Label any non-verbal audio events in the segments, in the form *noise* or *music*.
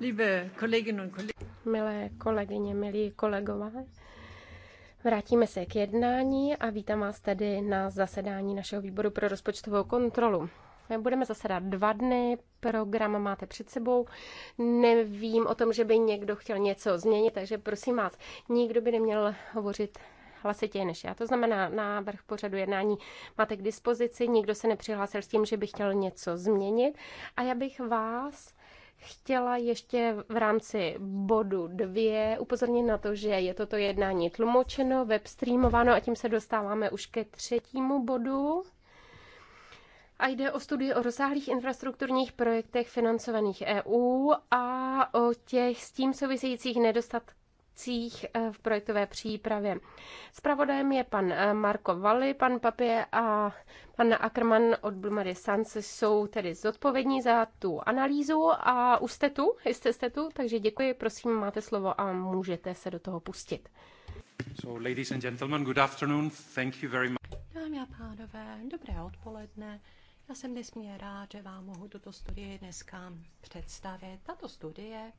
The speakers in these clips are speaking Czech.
Milé kolegyně, milí kolegové, vrátíme se k jednání a vítám vás tedy na zasedání našeho výboru pro rozpočtovou kontrolu. Budeme zasedat dva dny, program máte před sebou. Nevím o tom, že by někdo chtěl něco změnit, takže prosím vás, nikdo by neměl hovořit hlasitěji než já. To znamená, návrh pořadu jednání máte k dispozici, nikdo se nepřihlásil s tím, že by chtěl něco změnit a já bych vás chtěla ještě v rámci bodu dvě upozornit na to, že je toto jednání tlumočeno, webstreamováno a tím se dostáváme už ke třetímu bodu. A jde o studii o rozsáhlých infrastrukturních projektech financovaných EU a o těch s tím souvisejících nedostatků akcích eh, v projektové přípravě. Spravodajem je pan eh, Marko Valli, pan Papě a pan Ackerman od Blumary Sans jsou tedy zodpovědní za tu analýzu a už jste tu, jste, jste tu, takže děkuji, prosím, máte slovo a můžete se do toho pustit. So, ladies and gentlemen, good afternoon. Thank you very much. Dámy a pánové, dobré odpoledne. Já jsem nesmírně rád, že vám mohu tuto studii dneska představit. Tato studie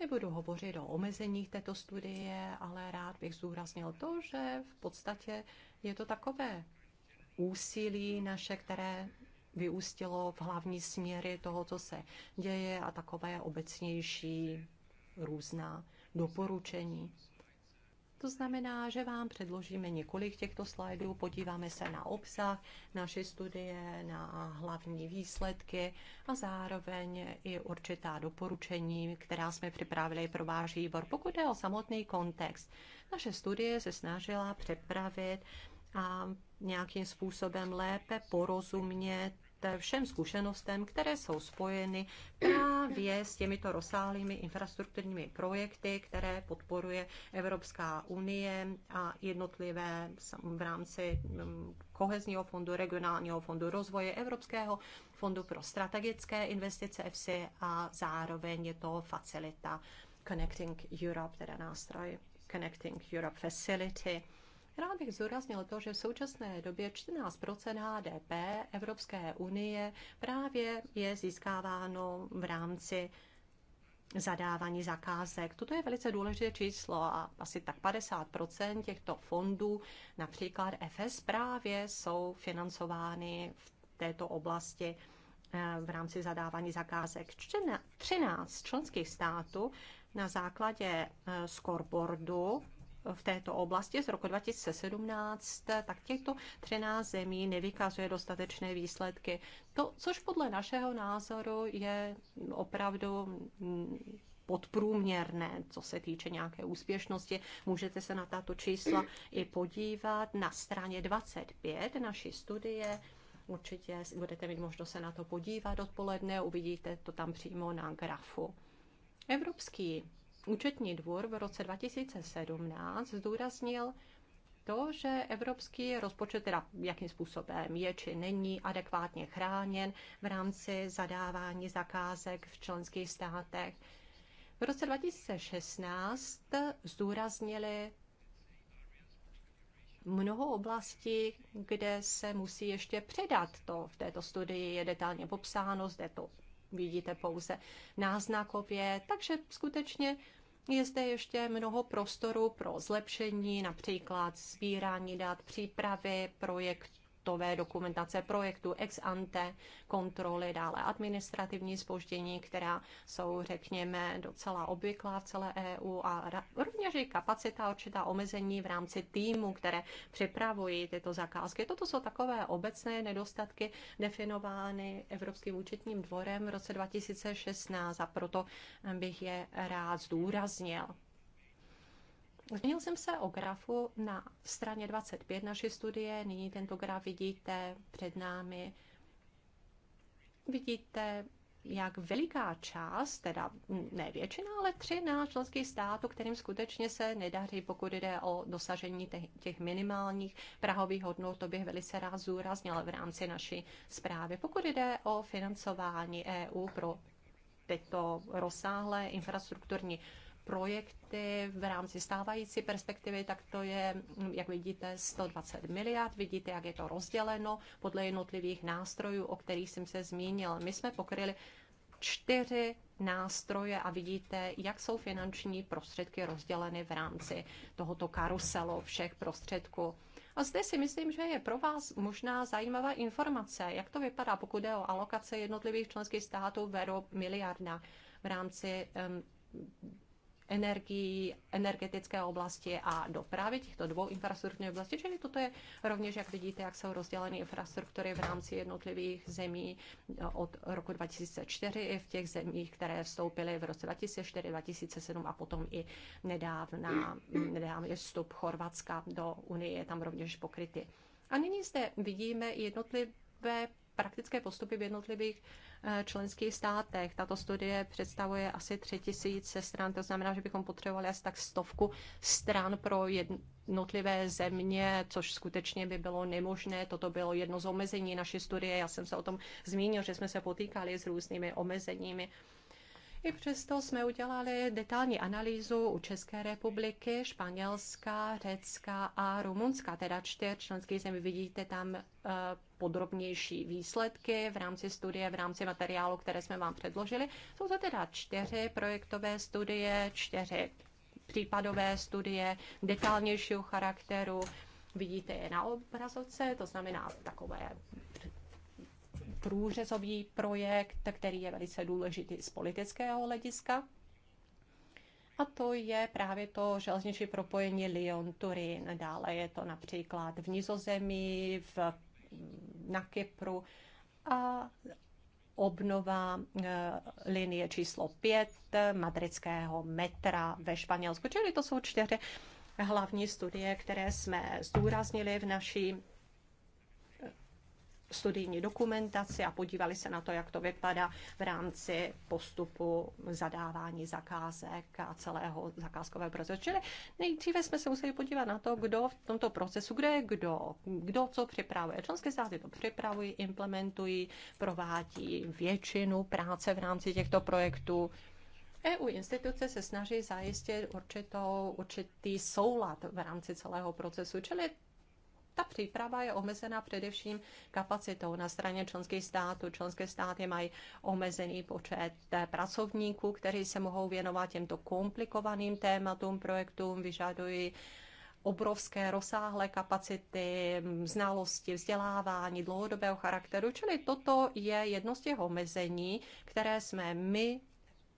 Nebudu hovořit o omezeních této studie, ale rád bych zúraznil to, že v podstatě je to takové úsilí naše, které vyústilo v hlavní směry toho, co se děje a takové obecnější různá doporučení. To znamená, že vám předložíme několik těchto slajdů, podíváme se na obsah naší studie, na hlavní výsledky a zároveň i určitá doporučení, která jsme připravili pro váš výbor. Pokud je o samotný kontext, naše studie se snažila připravit a nějakým způsobem lépe porozumět všem zkušenostem, které jsou spojeny právě s těmito rozsáhlými infrastrukturními projekty, které podporuje Evropská unie a jednotlivé v rámci mm, kohezního fondu, regionálního fondu rozvoje, Evropského fondu pro strategické investice EFSI a zároveň je to facilita Connecting Europe, teda nástroj Connecting Europe Facility. Rád bych zdůraznil to, že v současné době 14 HDP Evropské unie právě je získáváno v rámci zadávání zakázek. Toto je velice důležité číslo a asi tak 50 těchto fondů, například FS, právě jsou financovány v této oblasti eh, v rámci zadávání zakázek. 13 členských států na základě eh, scoreboardu v této oblasti z roku 2017, tak těchto 13 zemí nevykazuje dostatečné výsledky. To, což podle našeho názoru je opravdu podprůměrné, co se týče nějaké úspěšnosti. Můžete se na tato čísla i podívat na straně 25 naší studie. Určitě budete mít možnost se na to podívat odpoledne, uvidíte to tam přímo na grafu. Evropský účetní dvůr v roce 2017 zdůraznil to, že evropský rozpočet, teda jakým způsobem je či není adekvátně chráněn v rámci zadávání zakázek v členských státech. V roce 2016 zdůraznili mnoho oblastí, kde se musí ještě předat to. V této studii je detailně popsáno, zde to vidíte pouze náznakově, takže skutečně je zde ještě mnoho prostoru pro zlepšení, například sbírání dat, přípravy projektů, hotové dokumentace projektu, ex ante kontroly, dále administrativní spoždění, která jsou, řekněme, docela obvyklá v celé EU a rovněž i kapacita, určitá omezení v rámci týmu, které připravují tyto zakázky. Toto jsou takové obecné nedostatky definovány Evropským účetním dvorem v roce 2016 a proto bych je rád zdůraznil. Změnil jsem se o grafu na straně 25 naší studie, nyní tento graf vidíte před námi. Vidíte, jak veliká část, teda ne většina, ale tři členských států, kterým skutečně se nedaří, pokud jde o dosažení těch minimálních prahových hodnot, to bych velice rád zúraznil v rámci naší zprávy. Pokud jde o financování EU pro tyto rozsáhlé infrastrukturní projekty v rámci stávající perspektivy, tak to je, jak vidíte, 120 miliard. Vidíte, jak je to rozděleno podle jednotlivých nástrojů, o kterých jsem se zmínil. My jsme pokryli čtyři nástroje a vidíte, jak jsou finanční prostředky rozděleny v rámci tohoto karuselu všech prostředků. A zde si myslím, že je pro vás možná zajímavá informace, jak to vypadá, pokud je o alokace jednotlivých členských států veru miliarda v rámci um, energii, energetické oblasti a dopravy, těchto dvou infrastrukturních oblastí. Čili toto je rovněž, jak vidíte, jak jsou rozděleny infrastruktury v rámci jednotlivých zemí eh, od roku 2004 i v těch zemích, které vstoupily v roce 2004, 2007 a potom i nedávna, nedávný vstup Chorvatska do Unie je tam rovněž pokryty. A nyní zde vidíme jednotlivé praktické postupy v jednotlivých eh, členských státech. Tato studie představuje asi 3000 stran, to znamená, že bychom potřebovali asi tak stovku stran pro jednotlivé země, což skutečně by bylo nemožné. Toto bylo jedno z omezení naší studie. Já jsem se o tom zmínil, že jsme se potýkali s různými omezeními. I přesto jsme udělali detailní analýzu u České republiky, Španělska, Řecka a Rumunska, teda čtyř členských zemí. Vidíte tam eh, podrobnější výsledky v rámci studie, v rámci materiálu, které jsme vám předložili. Jsou to teda čtyři projektové studie, čtyři případové studie detailnějšího charakteru. Vidíte je na obrazovce, to znamená takové průřezový projekt, který je velice důležitý z politického hlediska. A to je právě to železniční propojení Lyon-Turin. Dále je to například v Nizozemí, v na Kypru a obnova e, linie číslo 5 madridského metra ve Španělsku. Čili to jsou čtyři hlavní studie, které jsme zdůraznili v naší studijní dokumentaci a podívali se na to, jak to vypadá v rámci postupu zadávání zakázek a celého zakázkového procesu. Čili nejdříve jsme se museli podívat na to, kdo v tomto procesu, kde je kdo, kdo co připravuje. Členské státy to připravují, implementují, provádí většinu práce v rámci těchto projektů. EU instituce se snaží zajistit určitou, určitý soulad v rámci celého procesu, čili ta příprava je omezena především kapacitou na straně členských států. Členské státy mají omezený počet eh, pracovníků, kteří se mohou věnovat těmto komplikovaným tématům, projektům, vyžadují obrovské rozsáhlé kapacity, mm, znalosti, vzdělávání dlouhodobého charakteru. Čili toto je jedno z těch omezení, které jsme my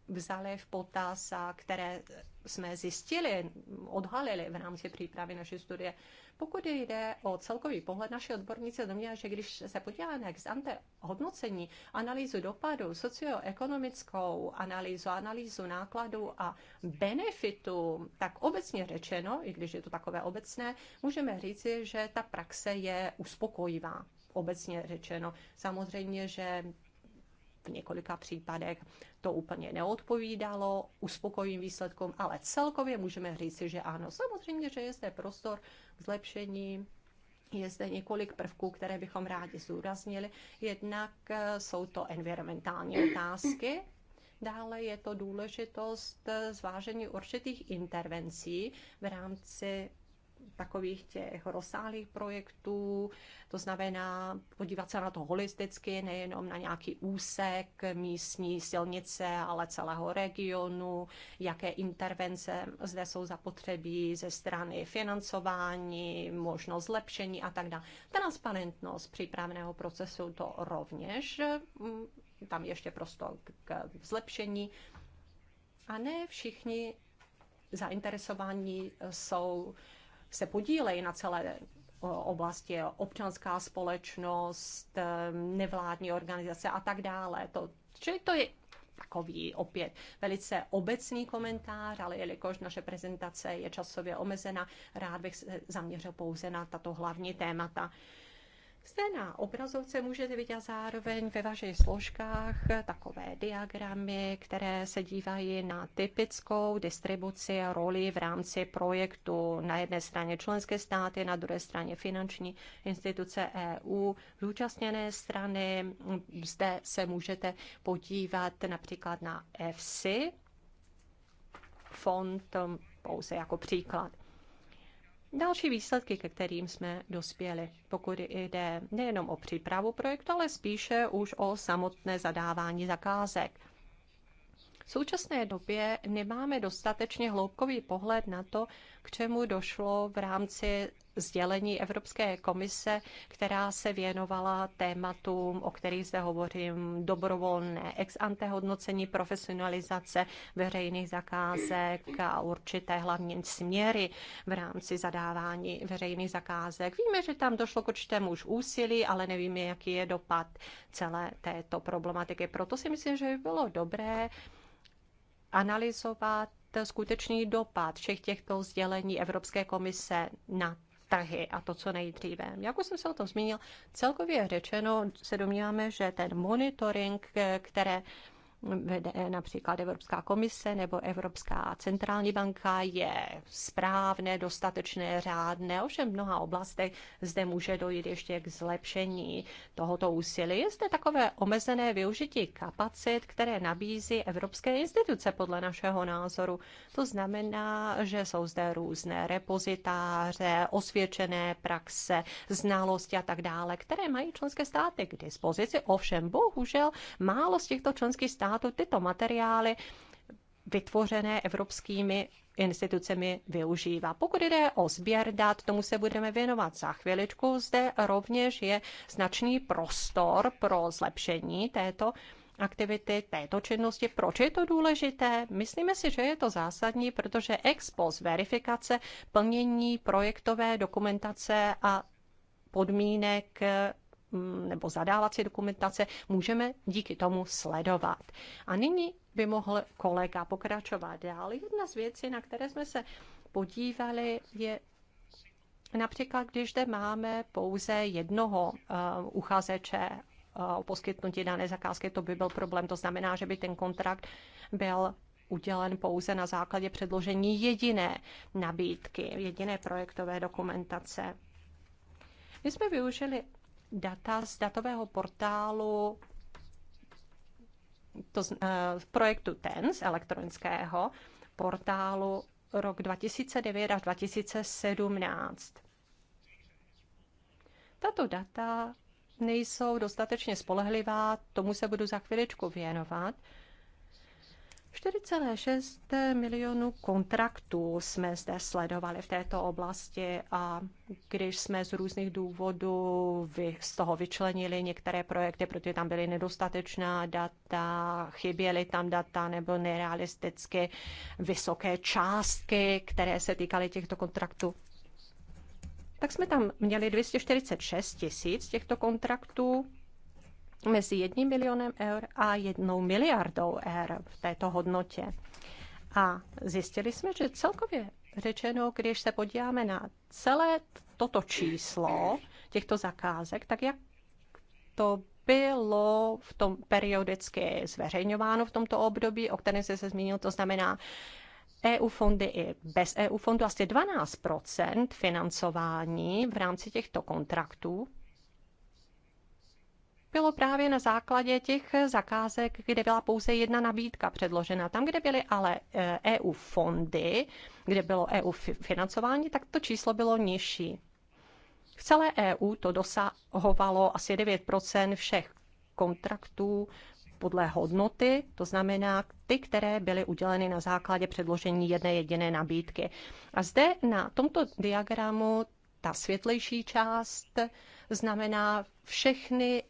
vzali v potaz a které jsme zjistili, odhalili v rámci přípravy naší studie. Pokud jde o celkový pohled, naše odbornice domnívají, že když se podíváme na ex ante hodnocení, analýzu dopadu socioekonomickou analýzu, analýzu nákladů a benefitu, tak obecně řečeno, i když je to takové obecné, můžeme říci, že ta praxe je uspokojivá obecně řečeno. Samozřejmě, že několika případech to úplně neodpovídalo uspokojivým výsledkům, ale celkově můžeme říci, že ano. Samozřejmě, že je zde prostor k zlepšení, je zde několik prvků, které bychom rádi zdůraznili. Jednak eh, jsou to environmentální otázky, Dále je to důležitost eh, zvážení určitých intervencí v rámci takových těch rozsáhlých projektů, to znamená podívat se na to holisticky, nejenom na nějaký úsek místní silnice, ale celého regionu, jaké intervence zde jsou zapotřebí ze strany financování, možnost zlepšení a tak dále. Transparentnost přípravného procesu to rovněž, mm, tam ještě prostor k zlepšení. A ne všichni zainteresovaní jsou se podílejí na celé eh, oblasti občanská společnost, eh, nevládní organizace a tak dále. To, čili to je takový opět velice obecný komentář, ale jelikož naše prezentace je časově omezena, rád bych se zaměřil pouze na tato hlavní témata. Zde na obrazovce můžete vidět zároveň ve vašich složkách takové diagramy, které se dívají na typickou distribuci roli v rámci projektu na jedné straně členské státy, na druhé straně finanční instituce EU, zúčastněné strany. Zde se můžete podívat například na EFSI, fond pouze jako příklad další výsledky, ke kterým jsme dospěli, pokud jde nejenom o přípravu projektu, ale spíše už o samotné zadávání zakázek. V současné době nemáme dostatečně hloubkový pohled na to, k čemu došlo v rámci sdělení Evropské komise, která se věnovala tématům, o kterých zde hovořím, dobrovolné ex ante hodnocení, profesionalizace veřejných zakázek a určité hlavní směry v rámci zadávání veřejných zakázek. Víme, že tam došlo k určitému už úsilí, ale nevíme, jaký je dopad celé této problematiky. Proto si myslím, že by bylo dobré analyzovat skutečný dopad všech těchto sdělení Evropské komise na trhy a to, co nejdříve. Jak už jsem se o tom zmínil, celkově řečeno se domníváme, že ten monitoring, které vede například Evropská komise nebo Evropská centrální banka, je správné, dostatečné, řádné. Ovšem v mnoha oblastech zde může dojít ještě k zlepšení tohoto úsilí. Je zde takové omezené využití kapacit, které nabízí evropské instituce podle našeho názoru. To znamená, že jsou zde různé repozitáře, osvědčené praxe, znalosti a tak dále, které mají členské státy k dispozici. Ovšem, bohužel, málo z těchto členských států státu tyto materiály vytvořené evropskými institucemi využívá. Pokud jde o sběr dat, tomu se budeme věnovat za chviličku. Zde rovněž je značný prostor pro zlepšení této aktivity této činnosti. Proč je to důležité? Myslíme si, že je to zásadní, protože ex verifikace plnění projektové dokumentace a podmínek Mm, nebo zadávací dokumentace můžeme díky tomu sledovat. A nyní by mohl kolega pokračovat dál. Jedna z věcí, na které jsme se podívali, je například, když zde máme pouze jednoho uh, uchazeče eh, o poskytnutí dané zakázky, to by byl problém. To znamená, že by ten kontrakt byl udělen pouze na základě předložení jediné nabídky, jediné projektové dokumentace. My jsme využili data z datového portálu to, eh, z projektu TEN, z elektronického portálu rok 2009 až 2017. Tato data nejsou dostatečně spolehlivá, tomu se budu za chviličku věnovat. 4,6 milionů kontraktů jsme zde sledovali v této oblasti a když jsme z různých důvodů vy, z toho vyčlenili některé projekty, protože tam byly nedostatečná data, chyběly tam data nebo nerealisticky vysoké částky, které se týkaly těchto kontraktů, tak jsme tam měli 246 tisíc těchto kontraktů mezi jedním milionem eur a jednou miliardou eur v této hodnotě. A zjistili jsme, že celkově řečeno, když se podíváme na celé toto číslo těchto zakázek, tak jak to bylo v tom periodicky zveřejňováno v tomto období, o kterém jste se zmínil, to znamená EU fondy i bez EU fondu, asi 12 financování v rámci těchto kontraktů bylo právě na základě těch zakázek, kde byla pouze jedna nabídka předložena. Tam, kde byly ale EU eh, e fondy, kde bylo EU financování, tak to číslo bylo nižší. V celé EU to dosahovalo asi 9 všech kontraktů podle hodnoty, to znamená ty, které byly uděleny na základě předložení jedné jediné nabídky. A zde na tomto diagramu ta světlejší část znamená všechny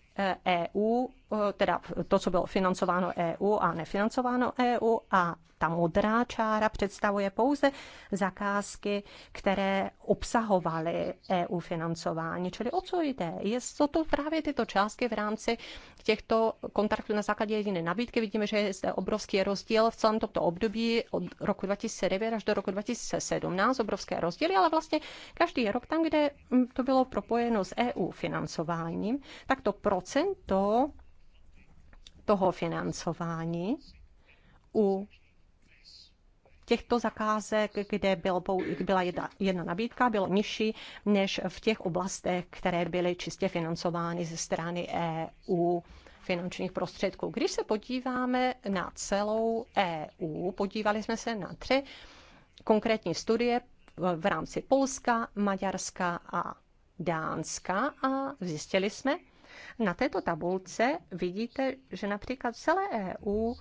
EU e Eh, teda to, co bylo financováno EU a nefinancováno EU a ta modrá čára představuje pouze zakázky, které obsahovaly EU financování. Čili o co jde? Jsou to právě tyto částky v rámci těchto kontraktů na základě jediné nabídky. Vidíme, že je zde obrovský rozdíl v celém tomto období od roku 2009 až do roku 2017, obrovské rozdíly, ale vlastně každý rok tam, kde hm, to bylo propojeno s EU financováním, tak to procento toho financování u těchto zakázek, kde byl, byla jedna, jedna nabídka, bylo nižší než v těch oblastech, které byly čistě financovány ze strany EU finančních prostředků. Když se podíváme na celou EU, podívali jsme se na tři konkrétní studie v rámci Polska, Maďarska a Dánska a zjistili jsme, na této tabulce vidíte, že například celé EU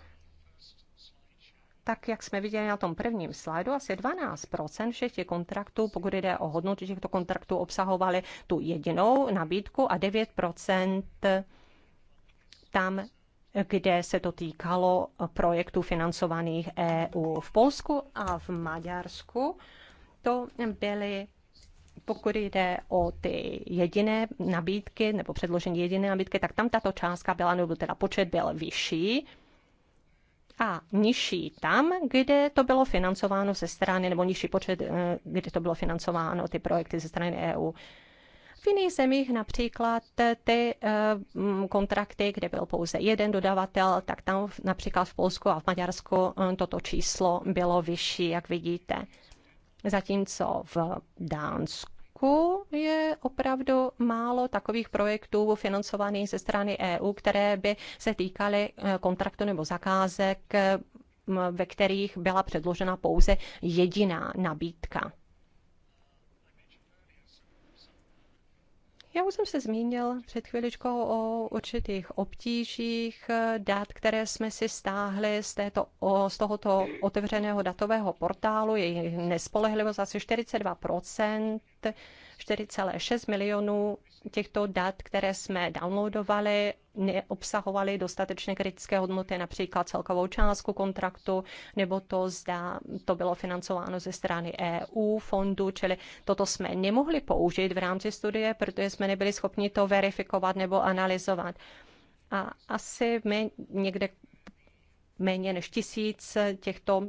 tak jak jsme viděli na tom prvním slajdu, asi 12 všech těch kontraktů, pokud jde o hodnotu těchto kontraktů, obsahovaly tu jedinou nabídku a 9 tam, kde se to týkalo projektů financovaných EU v Polsku a v Maďarsku. To byly pokud jde o ty jediné nabídky nebo předložení jediné nabídky, tak tam tato částka byla, nebo teda počet byl vyšší a nižší tam, kde to bylo financováno ze strany, nebo nižší počet, eh, kde to bylo financováno, ty projekty ze strany EU. V jiných zemích například ty eh, kontrakty, kde byl pouze jeden dodavatel, tak tam například v Polsku a v Maďarsku eh, toto číslo bylo vyšší, jak vidíte. Zatímco v Dánsku roku je opravdu málo takových projektů financovaných ze strany EU, které by se týkaly e, kontraktu nebo zakázek, ve kterých byla předložena pouze jediná nabídka. Já už jsem se zmínil před chviličkou o určitých obtížích eh, dat, které jsme si stáhli z, této, z tohoto otevřeného datového portálu. Jejich nespolehlivost asi 42 4,6 milionů těchto dat, které jsme downloadovali, neobsahovaly dostatečně kritické hodnoty, například celkovou částku kontraktu, nebo to zda to bylo financováno ze strany EU fondu, čili toto jsme nemohli použít v rámci studie, protože jsme nebyli schopni to verifikovat nebo analyzovat. A asi my někde méně než tisíc těchto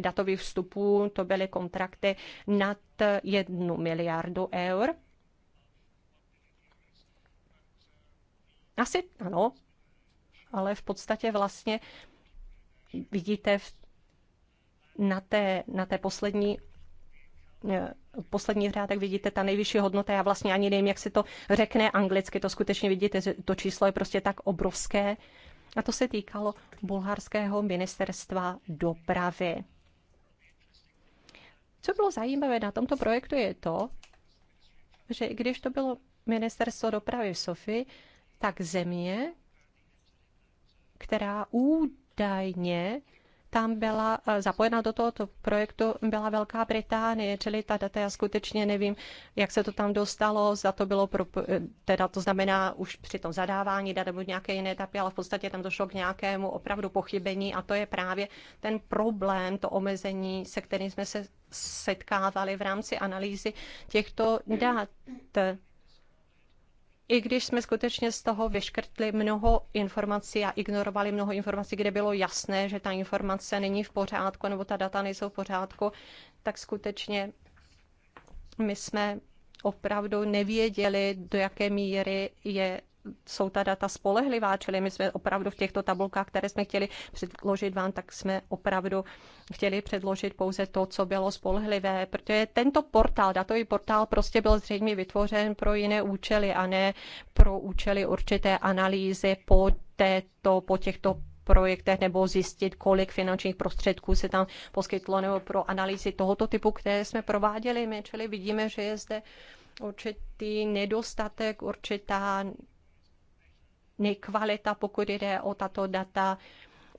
datových vstupů, to byly kontrakty nad jednu miliardu eur. Asi ano, ale v podstatě vlastně vidíte v, na, té, na té poslední eh, poslední řád, tak vidíte ta nejvyšší hodnota, já vlastně ani nevím, jak se to řekne anglicky, to skutečně vidíte, že to číslo je prostě tak obrovské. A to se týkalo bulharského ministerstva dopravy. Co bylo zajímavé na tomto projektu je to, že když to bylo ministerstvo dopravy v Sofii, tak země, která údajně tam byla eh, zapojena do tohoto projektu byla Velká Británie, čili ta data já skutečně nevím, jak se to tam dostalo, za to bylo, pro, eh, teda to znamená už při tom zadávání dat nebo nějaké jiné etapy, ale v podstatě tam došlo k nějakému opravdu pochybení a to je právě ten problém, to omezení, se kterým jsme se setkávali v rámci analýzy těchto dat i když jsme skutečně z toho vyškrtli mnoho informací a ignorovali mnoho informací, kde bylo jasné, že ta informace není v pořádku nebo ta data nejsou v pořádku, tak skutečně my jsme opravdu nevěděli, do jaké míry je jsou ta data spolehlivá, čili my jsme opravdu v těchto tabulkách, které jsme chtěli předložit vám, tak jsme opravdu chtěli předložit pouze to, co bylo spolehlivé, protože tento portál, datový portál prostě byl zřejmě vytvořen pro jiné účely a ne pro účely určité analýzy po této, po těchto projektech nebo zjistit, kolik finančních prostředků se tam poskytlo nebo pro analýzy tohoto typu, které jsme prováděli. My čili vidíme, že je zde určitý nedostatek, určitá kvalita, pokud jde o tato data.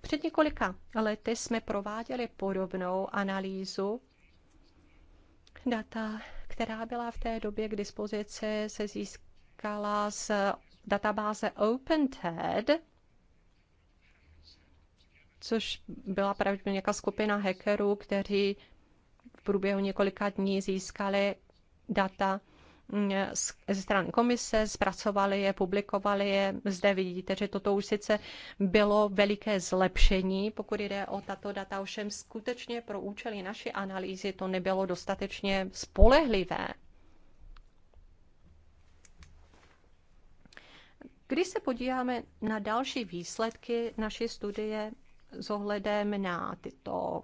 Před několika lety jsme prováděli podobnou analýzu data, která byla v té době k dispozici, se získala z databáze OpenTED, což byla pravděpodobně nějaká skupina hackerů, kteří v průběhu několika dní získali data Eh, ze strany komise, zpracovali je, publikovali je. Zde vidíte, že toto už sice bylo veliké zlepšení, pokud jde o tato data, ovšem skutečně pro účely naší analýzy to nebylo dostatečně spolehlivé. Když se podíváme na další výsledky naší studie s ohledem na tyto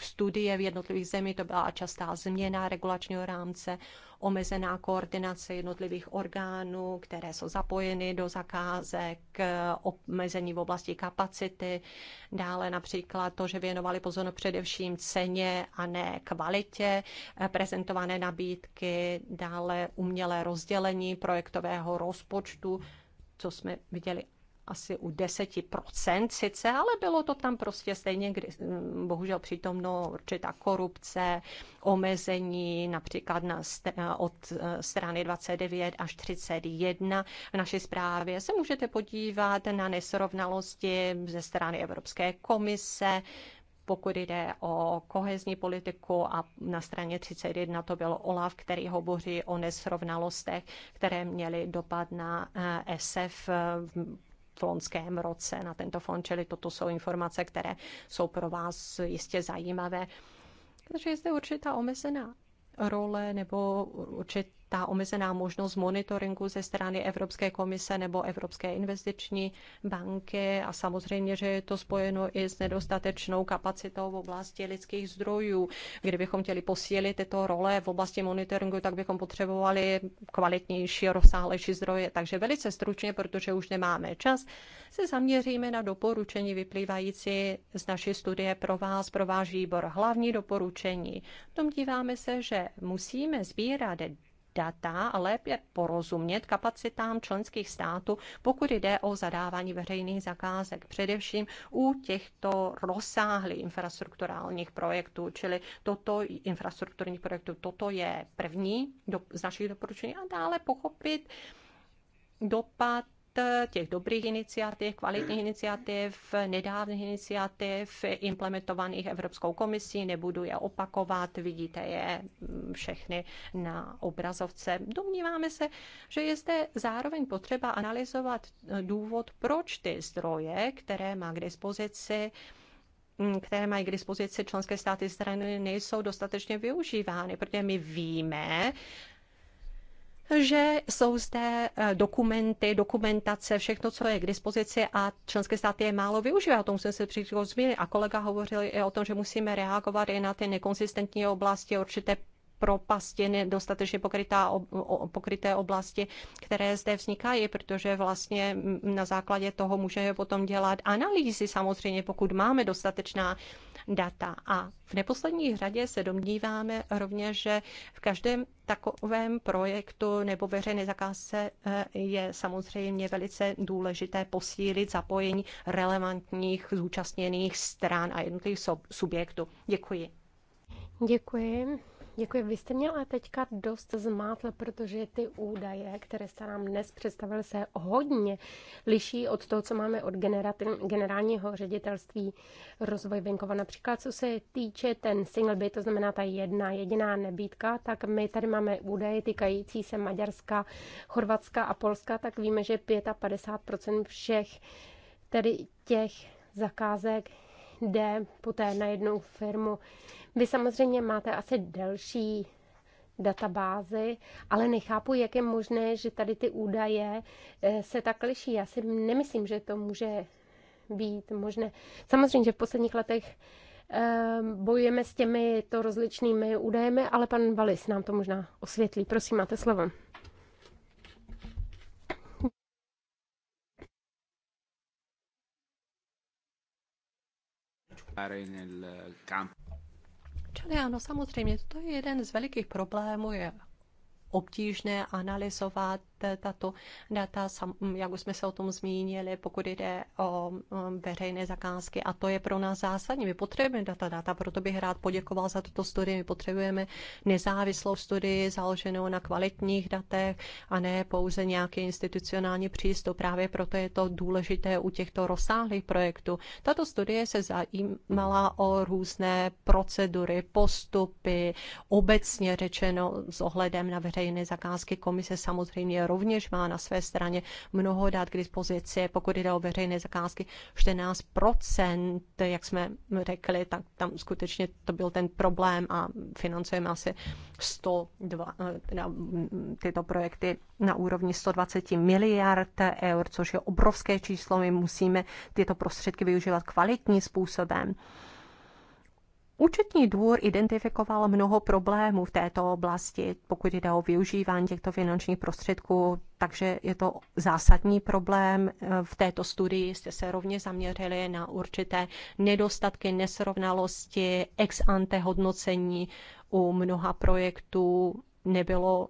studie v jednotlivých zemích, to byla častá změna regulačního rámce, omezená koordinace jednotlivých orgánů, které jsou zapojeny do zakázek, omezení v oblasti kapacity, dále například to, že věnovali pozornost především ceně a ne kvalitě prezentované nabídky, dále umělé rozdělení projektového rozpočtu, co jsme viděli asi u 10% sice, ale bylo to tam prostě stejně, kdy, mm, bohužel přítomno určitá korupce, omezení například na od eh, strany 29 až 31 v naší zprávě se můžete podívat na nesrovnalosti ze strany Evropské komise, pokud jde o kohezní politiku a na straně 31 to bylo OLAF, který hovoří o nesrovnalostech, které měly dopad na eh, SF eh, v loňském roce na tento fond, čili toto jsou informace, které jsou pro vás jistě zajímavé. Takže je zde určitá omezená role nebo určitá ta omezená možnost monitoringu ze strany Evropské komise nebo Evropské investiční banky a samozřejmě, že je to spojeno i s nedostatečnou kapacitou v oblasti lidských zdrojů. Kdybychom chtěli posílit tyto role v oblasti monitoringu, tak bychom potřebovali kvalitnější, rozsáhlejší zdroje. Takže velice stručně, protože už nemáme čas, se zaměříme na doporučení vyplývající z naší studie pro vás, pro váš výbor. Hlavní doporučení. Domníváme se, že musíme sbírat data a lépe porozumět kapacitám členských států, pokud jde o zadávání veřejných zakázek, především u těchto rozsáhlých infrastrukturálních projektů, čili toto infrastrukturní projektu toto je první do, z našich doporučení a dále pochopit dopad těch dobrých iniciativ, kvalitních iniciativ, nedávných iniciativ implementovaných Evropskou komisí, nebudu je opakovat, vidíte je mm, všechny na obrazovce. Domníváme se, že je zde zároveň potřeba analyzovat eh, důvod, proč ty zdroje, které má k dispozici, mm, které mají k dispozici členské státy strany, nejsou dostatečně využívány, protože my víme, že jsou zde eh, dokumenty, dokumentace, všechno, co je k dispozici a členské státy je málo využívá. O tom jsem se přišlo zmínit a kolega hovořil i o tom, že musíme reagovat i na ty nekonsistentní oblasti, určité propasti, nedostatečně pokrytá, pokryté oblasti, které zde vznikají, protože vlastně mm, na základě toho můžeme potom dělat analýzy samozřejmě, pokud máme dostatečná data. A v neposlední řadě se domníváme rovněž, že v každém takovém projektu nebo veřejné zakázce eh, je samozřejmě velice důležité posílit zapojení relevantních zúčastněných stran a jednotlivých subjektů. Děkuji. Děkuji. Děkuji. Vy jste měla teďka dost zmátl, protože ty údaje, které jste nám dnes představil, se hodně liší od toho, co máme od generálního ředitelství rozvoj venkova. Například, co se týče ten single by, to znamená ta jedna jediná nebídka, tak my tady máme údaje týkající se Maďarska, Chorvatska a Polska, tak víme, že 55% všech tedy těch zakázek jde poté na jednu firmu. Vy samozřejmě máte asi delší databázy, ale nechápu, jak je možné, že tady ty údaje eh, se tak liší. Já si nemyslím, že to může být možné. Samozřejmě, že v posledních letech ehm, bojujeme s těmi to rozličnými údajemi, ale pan Valis nám to možná osvětlí. Prosím, máte slovo. Ne, ano, samozřejmě, to je jeden z velikých problémů, je obtížné analyzovat Eh, tato data, mm, jak už jsme se o tom zmínili, pokud jde o mm, veřejné zakázky. A to je pro nás zásadní. My potřebujeme data, data, proto bych rád poděkoval za tuto studii. My potřebujeme nezávislou studii založenou na kvalitních datech a ne pouze nějaký institucionální přístup. Právě proto je to důležité u těchto rozsáhlých projektů. Tato studie se zajímala o různé procedury, postupy, obecně řečeno s ohledem na veřejné zakázky. Komise samozřejmě rovněž má na své straně mnoho dát k dispozici, pokud jde o veřejné zakázky 14%, jak jsme řekli, tak tam skutečně to byl ten problém a financujeme asi 102, tyto projekty na úrovni 120 miliard eur, což je obrovské číslo. My musíme tyto prostředky využívat kvalitním způsobem. Účetní dvůr identifikoval mnoho problémů v této oblasti, pokud jde o využívání těchto finančních prostředků, takže je to zásadní problém. V této studii jste se rovně zaměřili na určité nedostatky, nesrovnalosti, ex ante hodnocení u mnoha projektů nebylo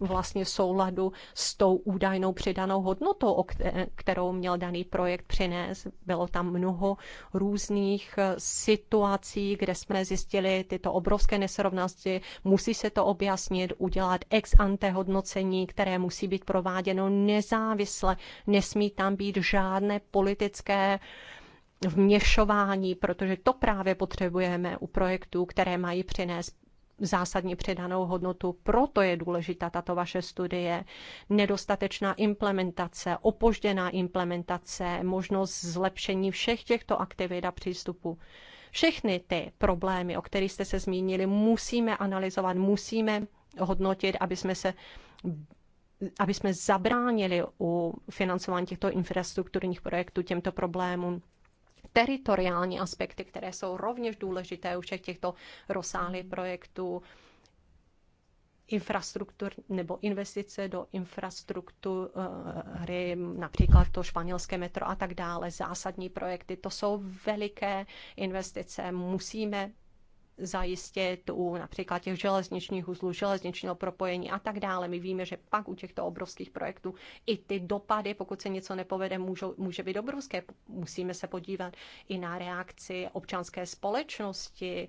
vlastně v souladu s tou údajnou přidanou hodnotou, kterou měl daný projekt přinést. Bylo tam mnoho různých eh, situací, kde jsme zjistili tyto obrovské nesrovnosti. Musí se to objasnit, udělat ex ante hodnocení, které musí být prováděno nezávisle. Nesmí tam být žádné politické vměšování, protože to právě potřebujeme u projektů, které mají přinést zásadní přidanou hodnotu. Proto je důležitá tato vaše studie. Nedostatečná implementace, opožděná implementace, možnost zlepšení všech těchto aktivit a přístupů. Všechny ty problémy, o kterých jste se zmínili, musíme analyzovat, musíme hodnotit, aby jsme se aby jsme zabránili u financování těchto infrastrukturních projektů těmto problémům teritoriální aspekty, které jsou rovněž důležité u všech těchto rozsáhlých mm. projektů infrastruktur nebo investice do infrastruktury, například to španělské metro a tak dále, zásadní projekty, to jsou veliké investice. Musíme zajistit u například těch železničních uzlů, železničního propojení a tak dále. My víme, že pak u těchto obrovských projektů i ty dopady, pokud se něco nepovede, můžou, může být obrovské. Musíme se podívat i na reakci občanské společnosti,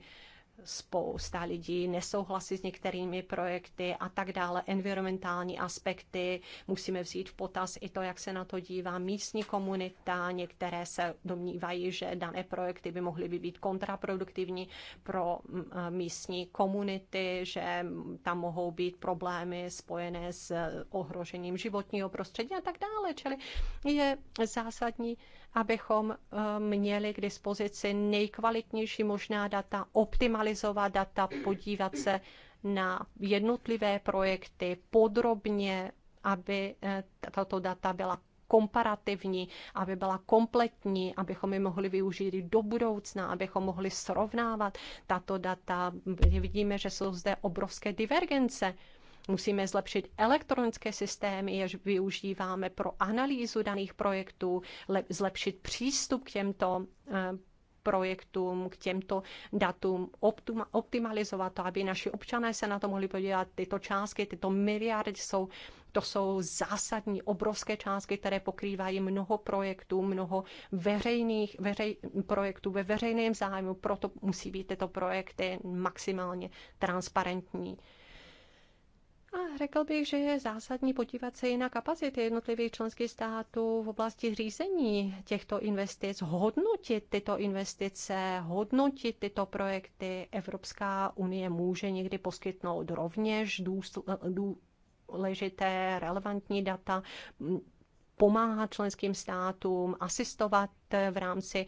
spousta lidí nesouhlasí s některými projekty a tak dále. Environmentální aspekty musíme vzít v potaz i to, jak se na to dívá místní komunita. Některé se domnívají, že dané projekty by mohly by být kontraproduktivní pro mm, eh, místní komunity, že tam mohou být problémy spojené s ohrožením životního prostředí a tak dále. Čili je zásadní abychom eh, měli k dispozici nejkvalitnější možná data, optimalizovat data, podívat se na jednotlivé projekty podrobně, aby eh, tato data byla komparativní, aby byla kompletní, abychom ji mohli využít i do budoucna, abychom mohli srovnávat tato data. Vidíme, že jsou zde obrovské divergence Musíme zlepšit elektronické systémy, jež využíváme pro analýzu daných projektů, zlepšit přístup k těmto eh, projektům, k těmto datům, optimalizovat to, aby naši občané se na to mohli podívat. Tyto částky, tyto miliardy jsou, to jsou zásadní, obrovské částky, které pokrývají mnoho projektů, mnoho veřejných veřej, projektů ve veřejném zájmu, proto musí být tyto projekty maximálně transparentní. A řekl bych, že je zásadní podívat se i na kapacity jednotlivých členských států v oblasti řízení těchto investic, hodnotit tyto investice, hodnotit tyto projekty. Evropská unie může někdy poskytnout rovněž důležité, relevantní data, pomáhat členským státům, asistovat v rámci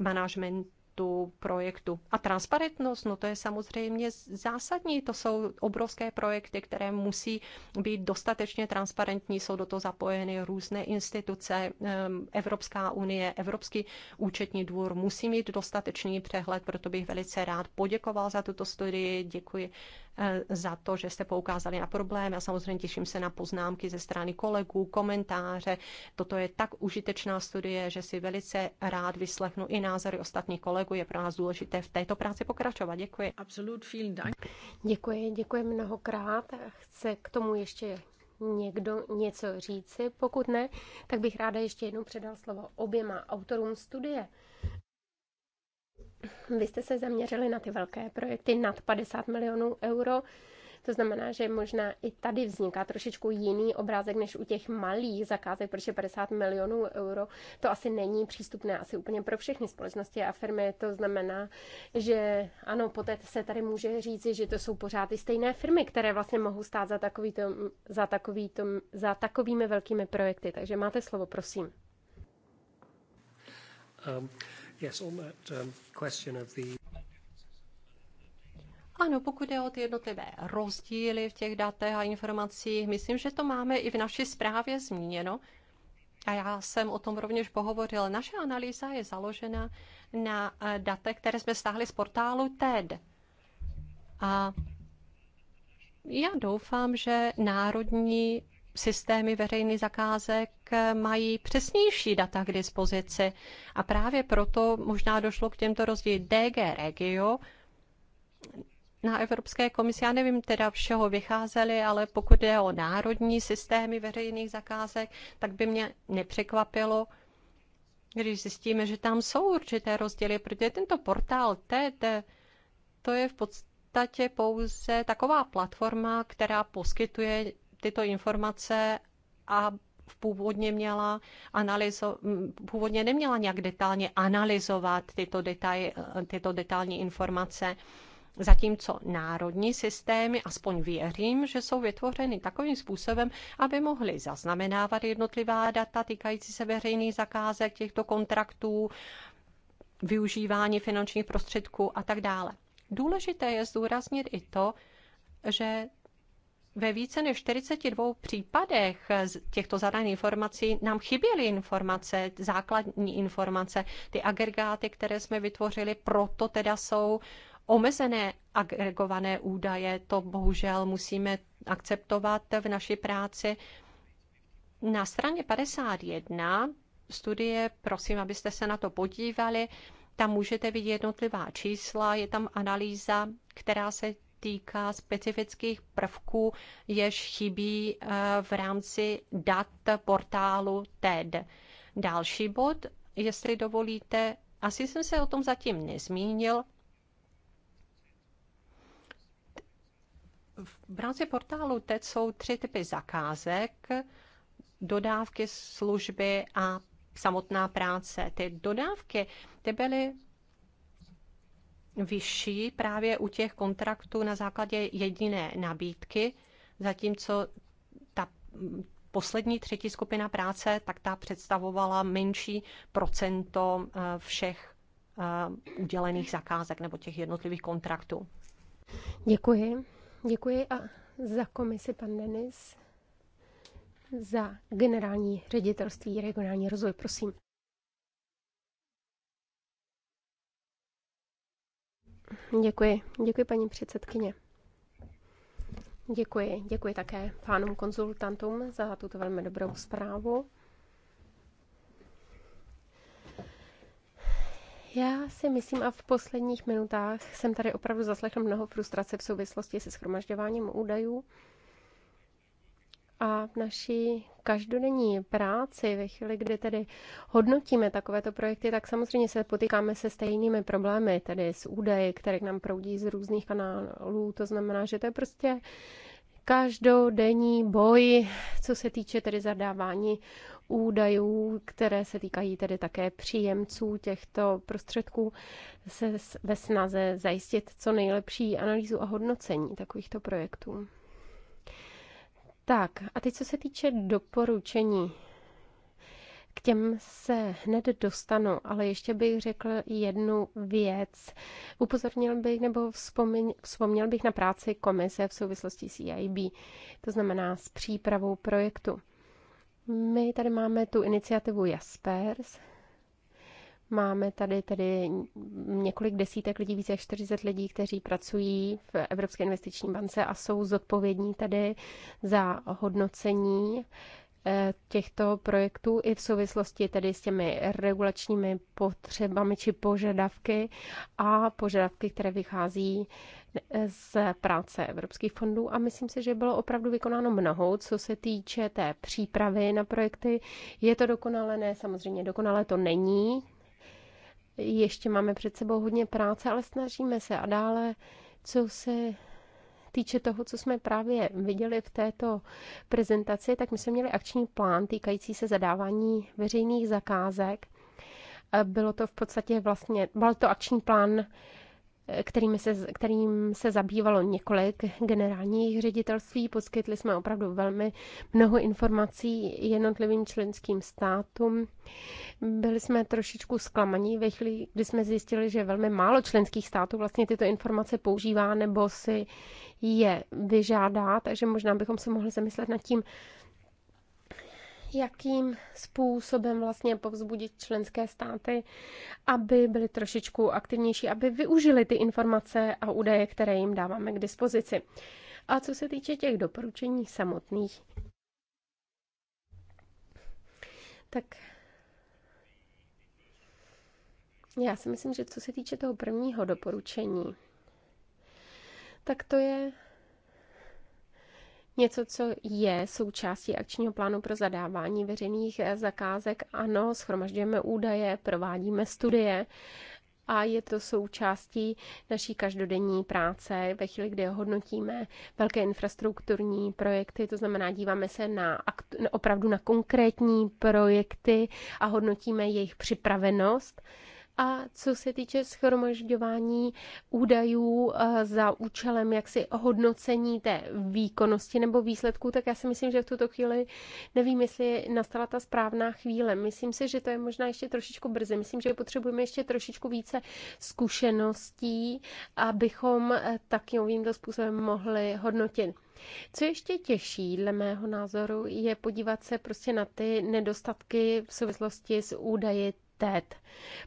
managementu kvalitu projektu. A transparentnost, no to je samozřejmě zásadní. To jsou obrovské projekty, které musí být dostatečně transparentní. Jsou do toho zapojeny různé instituce, ehm, Evropská unie, Evropský účetní dvůr musí mít dostatečný přehled, proto bych velice rád poděkoval za tuto studii. Děkuji Eh, za to, že jste poukázali na problém. Já samozřejmě těším se na poznámky ze strany kolegů, komentáře. Toto je tak užitečná studie, že si velice rád vyslechnu i názory ostatních kolegů. Je pro nás důležité v této práci pokračovat. Děkuji. Absolut, vielen Dank. Děkuji, děkuji mnohokrát. Chce k tomu ještě někdo něco říci? Pokud ne, tak bych ráda ještě jednou předal slovo oběma autorům studie. Vy jste se zaměřili na ty velké projekty nad 50 milionů euro. To znamená, že možná i tady vzniká trošičku jiný obrázek než u těch malých zakázek, protože 50 milionů euro to asi není přístupné asi úplně pro všechny společnosti a firmy. To znamená, že ano, poté se tady může říci, že to jsou pořád ty stejné firmy, které vlastně mohou stát za, takový tom, za, takový tom, za takovými velkými projekty. Takže máte slovo, prosím. Um. Yes, on that um, question of the ano, pokud je o ty jednotlivé rozdíly v těch datech a informacích, myslím, že to máme i v naší zprávě zmíněno. A já jsem o tom rovněž pohovořil. Naše analýza je založena na eh, datech, které jsme stáhli z portálu TED. A já doufám, že národní systémy veřejných zakázek eh, mají přesnější data k dispozici. A právě proto možná došlo k těmto rozdílům. DG Regio na Evropské komisi, já nevím teda všeho vycházeli, ale pokud je o národní systémy veřejných zakázek, tak by mě nepřekvapilo, když zjistíme, že tam jsou určité rozdíly, protože tento portál TT, to je v podstatě pouze taková platforma, která poskytuje tyto informace a původně měla analyzo, původně neměla nějak detailně analyzovat tyto, detaily tyto detailní informace. Zatímco národní systémy, aspoň věřím, že jsou vytvořeny takovým způsobem, aby mohly zaznamenávat jednotlivá data týkající se veřejných zakázek, těchto kontraktů, využívání finančních prostředků a tak dále. Důležité je zdůraznit i to, že ve více než 42 případech z těchto zadaných informací nám chyběly informace, základní informace, ty agregáty, které jsme vytvořili, proto teda jsou omezené agregované údaje. To bohužel musíme akceptovat v naší práci. Na straně 51 studie, prosím, abyste se na to podívali, tam můžete vidět jednotlivá čísla, je tam analýza, která se týká specifických prvků, jež chybí eh, v rámci dat portálu TED. Další bod, jestli dovolíte, asi jsem se o tom zatím nezmínil. V rámci portálu TED jsou tři typy zakázek, dodávky, služby a samotná práce. Ty dodávky, ty byly vyšší právě u těch kontraktů na základě jediné nabídky, zatímco ta poslední třetí skupina práce, tak ta představovala menší procento eh, všech eh, udělených zakázek nebo těch jednotlivých kontraktů. Děkuji. Děkuji a za komisi pan Denis, za generální ředitelství regionální rozvoj, prosím. Děkuji, děkuji paní předsedkyně. Děkuji, děkuji také pánům konzultantům za tuto velmi dobrou zprávu. Já si myslím, a v posledních minutách jsem tady opravdu zaslechl mnoho frustrace v souvislosti se schromažďováním údajů a v naší každodenní práci, ve chvíli, kdy tedy hodnotíme takovéto projekty, tak samozřejmě se potýkáme se stejnými problémy, tedy s údaji, které k nám proudí z různých kanálů. To znamená, že to je prostě každodenní boj, co se týče tedy zadávání údajů, které se týkají tedy také příjemců těchto prostředků, se ve snaze zajistit co nejlepší analýzu a hodnocení takovýchto projektů. Tak a teď co se týče doporučení. K těm se hned dostanu, ale ještě bych řekl jednu věc. Upozornil bych nebo vzpomín, vzpomněl bych na práci komise v souvislosti s EIB, to znamená s přípravou projektu. My tady máme tu iniciativu Jaspers, Máme tady tedy několik desítek lidí, více jak 40 lidí, kteří pracují v Evropské investiční bance a jsou zodpovědní tady za hodnocení eh, těchto projektů i v souvislosti tedy s těmi regulačními potřebami či požadavky a požadavky, které vychází eh, z práce evropských fondů a myslím si, že bylo opravdu vykonáno mnoho, co se týče té přípravy na projekty. Je to ne? samozřejmě dokonalé to není, ještě máme před sebou hodně práce, ale snažíme se. A dále, co se týče toho, co jsme právě viděli v této prezentaci, tak my jsme měli akční plán týkající se zadávání veřejných zakázek. Bylo to v podstatě vlastně, byl to akční plán kterým se, kterým se zabývalo několik generálních ředitelství. Poskytli jsme opravdu velmi mnoho informací jednotlivým členským státům. Byli jsme trošičku zklamaní ve chvíli, kdy jsme zjistili, že velmi málo členských států vlastně tyto informace používá nebo si je vyžádá, takže možná bychom se mohli zamyslet nad tím, jakým způsobem vlastně povzbudit členské státy, aby byly trošičku aktivnější, aby využili ty informace a údaje, které jim dáváme k dispozici. A co se týče těch doporučení samotných, tak já si myslím, že co se týče toho prvního doporučení, tak to je něco, co je součástí akčního plánu pro zadávání veřejných eh, zakázek. Ano, schromažďujeme údaje, provádíme studie a je to součástí naší každodenní práce ve chvíli, kdy hodnotíme velké infrastrukturní projekty, to znamená díváme se na opravdu na konkrétní projekty a hodnotíme jejich připravenost a co se týče schromažďování údajů eh, za účelem jaksi hodnocení té výkonnosti nebo výsledků, tak já si myslím, že v tuto chvíli nevím, jestli nastala ta správná chvíle. Myslím si, že to je možná ještě trošičku brzy. Myslím, že potřebujeme ještě trošičku více zkušeností, abychom eh, takovýmto způsobem mohli hodnotit. Co ještě těžší, dle mého názoru, je podívat se prostě na ty nedostatky v souvislosti s údaji TED.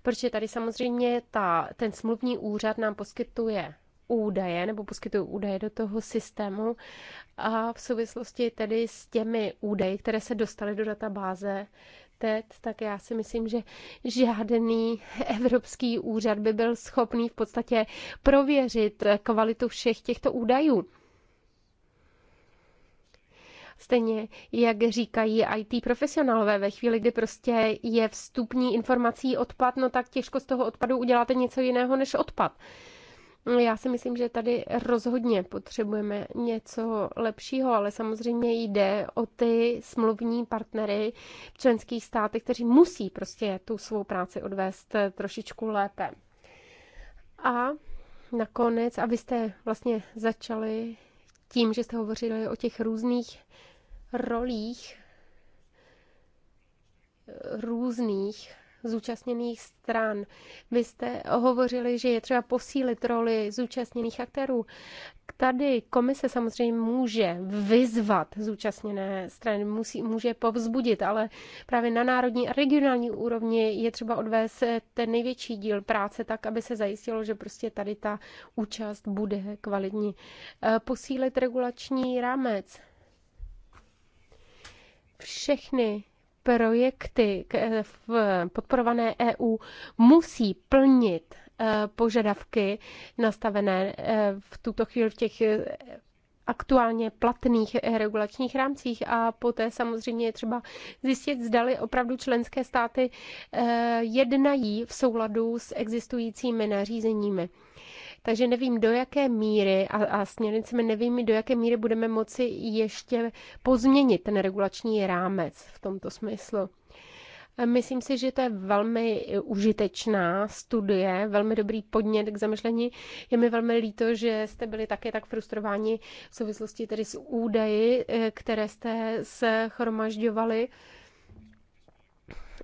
Protože tady samozřejmě ta, ten smluvní úřad nám poskytuje údaje nebo poskytují údaje do toho systému a v souvislosti tedy s těmi údaji, které se dostaly do databáze TED, tak já si myslím, že žádný evropský úřad by byl schopný v podstatě prověřit kvalitu všech těchto údajů. Stejně jak říkají IT profesionálové, ve chvíli, kdy prostě je vstupní informací odpad, no tak těžko z toho odpadu uděláte něco jiného než odpad. Já si myslím, že tady rozhodně potřebujeme něco lepšího, ale samozřejmě jde o ty smluvní partnery v členských státech, kteří musí prostě tu svou práci odvést trošičku lépe. A nakonec, abyste vlastně začali tím, že jste hovořili o těch různých rolích eh, různých zúčastněných stran. Vy jste hovořili, že je třeba posílit roli zúčastněných aktérů. Tady komise samozřejmě může vyzvat zúčastněné strany, musí, může povzbudit, ale právě na národní a regionální úrovni je třeba odvést ten největší díl práce tak, aby se zajistilo, že prostě tady ta účast bude kvalitní. Eh, posílit regulační rámec všechny projekty eh, podporované EU musí plnit eh, požadavky nastavené eh, v tuto chvíli v těch aktuálně platných regulačních rámcích a poté samozřejmě je třeba zjistit, zdali opravdu členské státy jednají v souladu s existujícími nařízeními. Takže nevím, do jaké míry a, a směrnicemi nevím, do jaké míry budeme moci ještě pozměnit ten regulační rámec v tomto smyslu. Myslím si, že to je velmi užitečná studie, velmi dobrý podnět k zamyšlení. Je mi velmi líto, že jste byli také tak frustrováni v souvislosti tedy s údaji, eh, které jste se chromažďovali.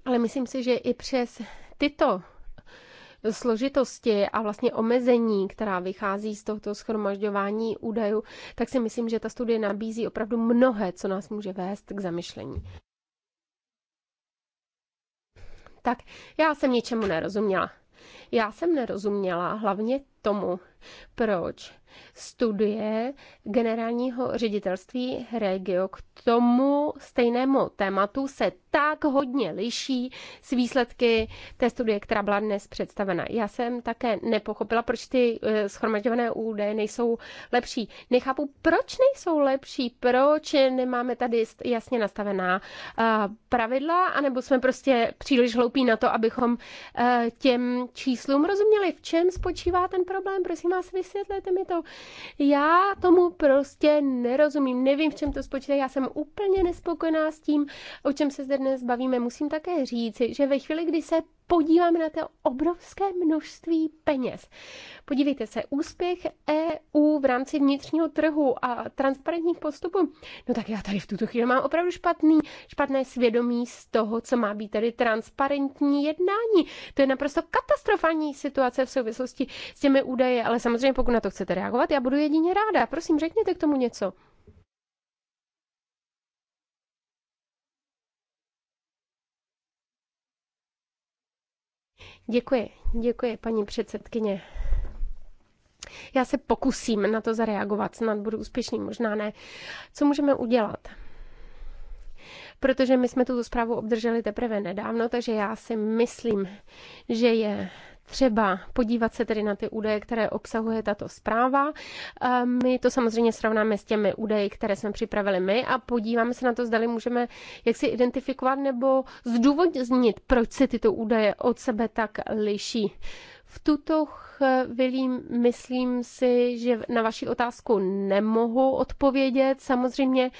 Ale myslím si, že i přes tyto složitosti a vlastně omezení, která vychází z tohoto schromažďování údajů, tak si myslím, že ta studie nabízí opravdu mnohé, co nás může vést k zamyšlení. Tak, já jsem ničemu nerozuměla. Já jsem nerozuměla hlavně tomu, proč studie generálního ředitelství Regio k tomu stejnému tématu se tak hodně liší s výsledky té studie, která byla dnes představena. Já jsem také nepochopila, proč ty eh, schromažďované údaje nejsou lepší. Nechápu, proč nejsou lepší, proč nemáme tady jasně nastavená eh, pravidla, anebo jsme prostě příliš hloupí na to, abychom eh, těm číslům rozuměli, v čem spočívá ten problém problém, prosím vás, vysvětlete mi to. Já tomu prostě nerozumím, nevím, v čem to spočívá, já jsem úplně nespokojená s tím, o čem se zde dnes bavíme. Musím také říci, že ve chvíli, kdy se podíváme na to obrovské množství peněz. Podívejte se, úspěch EU v rámci vnitřního trhu a transparentních postupů, no tak já tady v tuto chvíli mám opravdu špatný, špatné svědomí z toho, co má být tady transparentní jednání. To je naprosto katastrofální situace v souvislosti s těmi údaje, ale samozřejmě pokud na to chcete reagovat, já budu jedině ráda. Prosím, řekněte k tomu něco. Děkuji, děkuji, paní předsedkyně. Já se pokusím na to zareagovat, snad budu úspěšný, možná ne. Co můžeme udělat? Protože my jsme tuto zprávu obdrželi teprve nedávno, takže já si myslím, že je třeba podívat se tedy na ty údaje, které obsahuje tato zpráva. My to samozřejmě srovnáme s těmi údaji, které jsme připravili my a podíváme se na to, zdali můžeme jak si identifikovat nebo zdůvodnit, proč se tyto údaje od sebe tak liší. V tuto chvíli myslím si, že na vaši otázku nemohu odpovědět. Samozřejmě,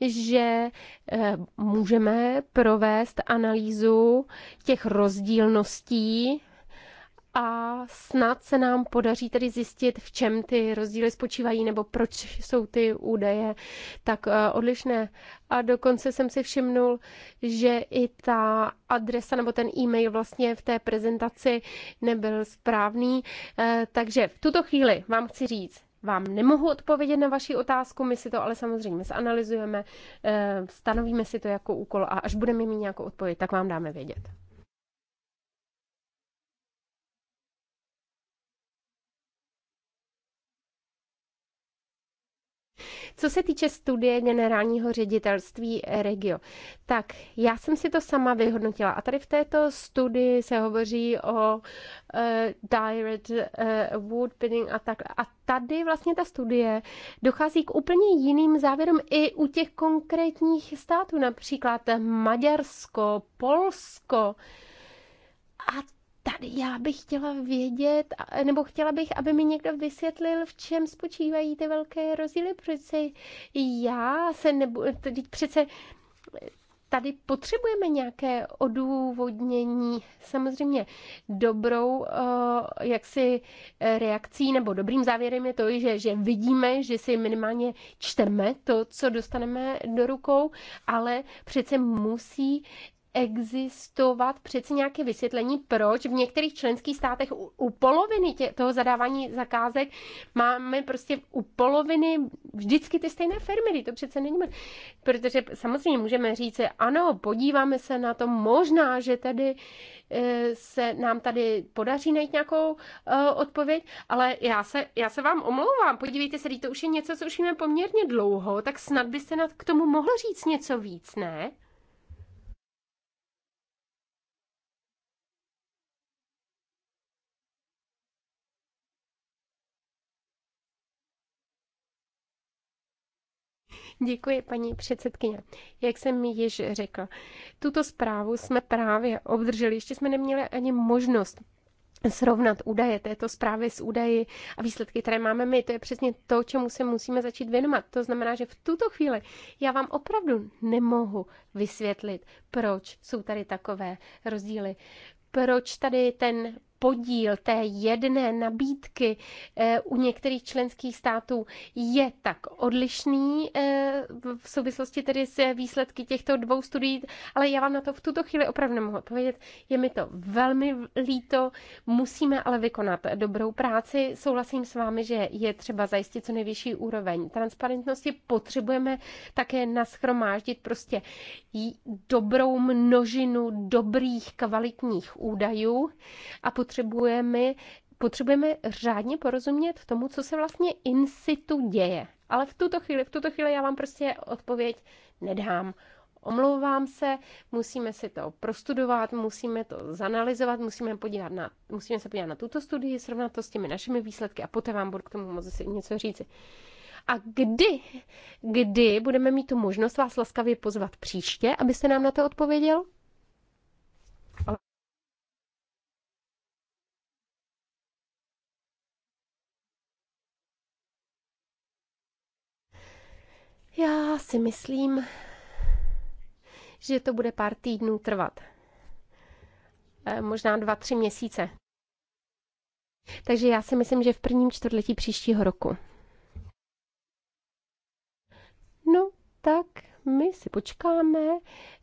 že eh, můžeme provést analýzu těch rozdílností a snad se nám podaří tedy zjistit, v čem ty rozdíly spočívají nebo proč jsou ty údaje tak eh, odlišné. A dokonce jsem si všimnul, že i ta adresa nebo ten e-mail vlastně v té prezentaci nebyl správný. Eh, takže v tuto chvíli vám chci říct, vám nemohu odpovědět na vaši otázku, my si to ale samozřejmě zanalizujeme, eh, stanovíme si to jako úkol a až budeme mít nějakou odpověď, tak vám dáme vědět. Co se týče studie generálního ředitelství Regio, tak já jsem si to sama vyhodnotila a tady v této studii se hovoří o uh, eh, direct uh, eh, wood pinning a tak. A tady vlastně ta studie dochází k úplně jiným závěrům i u těch konkrétních států, například Maďarsko, Polsko. A tady já bych chtěla vědět, nebo chtěla bych, aby mi někdo vysvětlil, v čem spočívají ty velké rozdíly, protože já se nebo tedy přece tady potřebujeme nějaké odůvodnění, samozřejmě dobrou eh, jaksi eh, reakcí nebo dobrým závěrem je to, že, že vidíme, že si minimálně čteme to, co dostaneme do rukou, ale přece musí existovat přeci nějaké vysvětlení, proč v některých členských státech u, u poloviny tě, toho zadávání zakázek máme prostě u poloviny vždycky ty stejné firmy. To přece není. Protože samozřejmě můžeme říct, ano, podíváme se na to, možná, že tady eh, se nám tady podaří najít nějakou uh, odpověď, ale já se, já se vám omlouvám. Podívejte se, to už je něco, co už jíme poměrně dlouho, tak snad byste k tomu mohl říct něco víc, ne? Děkuji, paní předsedkyně. Jak jsem již řekl, tuto zprávu jsme právě obdrželi, ještě jsme neměli ani možnost srovnat údaje této zprávy s údaji a výsledky, které máme my. To je přesně to, čemu se musíme začít věnovat. To znamená, že v tuto chvíli já vám opravdu nemohu vysvětlit, proč jsou tady takové rozdíly. Proč tady ten podíl té jedné nabídky eh, u některých členských států je tak odlišný eh, v souvislosti tedy s výsledky těchto dvou studií, ale já vám na to v tuto chvíli opravdu nemohu odpovědět. Je mi to velmi líto, musíme ale vykonat dobrou práci. Souhlasím s vámi, že je třeba zajistit co nejvyšší úroveň transparentnosti. Potřebujeme také naschromáždit prostě dobrou množinu dobrých kvalitních údajů a potom potřebujeme, potřebujeme řádně porozumět tomu, co se vlastně in situ děje. Ale v tuto chvíli, v tuto chvíli já vám prostě odpověď nedám. Omlouvám se, musíme si to prostudovat, musíme to zanalizovat, musíme, podívat na, musíme se podívat na tuto studii, srovnat to s těmi našimi výsledky a poté vám budu k tomu moci si něco říci. A kdy, kdy budeme mít tu možnost vás laskavě pozvat příště, abyste nám na to odpověděl? si myslím, že to bude pár týdnů trvat. E, možná dva, tři měsíce. Takže já si myslím, že v prvním čtvrtletí příštího roku. No, tak my si počkáme,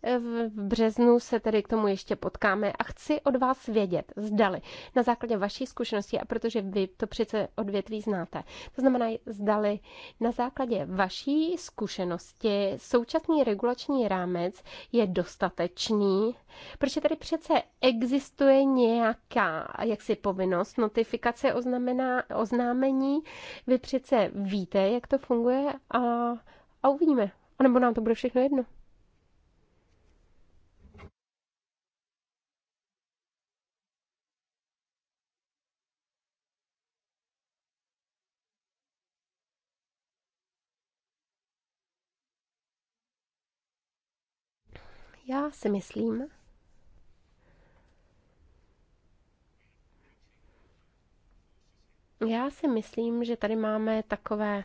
eh, v březnu se tedy k tomu ještě potkáme a chci od vás vědět, zdali na základě vaší zkušenosti, a protože vy to přece odvětví znáte, to znamená, zdali na základě vaší zkušenosti současný regulační rámec je dostatečný, protože tady přece existuje nějaká jaksi povinnost notifikace oznamená, oznámení, vy přece víte, jak to funguje a, a uvidíme. A nebo nám to bude všechno jedno. Já si myslím, já si myslím, že tady máme takové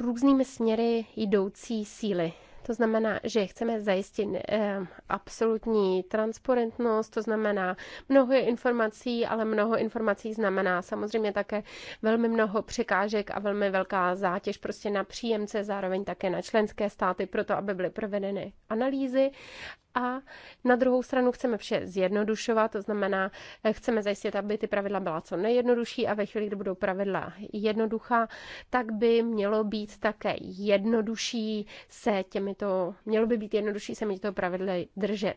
různými směry jdoucí síly. To znamená, že chceme zajistit eh, absolutní transparentnost, to znamená mnoho informací, ale mnoho informací znamená samozřejmě také velmi mnoho překážek a velmi velká zátěž prostě na příjemce, zároveň také na členské státy, proto aby byly provedeny analýzy a na druhou stranu chceme vše zjednodušovat, to znamená, eh, chceme zajistit, aby ty pravidla byla co nejjednodušší a ve chvíli, kdy budou pravidla jednoduchá, tak by mělo být také jednodušší se těmito, mělo by být jednodušší se to pravidly držet.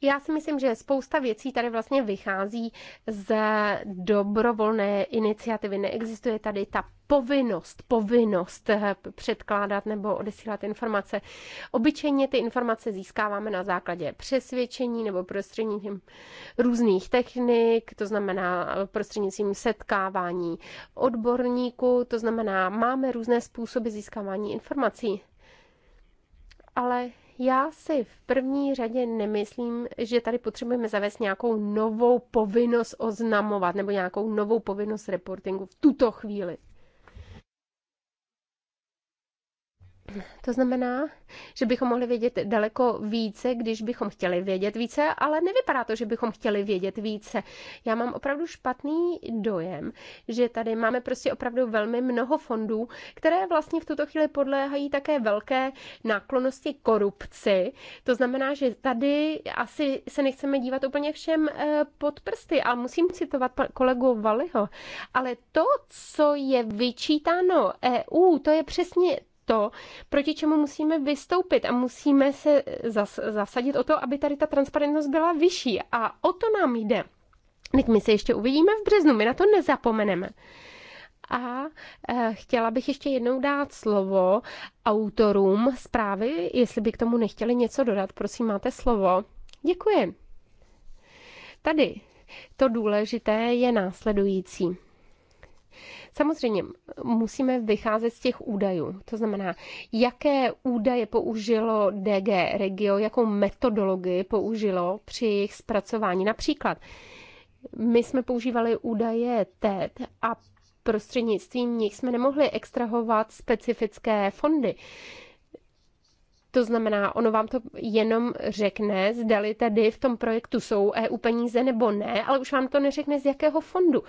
Já si myslím, že spousta věcí tady vlastně vychází z dobrovolné iniciativy. Neexistuje tady ta povinnost, povinnost eh, předkládat nebo odesílat informace. Obyčejně ty informace získáváme na základě přesvědčení nebo prostřednictvím různých technik, to znamená eh, prostřednictvím setkávání odborníků, to znamená, máme různé způsoby získávání informací. Ale já si v první řadě nemyslím, že tady potřebujeme zavést nějakou novou povinnost oznamovat nebo nějakou novou povinnost reportingu v tuto chvíli. To znamená, že bychom mohli vědět daleko více, když bychom chtěli vědět více, ale nevypadá to, že bychom chtěli vědět více. Já mám opravdu špatný dojem, že tady máme prostě opravdu velmi mnoho fondů, které vlastně v tuto chvíli podléhají také velké náklonosti korupci. To znamená, že tady asi se nechceme dívat úplně všem eh, pod prsty, ale musím citovat kolegu Valiho. Ale to, co je vyčítáno EU, to je přesně to, proti čemu musíme vystoupit a musíme se zas, zasadit o to, aby tady ta transparentnost byla vyšší. A o to nám jde. Teď my se ještě uvidíme v březnu, my na to nezapomeneme. A eh, chtěla bych ještě jednou dát slovo autorům zprávy, jestli by k tomu nechtěli něco dodat. Prosím, máte slovo. Děkuji. Tady to důležité je následující. Samozřejmě musíme vycházet z těch údajů. To znamená, jaké údaje použilo DG Regio, jakou metodologii použilo při jejich zpracování. Například my jsme používali údaje TED a prostřednictvím nich jsme nemohli extrahovat specifické fondy. To znamená, ono vám to jenom řekne, zdali tady v tom projektu jsou EU peníze nebo ne, ale už vám to neřekne, z jakého fondu.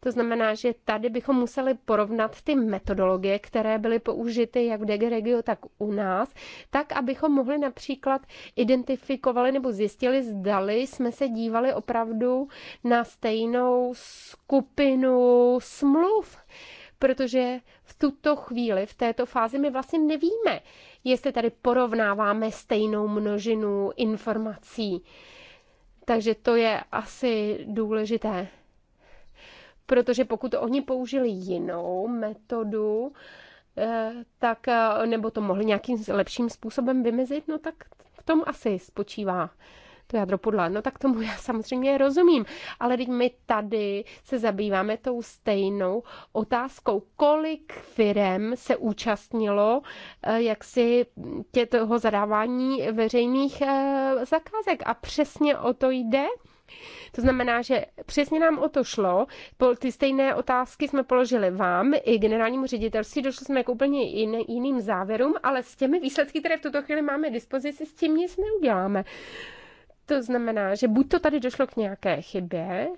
To znamená, že tady bychom museli porovnat ty metodologie, které byly použity jak v DG Regio, tak u nás, tak, abychom mohli například identifikovali nebo zjistili, zdali jsme se dívali opravdu na stejnou skupinu smluv protože v tuto chvíli, v této fázi, my vlastně nevíme, jestli tady porovnáváme stejnou množinu informací. Takže to je asi důležité. Protože pokud oni použili jinou metodu, eh, tak, eh, nebo to mohli nějakým lepším způsobem vymezit, no tak v tom asi spočívá to jádro pudla. No tak tomu *laughs* já samozřejmě rozumím, ale teď my tady se zabýváme tou stejnou otázkou, kolik firem se účastnilo eh, jaksi tě toho zadávání veřejných eh, zakázek a přesně o to jde. To znamená, že přesně nám o to šlo, ty stejné otázky jsme položili vám i generálnímu ředitelství, došli jsme k úplně jiným závěrům, ale s těmi výsledky, které v tuto chvíli máme dispozici, s tím nic neuděláme. To znamená, že buď to tady došlo k nějaké chybě,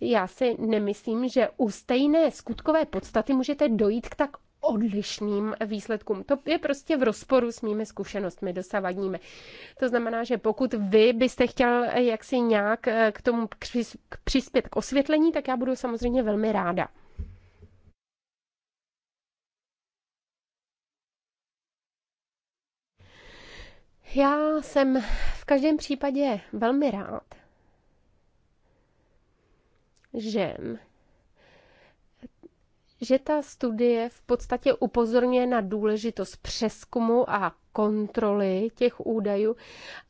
já si nemyslím, že u stejné skutkové podstaty můžete dojít k tak odlišným výsledkům. To je prostě v rozporu s mými zkušenostmi dosavadními. To znamená, že pokud vy byste chtěl eh, jaksi nějak eh, k tomu přispět k osvětlení, tak já budu samozřejmě velmi ráda. Já jsem v každém případě velmi rád, že že ta studie v podstatě upozorňuje na důležitost přeskumu a kontroly těch údajů.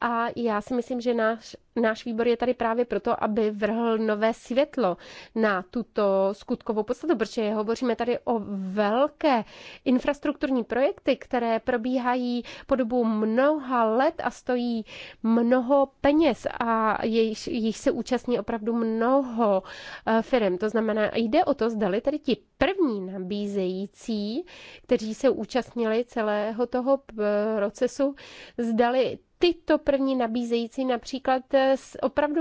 A já si myslím, že náš náš výbor je tady právě proto, aby vrhl nové světlo na tuto skutkovou podstatu, protože hovoříme tady o velké infrastrukturní projekty, které probíhají po dobu mnoha let a stojí mnoho peněz a jejich, jejich se účastní opravdu mnoho eh, firm. To znamená, jde o to, zdali tady ti první nabízející, kteří se účastnili celého toho eh, procesu, zdali tyto první nabízející například eh, opravdu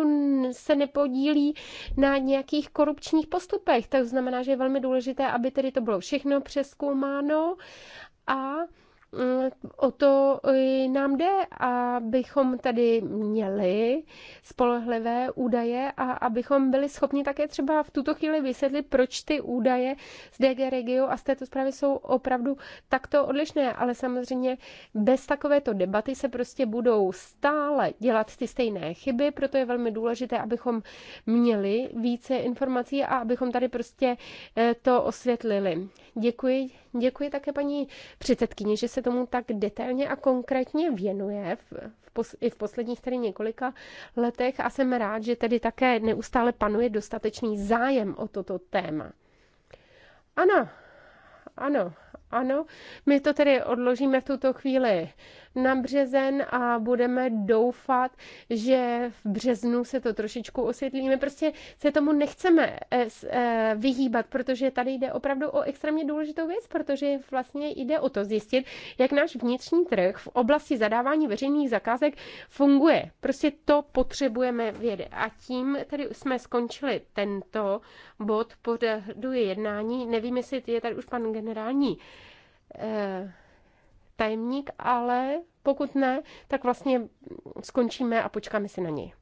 se nepodílí na nějakých korupčních postupech. To znamená, že je velmi důležité, aby tedy to bylo všechno přeskoumáno a o to eh, nám jde, abychom tady měli spolehlivé údaje a abychom byli schopni také třeba v tuto chvíli vysvětlit, proč ty údaje z DG Regio a z této zprávy jsou opravdu takto odlišné. Ale samozřejmě bez takovéto debaty se prostě budou stále dělat ty stejné chyby, proto je velmi důležité, abychom měli více informací a abychom tady prostě eh, to osvětlili. Děkuji, děkuji také paní předsedkyni, že se tomu tak detailně a konkrétně věnuje v, v pos, i v posledních tedy několika letech a jsem rád, že tedy také neustále panuje dostatečný zájem o toto téma. Ano, ano, ano. My to tedy odložíme v tuto chvíli na březen a budeme doufat, že v březnu se to trošičku osvětlíme. Prostě se tomu nechceme eh, eh, vyhýbat, protože tady jde opravdu o extrémně důležitou věc, protože vlastně jde o to zjistit, jak náš vnitřní trh v oblasti zadávání veřejných zakázek funguje. Prostě to potřebujeme vědět. A tím tedy jsme skončili tento bod pořadu jednání. Nevím, jestli je tady už pan generální eh, tajemník, ale pokud ne, tak vlastně skončíme a počkáme si na něj.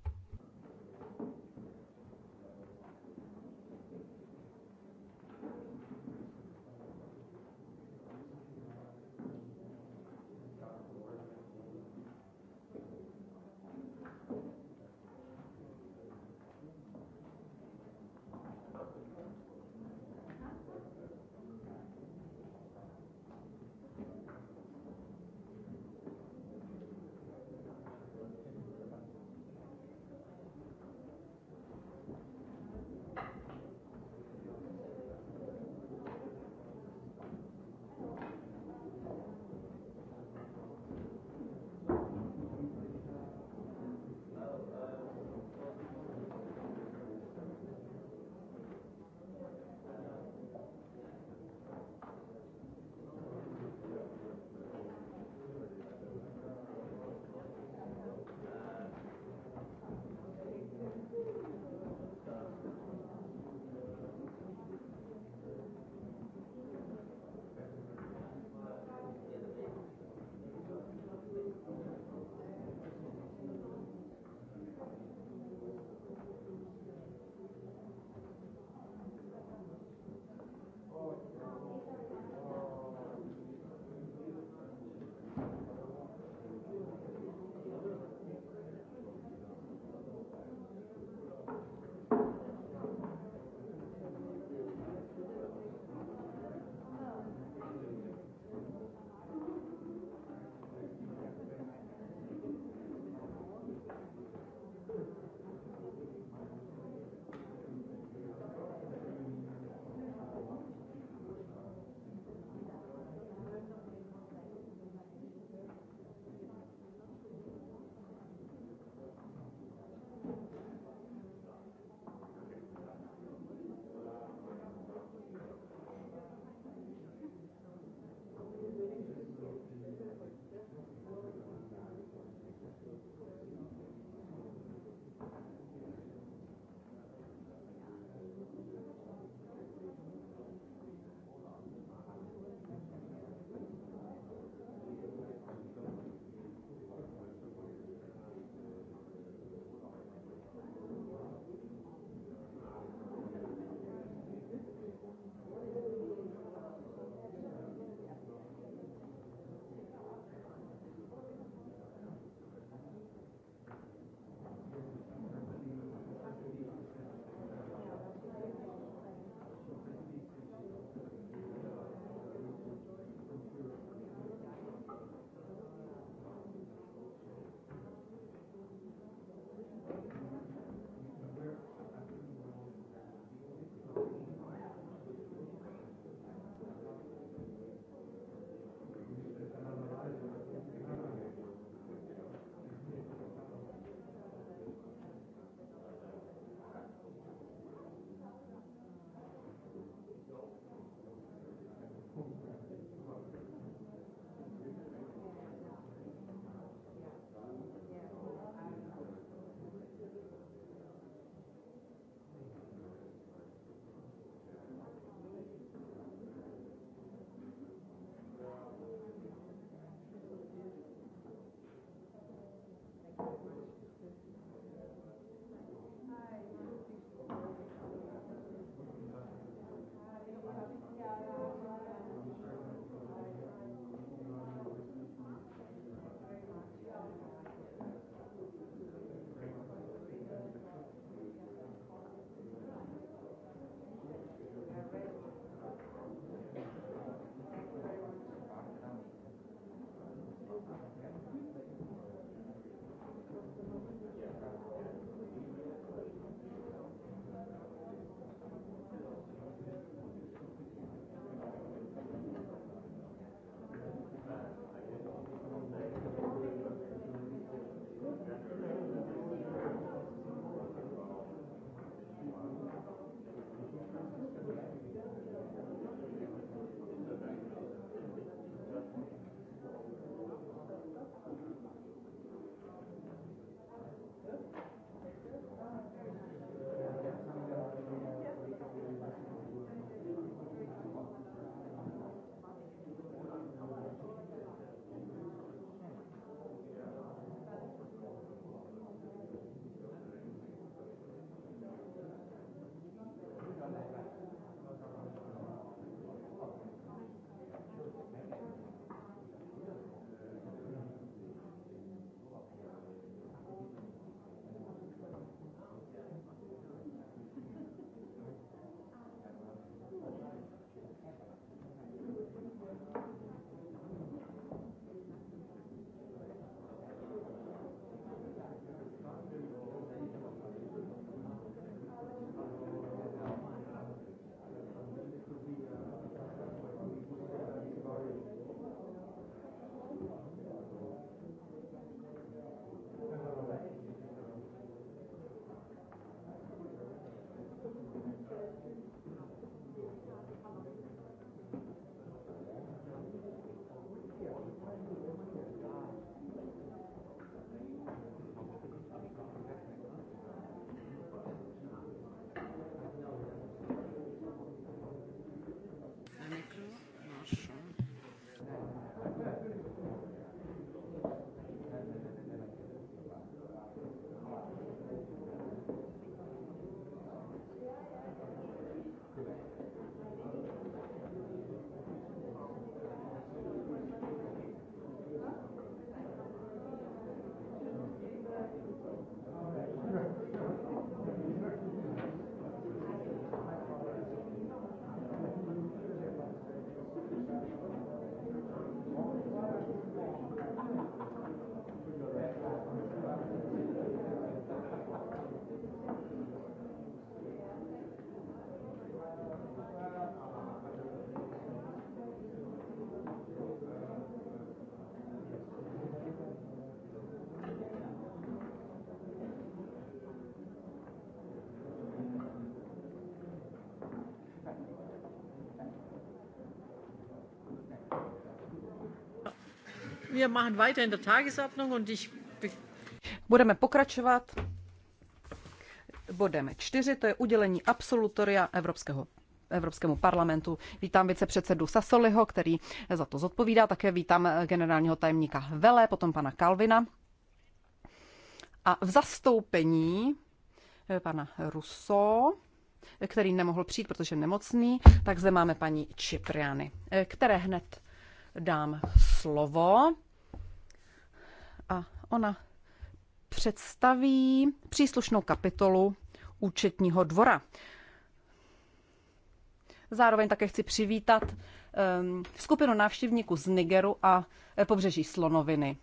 Budeme pokračovat bodem 4, to je udělení absolutoria Evropského Evropskému parlamentu. Vítám vicepředsedu Sasoliho, který za to zodpovídá. Také vítám generálního tajemníka Vele, potom pana Kalvina. A v zastoupení eh, pana Russo, který nemohl přijít, protože je nemocný, tak zde máme paní Čipriany, eh, které hned dám slovo a ona představí příslušnou kapitolu účetního dvora. Zároveň také chci přivítat um, skupinu návštěvníků z Nigeru a eh, pobřeží Slonoviny.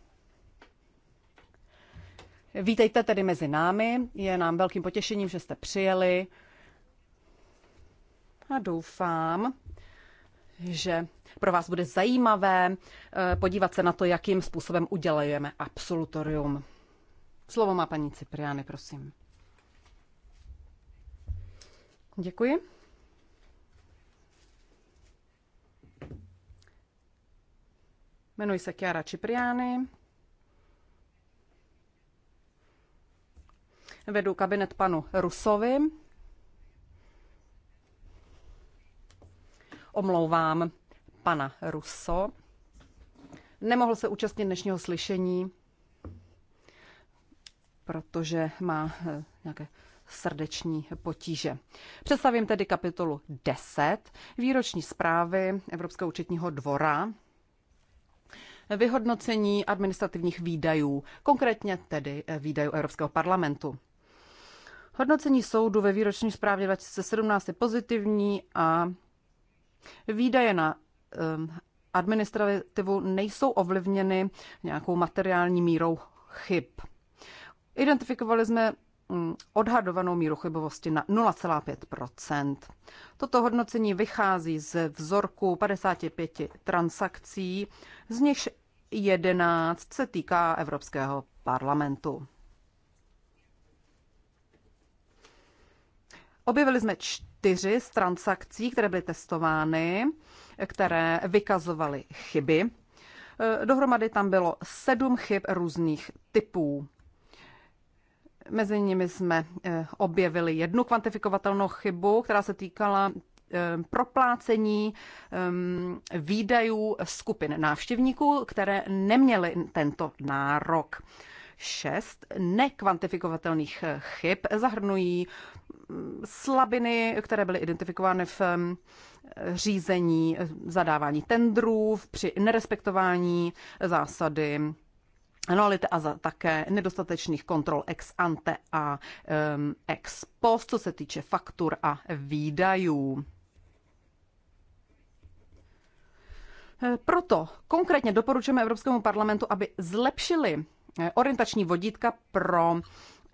Vítejte tedy mezi námi, je nám velkým potěšením, že jste přijeli a doufám, že pro vás bude zajímavé eh, podívat se na to, jakým způsobem udělujeme absolutorium. Slovo má paní Cipriány, prosím. Děkuji. Jmenuji se Chiara Cipriani. Vedu kabinet panu Rusovi omlouvám pana Russo. Nemohl se účastnit dnešního slyšení, protože má eh, nějaké srdeční potíže. Představím tedy kapitolu 10 výroční zprávy Evropského účetního dvora vyhodnocení administrativních výdajů, konkrétně tedy eh, výdajů Evropského parlamentu. Hodnocení soudu ve výroční zprávě 2017 je pozitivní a Výdaje na ehm, administrativu nejsou ovlivněny nějakou materiální mírou chyb. Identifikovali jsme hm, odhadovanou míru chybovosti na 0,5 Toto hodnocení vychází z vzorku 55 transakcí, z nichž 11 se týká Evropského parlamentu. Objevili jsme čtyři z transakcí, které byly testovány, které vykazovaly chyby. E, dohromady tam bylo sedm chyb různých typů. Mezi nimi jsme e, objevili jednu kvantifikovatelnou chybu, která se týkala e, proplácení výdajů skupin návštěvníků, které neměly tento nárok. Šest nekvantifikovatelných chyb zahrnují slabiny, které byly identifikovány v řízení eh, zadávání tendrů, při nerespektování zásady analyty a za také nedostatečných kontrol ex ante a um, ex post, co se týče faktur a výdajů. Eh, proto konkrétně doporučujeme Evropskému parlamentu, aby zlepšili eh, orientační vodítka pro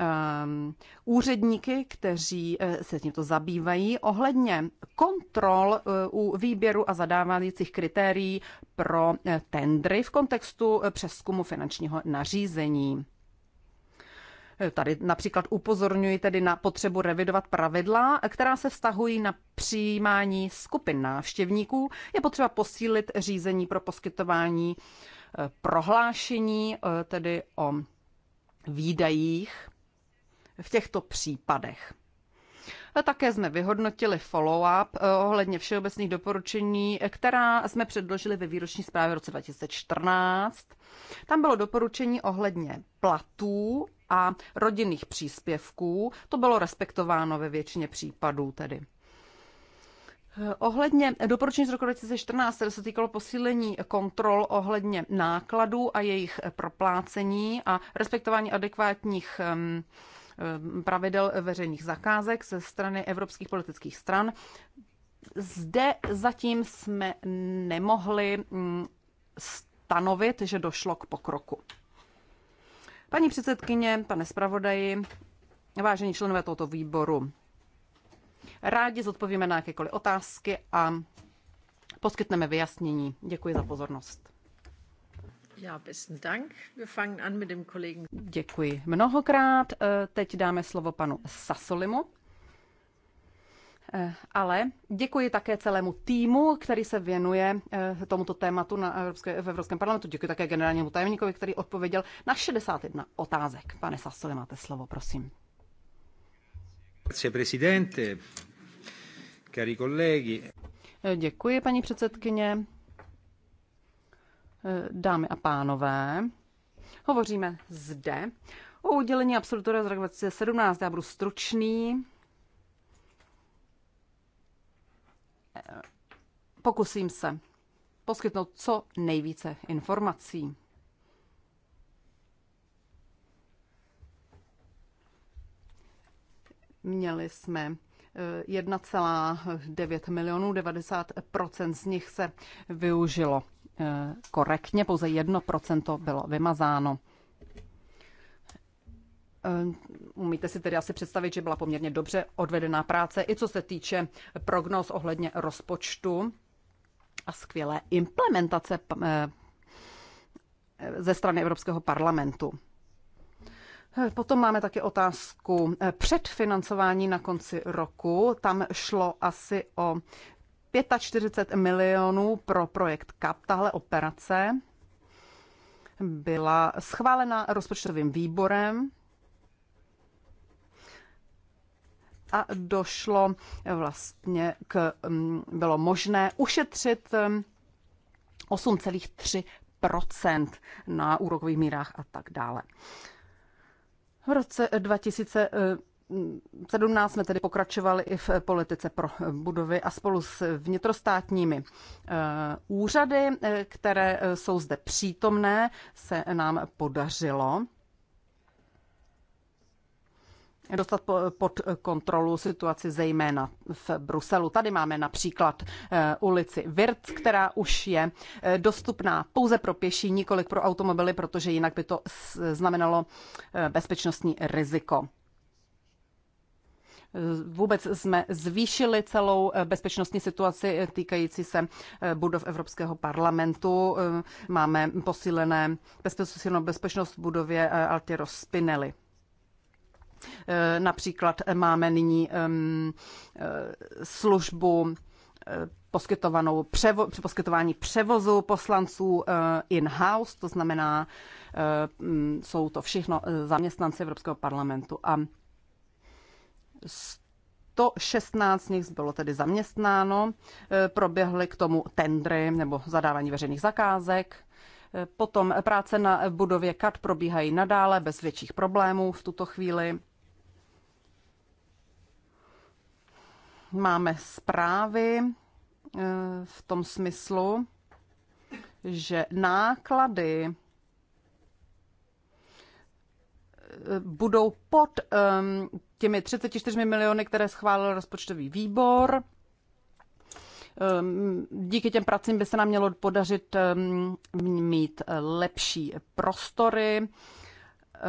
um, úředníky, kteří eh, se tímto zabývají, ohledně kontrol eh, u výběru a zadávajících kritérií pro eh, tendry v kontextu přeskumu finančního nařízení. Tady například upozorňuji tedy na potřebu revidovat pravidla, která se vztahují na přijímání skupin návštěvníků. Je potřeba posílit řízení pro poskytování prohlášení, tedy o výdajích v těchto případech. Také jsme vyhodnotili follow-up eh, ohledně všeobecných doporučení, která jsme předložili ve výroční zprávě v roce 2014. Tam bylo doporučení ohledně platů a rodinných příspěvků. To bylo respektováno ve většině případů tedy. Eh, ohledně doporučení z roku 2014, které se týkalo posílení kontrol ohledně nákladů a jejich proplácení a respektování adekvátních ehm, Eh, pravidel veřejných zakázek ze strany evropských politických stran. Zde zatím jsme nemohli mm, stanovit, že došlo k pokroku. Paní předsedkyně, pane zpravodaji, vážení členové tohoto výboru, rádi zodpovíme na jakékoliv otázky a poskytneme vyjasnění. Děkuji za pozornost besten Dank. Wir fangen an mit dem Kollegen. Děkuji mnohokrát. Eh, teď dáme slovo panu Sasolimu. Eh, ale děkuji také celému týmu, který se věnuje eh, tomuto tématu na Evropské, v Evropském parlamentu. Děkuji také generálnímu tajemníkovi, který odpověděl na 61 otázek. Pane Sasoli, máte slovo, prosím. Děkuji, paní předsedkyně. Eh, dámy a pánové. Hovoříme zde o udělení absolutoria z roku 2017. Já budu stručný. Eh, pokusím se poskytnout co nejvíce informací. Měli jsme 1,9 eh, milionů, 90 z nich se využilo korektně, pouze 1% bylo vymazáno. Eh, umíte si tedy asi představit, že byla poměrně dobře odvedená práce, i co se týče prognóz ohledně rozpočtu a skvělé implementace eh, ze strany Evropského parlamentu. Eh, potom máme také otázku předfinancování na konci roku. Tam šlo asi o 45 milionů pro projekt CAP. Tahle operace byla schválena rozpočtovým výborem a došlo vlastně k, mm, bylo možné ušetřit 8,3 mm, na úrokových mírách a tak dále. V roce 2000 eh, 17 jsme tedy pokračovali i v politice pro budovy a spolu s vnitrostátními eh, úřady, eh, které eh, jsou zde přítomné, se nám podařilo dostat pod kontrolu situaci zejména v Bruselu. Tady máme například ulici Virc, která už je dostupná pouze pro pěší, nikoli pro automobily, protože jinak by to znamenalo bezpečnostní riziko. Vůbec jsme zvýšili celou eh, bezpečnostní situaci eh, týkající se eh, budov Evropského parlamentu. Máme posílené bezpečnost, bezpečnost v budově Altiero Spinelli. Například máme nyní ehm, službu poskytovanou převo, poskytování převozu poslanců in-house, to znamená, jsou to všechno zaměstnanci Evropského parlamentu. A 116 z nich bylo tedy zaměstnáno, e, proběhly k tomu tendry nebo zadávání veřejných zakázek. E, potom práce na budově KAT probíhají nadále bez větších problémů v tuto chvíli. Máme zprávy e, v tom smyslu, že náklady budou pod těmi 34 miliony, které schválil rozpočtový výbor. Díky těm pracím by se nám mělo podařit mít lepší prostory, e,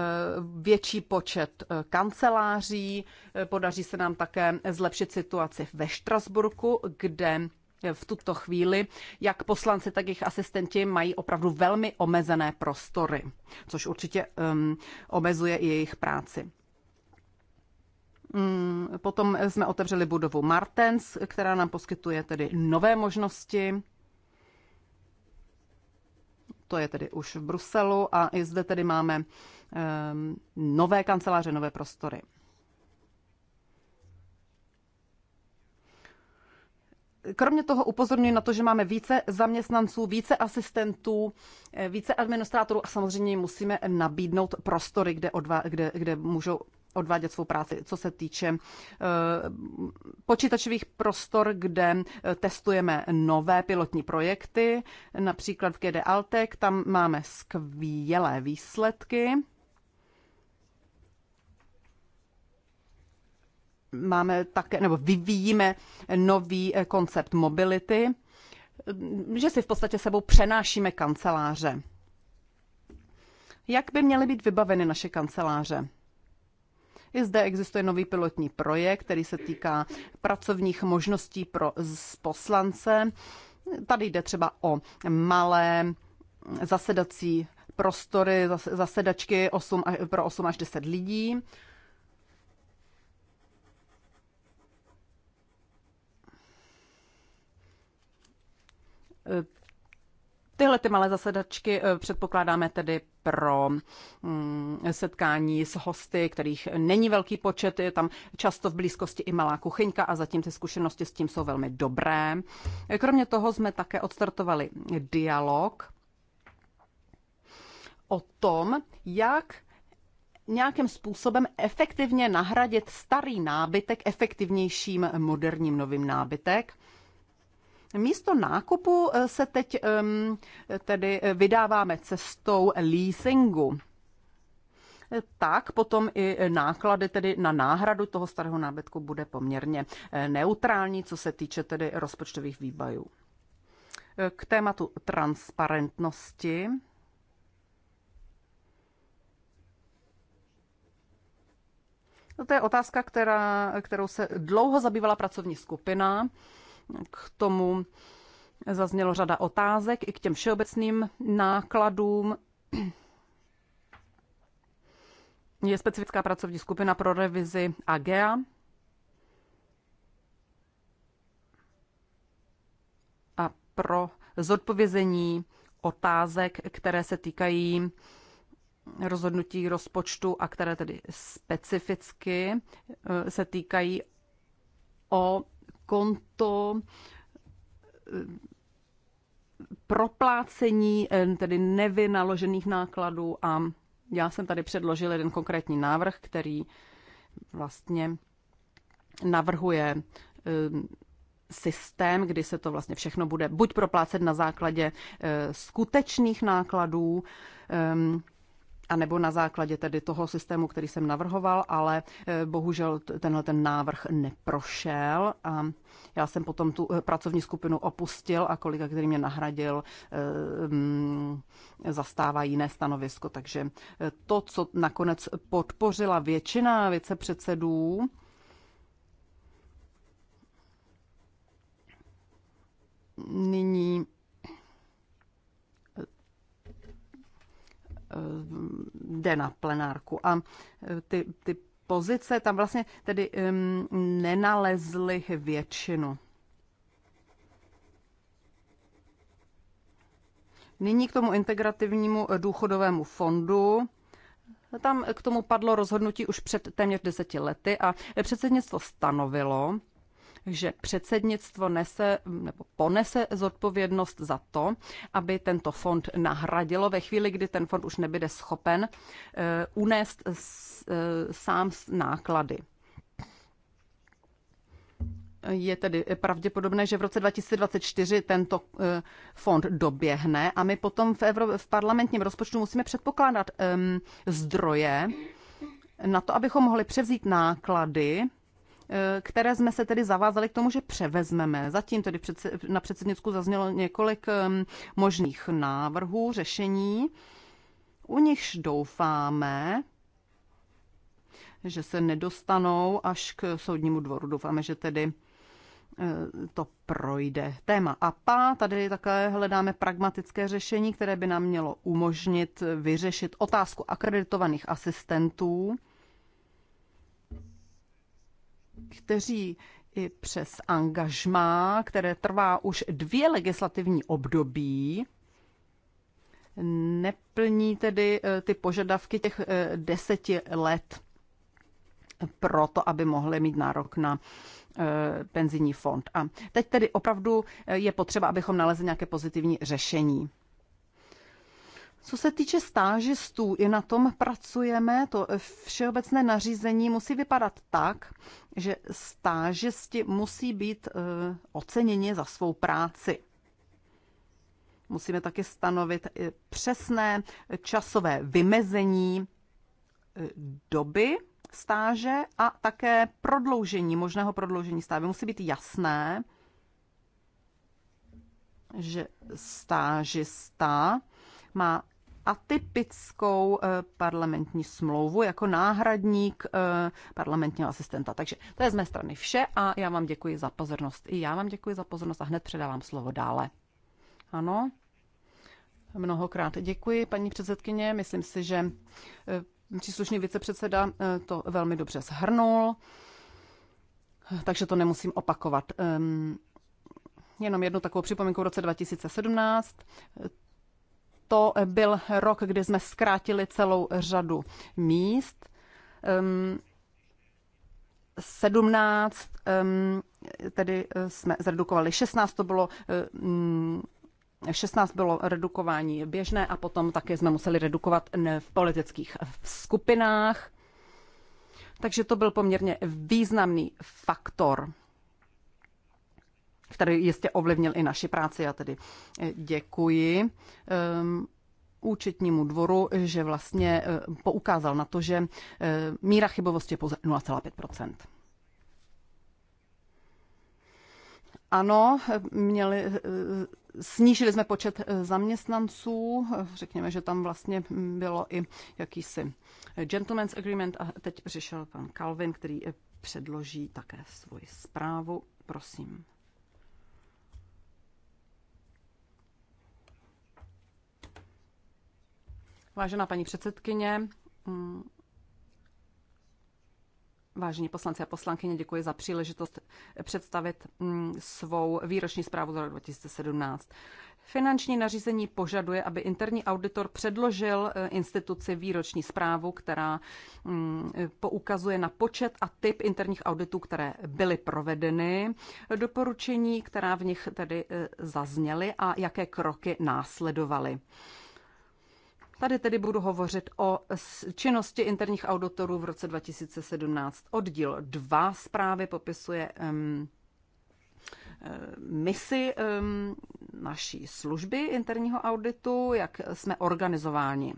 větší počet e, kanceláří. E, podaří se nám také zlepšit situaci ve Štrasburku, kde Eh, v tuto chvíli, jak poslanci, tak jejich asistenti mají opravdu velmi omezené prostory, což určitě um, omezuje i jejich práci. Um, potom jsme otevřeli budovu Martens, která nám poskytuje tedy nové možnosti. To je tedy už v Bruselu a i zde tedy máme um, nové kanceláře, nové prostory. Kromě toho upozorňuji na to, že máme více zaměstnanců, více asistentů, eh, více administrátorů a samozřejmě musíme nabídnout prostory, kde, odva- kde, kde můžou odvádět svou práci, co se týče eh, počítačových prostor, kde eh, testujeme nové pilotní projekty, například v GD Altec, tam máme skvělé výsledky. máme také, nebo vyvíjíme nový eh, koncept mobility, mm, že si v podstatě sebou přenášíme kanceláře. Jak by měly být vybaveny naše kanceláře? I zde existuje nový pilotní projekt, který se týká pracovních možností pro poslance. Tady jde třeba o malé mm, zasedací prostory, zasedačky 8, pro 8 až 10 lidí. Eh, tyhle ty malé zasedačky eh, předpokládáme tedy pro mm, setkání s hosty, kterých není velký počet, je tam často v blízkosti i malá kuchyňka a zatím ty zkušenosti s tím jsou velmi dobré. Eh, kromě toho jsme také odstartovali dialog o tom, jak nějakým způsobem efektivně nahradit starý nábytek efektivnějším moderním novým nábytek. Místo nákupu eh, se teď ehm, tedy eh, vydáváme cestou leasingu. Eh, tak potom i náklady tedy na náhradu toho starého nábytku bude poměrně neutrální, co se týče tedy rozpočtových výbajů. K tématu transparentnosti. No to je otázka, která, kterou se dlouho zabývala pracovní skupina. K tomu zaznělo řada otázek i k těm všeobecným nákladům. Je specifická pracovní skupina pro revizi AGEA. A pro zodpovězení otázek, které se týkají rozhodnutí rozpočtu a které tedy specificky eh, se týkají o konto proplácení eh, tedy nevynaložených nákladů a já jsem tady předložil jeden konkrétní návrh, který vlastně navrhuje eh, systém, kdy se to vlastně všechno bude buď proplácet na základě eh, skutečných nákladů, a nebo na základě tedy toho systému, který jsem navrhoval, ale eh, bohužel tenhle ten návrh neprošel a já jsem potom tu eh, pracovní skupinu opustil a kolega, který mě nahradil, eh, mm, zastává jiné stanovisko. Takže to, co nakonec podpořila většina vicepředsedů, nyní Eh, jde na plenárku. A eh, ty, ty pozice tam vlastně tedy um, nenalezly většinu. Nyní k tomu integrativnímu eh, důchodovému fondu. Tam k tomu padlo rozhodnutí už před téměř deseti lety a předsednictvo stanovilo, že předsednictvo nese nebo ponese zodpovědnost za to, aby tento fond nahradilo ve chvíli, kdy ten fond už nebude schopen eh, unést eh, sám náklady. Je tedy pravděpodobné, že v roce 2024 tento eh, fond doběhne a my potom v, Evro- v parlamentním rozpočtu musíme předpokládat um, zdroje na to, abychom mohli převzít náklady které jsme se tedy zavázali k tomu, že převezmeme. Zatím tedy na předsednicku zaznělo několik možných návrhů, řešení, u nichž doufáme, že se nedostanou až k soudnímu dvoru. Doufáme, že tedy e, to projde. Téma APA, tady také hledáme pragmatické řešení, které by nám mělo umožnit vyřešit otázku akreditovaných asistentů kteří i přes angažmá, které trvá už dvě legislativní období, neplní tedy e, ty požadavky těch e, deseti let proto, aby mohli mít nárok na e, penzijní fond. A teď tedy opravdu je potřeba, abychom nalezli nějaké pozitivní řešení. Co se týče stážistů, i na tom pracujeme. To eh, všeobecné nařízení musí vypadat tak, že stážisti musí být eh, oceněni za svou práci. Musíme taky stanovit eh, přesné časové vymezení doby stáže a také prodloužení, možného prodloužení stáže. Musí být jasné, že stážista má atypickou eh, parlamentní smlouvu jako náhradník eh, parlamentního asistenta. Takže to je z mé strany vše a já vám děkuji za pozornost. I já vám děkuji za pozornost a hned předávám slovo dále. Ano. Mnohokrát děkuji, paní předsedkyně. Myslím si, že eh, příslušný vicepředseda to velmi dobře shrnul, takže to nemusím opakovat. Ehm, jenom jednu takovou připomínku v roce 2017 to byl rok, kdy jsme zkrátili celou řadu míst. 17, ehm, ehm, tedy eh, jsme zredukovali 16, to bylo 16 ehm, bylo redukování běžné a potom také jsme museli redukovat v politických eh, skupinách. Takže to byl poměrně významný faktor který jistě ovlivnil i naši práci. Já tedy eh, děkuji ehm, účetnímu dvoru, že vlastně eh, poukázal na to, že eh, míra chybovosti je pouze 0,5 Ano, měli, snížili jsme počet zaměstnanců, řekněme, že tam vlastně bylo i jakýsi gentleman's agreement a teď přišel pan Calvin, který předloží také svoji zprávu. Prosím. Vážená paní předsedkyně, mm, Vážení poslanci a poslankyně, děkuji za příležitost představit mm, svou výroční zprávu za rok 2017. Finanční nařízení požaduje, aby interní auditor předložil e, instituci výroční zprávu, která mm, poukazuje na počet a typ interních auditů, které byly provedeny, doporučení, která v nich tedy e, zazněly a jaké kroky následovaly. Tady tedy budu hovořit o činnosti interních auditorů v roce 2017. Oddíl 2 zprávy popisuje um, misi um, naší služby interního auditu, jak jsme organizováni.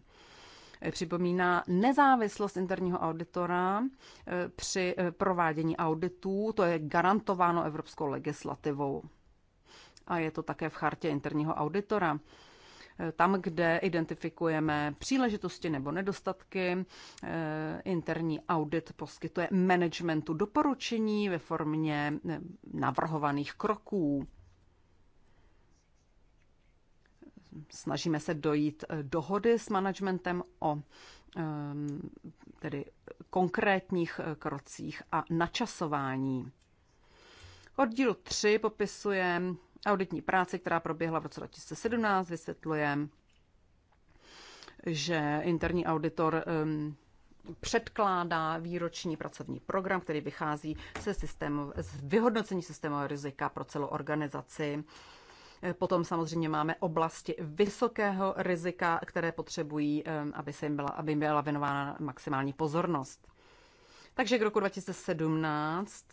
Připomíná nezávislost interního auditora e, při e, provádění auditů, to je garantováno evropskou legislativou. A je to také v chartě interního auditora tam, kde identifikujeme příležitosti nebo nedostatky. Eh, interní audit poskytuje managementu doporučení ve formě eh, navrhovaných kroků. Snažíme se dojít eh, dohody s managementem o tedy konkrétních krocích a načasování. Oddíl 3 popisuje auditní práce, která proběhla v roce 2017, vysvětluje, že interní auditor um, předkládá výroční pracovní program, který vychází se systému, z vyhodnocení systému rizika pro celou organizaci. Potom samozřejmě máme oblasti vysokého rizika, které potřebují, um, aby, se jim byla, aby jim byla věnována maximální pozornost. Takže k roku 2017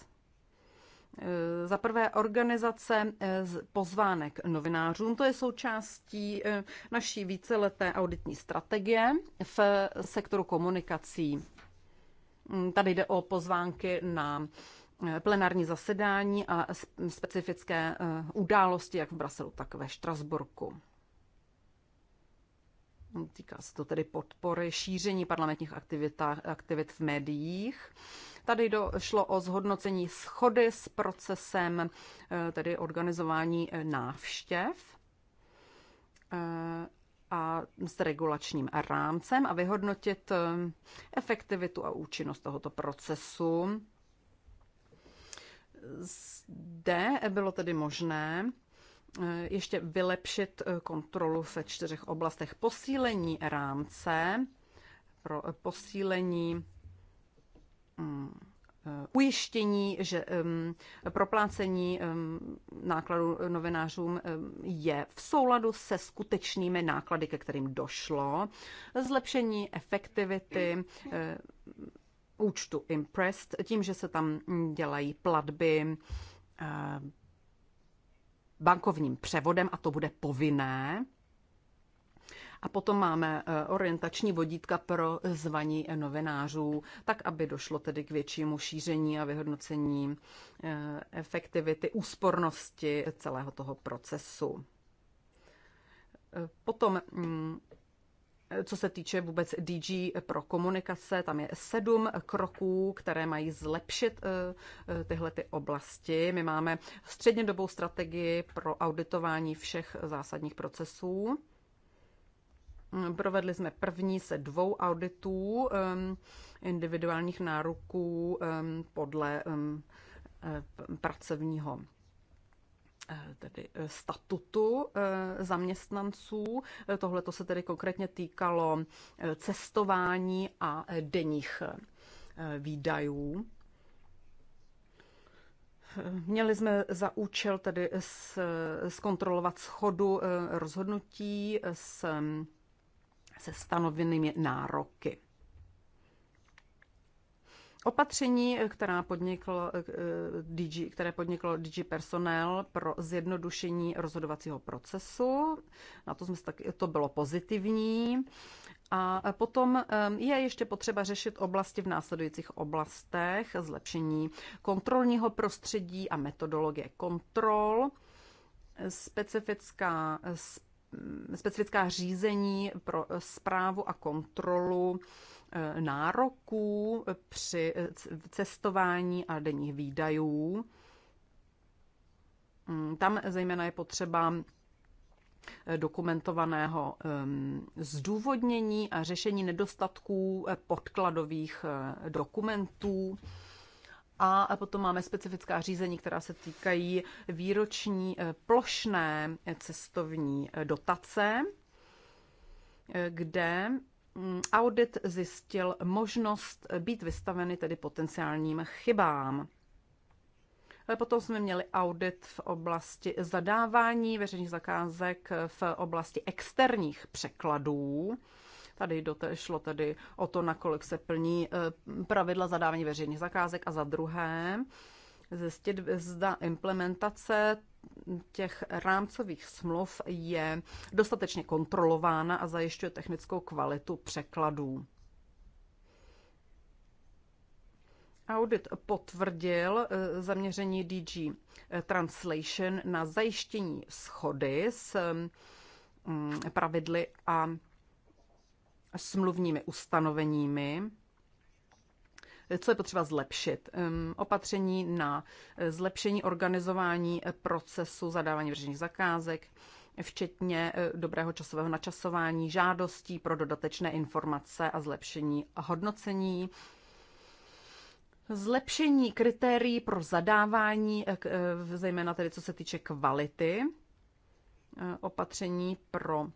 Eh, za prvé organizace eh, pozvánek novinářům, to je součástí eh, naší víceleté auditní strategie v sektoru komunikací. Mm, tady jde o pozvánky na plenární zasedání a specifické události jak v Bruselu, tak ve Štrasburku. Týká se to tedy podpory šíření parlamentních aktivit v médiích Tady šlo o zhodnocení schody s procesem eh, tedy organizování eh, návštěv eh, a s regulačním rámcem a vyhodnotit efektivitu a účinnost tohoto procesu. Zde bylo tedy možné ještě vylepšit kontrolu ve čtyřech oblastech. Posílení rámce pro posílení Mm. ujištění, že proplácení nákladů novinářům je v souladu se skutečnými náklady, ke kterým došlo, zlepšení efektivity eh, účtu Impressed, tím, že se tam dělají platby eh, bankovním převodem a to bude povinné. A potom máme eh, orientační vodítka pro zvaní eh, novinářů, tak aby došlo tedy k většímu šíření a vyhodnocení eh, efektivity, úspornosti celého toho procesu. Potom mm, co se týče vůbec DG pro komunikace, tam je sedm kroků, které mají zlepšit tyhle ty oblasti. My máme střednědobou strategii pro auditování všech zásadních procesů. Provedli jsme první se dvou auditů um, individuálních náruků um, podle um, eh, pracovního eh, tedy eh, statutu zaměstnanců. Tohle to se tedy konkrétně týkalo cestování a denních výdajů. Měli jsme za účel tedy zkontrolovat schodu rozhodnutí s se stanovenými nároky. Opatření, která podniklo, eh, DG, které podniklo DG Personnel pro zjednodušení rozhodovacího procesu, na to, jsme taky, to bylo pozitivní. A potom eh, je ještě potřeba řešit oblasti v následujících oblastech, zlepšení kontrolního prostředí a metodologie kontrol, specifická specifická řízení pro zprávu a kontrolu eh, nároků při cestování a denních výdajů. Mm, tam zejména je potřeba eh, dokumentovaného ehm, zdůvodnění a řešení nedostatků eh, podkladových dokumentů a potom máme specifická řízení, která se týkají výroční eh, plošné eh, cestovní eh, dotace, kde mm, audit zjistil možnost být vystaveny tedy potenciálním chybám. Ale potom jsme měli audit v oblasti zadávání veřejných zakázek v oblasti externích překladů. Tady té šlo tedy o to, nakolik se plní eh, pravidla zadávání veřejných zakázek a za druhé zjistit, zda implementace těch rámcových smluv je dostatečně kontrolována a zajišťuje technickou kvalitu překladů. Audit potvrdil eh, zaměření DG eh, Translation na zajištění schody s mm, pravidly a smluvními ustanoveními, co je potřeba zlepšit. Opatření na eh, zlepšení organizování eh, procesu zadávání veřejných zakázek, včetně eh, dobrého časového načasování žádostí pro dodatečné informace a zlepšení hodnocení. Zlepšení kritérií pro zadávání, zejména tedy co se týče kvality, opatření pro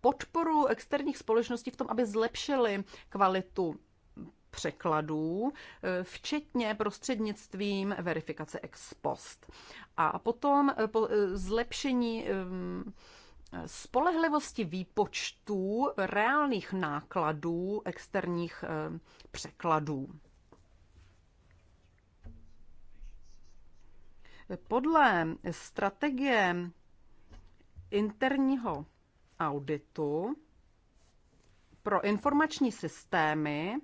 podporu externích společností v tom, aby zlepšili kvalitu překladů, eh, včetně prostřednictvím verifikace ex post. A potom eh, eh, zlepšení spolehlivosti výpočtů reálných nákladů externích překladů. Podle strategie interního auditu pro informační systémy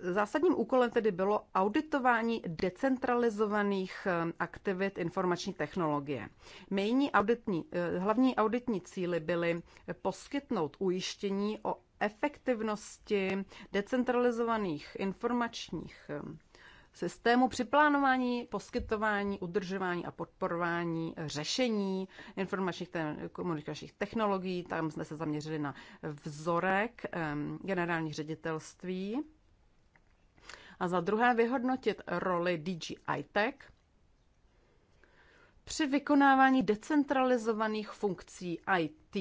Zásadním úkolem tedy bylo auditování decentralizovaných eh, aktivit informační technologie. auditní, eh, hlavní auditní cíly byly poskytnout ujištění o efektivnosti decentralizovaných informačních eh, systému při plánování, poskytování, udržování a podporování řešení informačních te- komunikačních technologií. Tam jsme se zaměřili na vzorek generálních ředitelství. A za druhé vyhodnotit roli DG ITech při vykonávání decentralizovaných funkcí IT.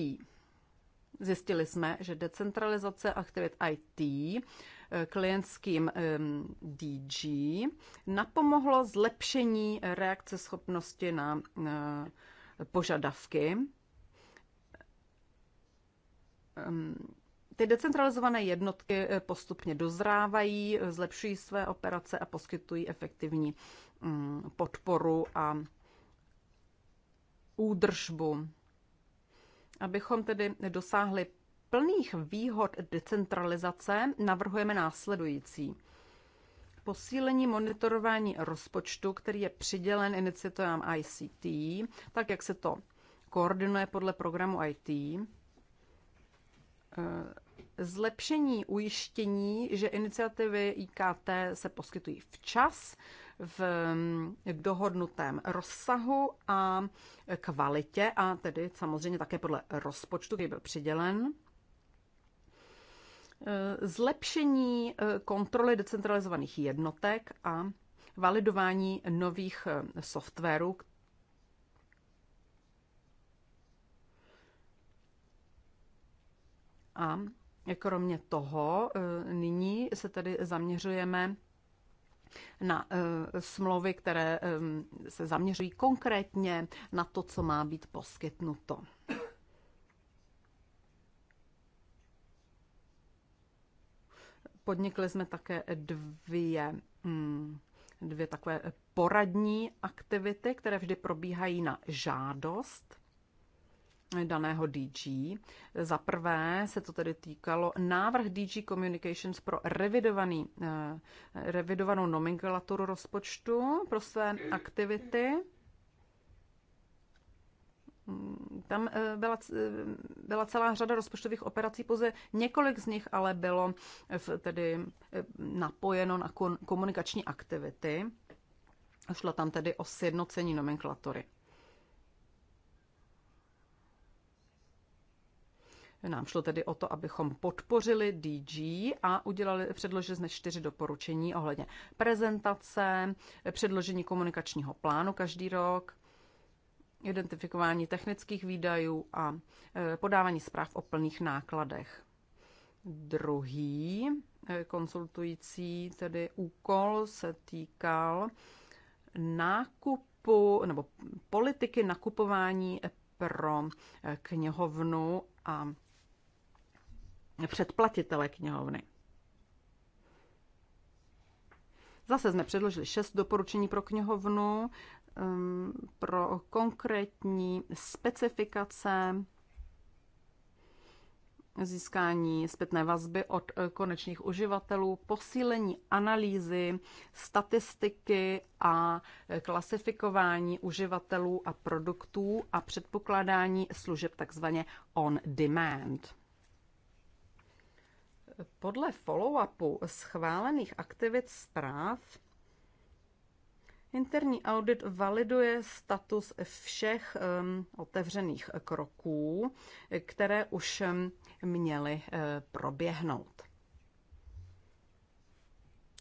Zjistili jsme, že decentralizace aktivit IT klientským DG napomohlo zlepšení reakce schopnosti na eh, požadavky. Ty decentralizované jednotky eh, postupně dozrávají, zlepšují své operace a poskytují efektivní mm, podporu a údržbu. Abychom tedy dosáhli plných výhod decentralizace navrhujeme následující. Posílení monitorování rozpočtu, který je přidělen iniciativám ICT, tak jak se to koordinuje podle programu IT. Eh, zlepšení ujištění, že iniciativy IKT se poskytují včas, v dohodnutém rozsahu a kvalitě a tedy samozřejmě také podle rozpočtu, který byl přidělen. Eh, zlepšení eh, kontroly decentralizovaných jednotek a validování nových eh, softwarů, A kromě toho nyní se tedy zaměřujeme na smlouvy, které se zaměřují konkrétně na to, co má být poskytnuto. Podnikli jsme také dvě, mm, dvě takové poradní aktivity, které vždy probíhají na žádost daného DG. Za prvé se to tedy týkalo návrh DG Communications pro revidovaný, eh, revidovanou nomenklaturu rozpočtu pro své aktivity. Tam eh, byla, eh, byla celá řada rozpočtových operací, pouze několik z nich ale bylo eh, v, tedy napojeno na komunikační aktivity. Šlo tam tedy o sjednocení nomenklatury. Nám šlo tedy o to, abychom podpořili DG a udělali, předložili jsme čtyři doporučení ohledně prezentace, předložení komunikačního plánu každý rok, identifikování technických výdajů a e, podávání zpráv o plných nákladech. Druhý e, konsultující tedy úkol se týkal nákupu nebo politiky nakupování pro e, knihovnu a předplatitele knihovny. Zase jsme předložili šest doporučení pro knihovnu, Um, pro konkrétní specifikace, získání zpětné vazby od eh, konečných uživatelů, posílení analýzy, statistiky a eh, klasifikování uživatelů a produktů a předpokládání služeb takzvaně on demand. Podle follow-upu schválených aktivit zpráv Interní audit validuje status všech otevřených kroků, které už měly eh, proběhnout.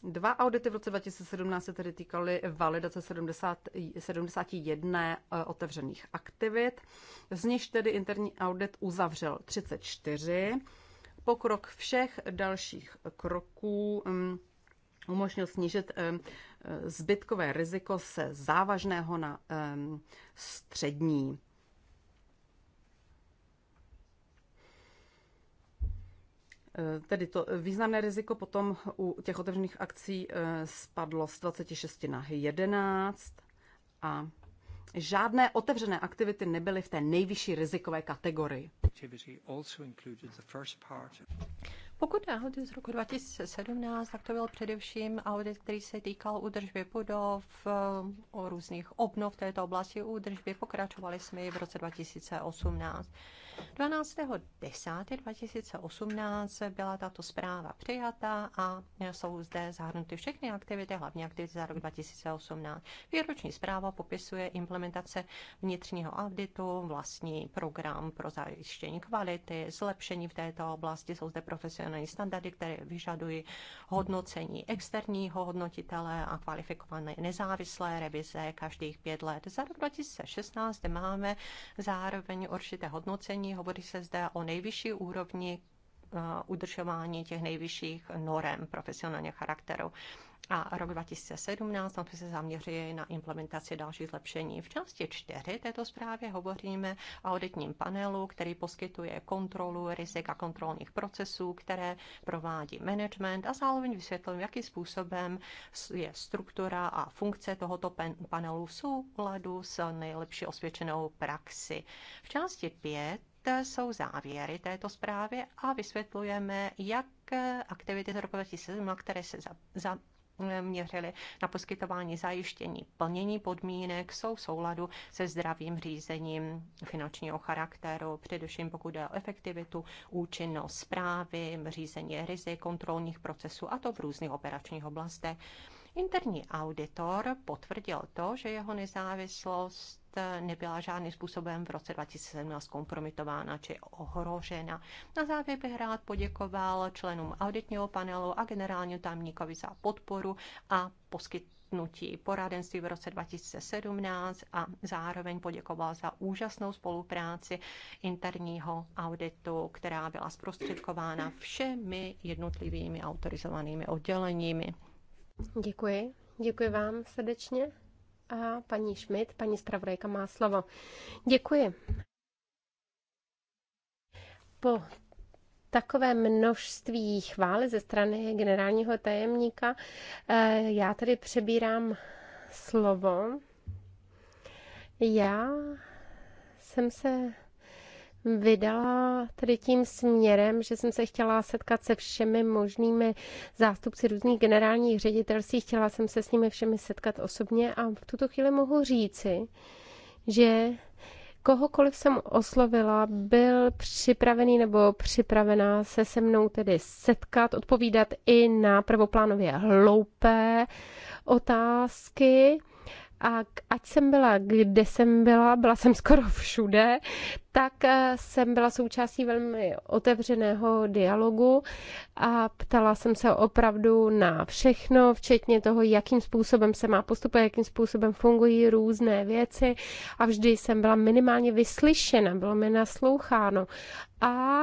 Dva audity v roce 2017 se tedy týkaly validace 70, 71 eh, otevřených aktivit, z nichž tedy interní audit uzavřel 34. Pokrok všech dalších kroků umožnil snížit eh, eh, zbytkové riziko se závažného na eh, střední. Tedy to významné riziko potom u těch otevřených akcí spadlo z 26 na 11 a žádné otevřené aktivity nebyly v té nejvyšší rizikové kategorii. Pokud je audit z roku 2017, tak to byl především audit, který se týkal údržby budov, eh, o různých obnov této oblasti údržby. Pokračovali jsme i v roce 2018. 12.10.2018 byla tato zpráva přijata a jsou zde zahrnuty všechny aktivity, hlavně aktivity za rok 2018. Výroční zpráva popisuje implementace vnitřního auditu, vlastní program pro zajištění kvality, zlepšení v této oblasti, jsou zde profesionální standardy, které vyžadují hodnocení externího hodnotitele a kvalifikované nezávislé revize každých pět let. Za rok 2016 máme zároveň určité hodnocení hovoří se zde o nejvyšší úrovni eh, udržování těch nejvyšších norem profesionálního charakteru. A rok 2017 jsme se zaměřili na implementaci dalších zlepšení. V části 4 této zprávy hovoříme o auditním panelu, který poskytuje kontrolu rizik a kontrolních procesů, které provádí management a zároveň vysvětlím, jakým způsobem je struktura a funkce tohoto panelu v souladu s nejlepší osvědčenou praxi. V části 5 jsou závěry této zprávy a vysvětlujeme, jak aktivity z roku 2007, které se za, za eh, měřili na poskytování zajištění plnění podmínek jsou v souladu se zdravým řízením finančního charakteru, především pokud jde o efektivitu, účinnost zprávy, řízení rizik, kontrolních procesů a to v různých operačních oblastech. Interní auditor potvrdil to, že jeho nezávislost Eh, nebyla žádným způsobem v roce 2017 kompromitována či ohrožena. Na závěr bych rád poděkoval členům auditního panelu a generálního tamníkovi za podporu a poskytnutí poskytnutí poradenství v roce 2017 a zároveň poděkoval za úžasnou spolupráci interního auditu, která byla zprostředkována všemi jednotlivými autorizovanými odděleními. Děkuji. Děkuji vám srdečně a paní Schmidt, paní zpravodajka má slovo. Děkuji. Po takové množství chvály ze strany generálního tajemníka. Eh, já tady přebírám slovo. Já jsem se vydala tedy tím směrem, že jsem se chtěla setkat se všemi možnými zástupci různých generálních ředitelství. Chtěla jsem se s nimi všemi setkat osobně a v tuto chvíli mohu říci, že kohokoliv jsem oslovila, byl připravený nebo připravená se se mnou tedy setkat, odpovídat i na prvoplánově hloupé otázky a ať jsem byla, kde jsem byla, byla jsem skoro všude, tak eh, jsem byla součástí velmi otevřeného dialogu a ptala jsem se opravdu na všechno, včetně toho, jakým způsobem se má postupovat, jakým způsobem fungují různé věci a vždy jsem byla minimálně vyslyšena, bylo mi nasloucháno. A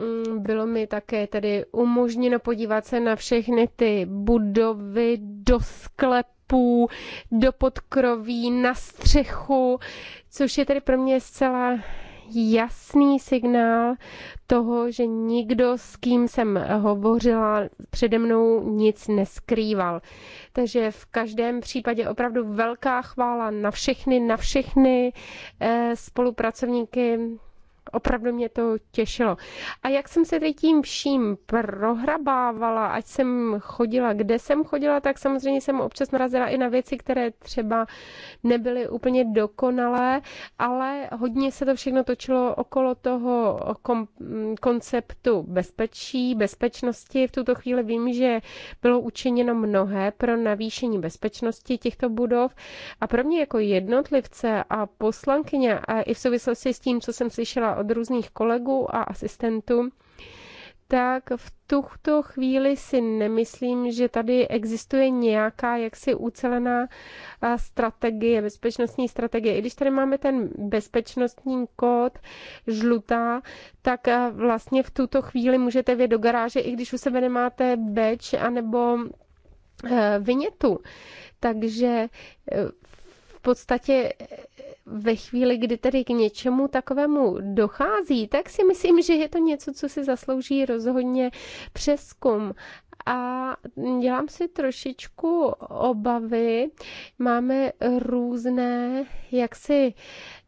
mm, bylo mi také tedy umožněno podívat se na všechny ty budovy do sklepu, stropů, do podkroví, na střechu, což je tedy pro mě zcela jasný signál toho, že nikdo, s kým jsem hovořila, přede mnou nic neskrýval. Takže v každém případě opravdu velká chvála na všechny, na všechny eh, spolupracovníky opravdu mě to těšilo. A jak jsem se teď tím vším prohrabávala, ať jsem chodila, kde jsem chodila, tak samozřejmě jsem občas narazila i na věci, které třeba nebyly úplně dokonalé, ale hodně se to všechno točilo okolo toho kom- konceptu bezpečí, bezpečnosti. V tuto chvíli vím, že bylo učiněno mnohé pro navýšení bezpečnosti těchto budov a pro mě jako jednotlivce a poslankyně a i v souvislosti s tím, co jsem slyšela od různých kolegů a asistentů, tak v tuto chvíli si nemyslím, že tady existuje nějaká jaksi ucelená strategie, bezpečnostní strategie. I když tady máme ten bezpečnostní kód žlutá, tak vlastně v tuto chvíli můžete vjet do garáže, i když u sebe nemáte beč anebo vynětu. Takže e, podstatě eh, ve chvíli, kdy tedy k něčemu takovému dochází, tak si myslím, že je to něco, co si zaslouží rozhodně přeskum a dělám si trošičku obavy. Máme různé jaksi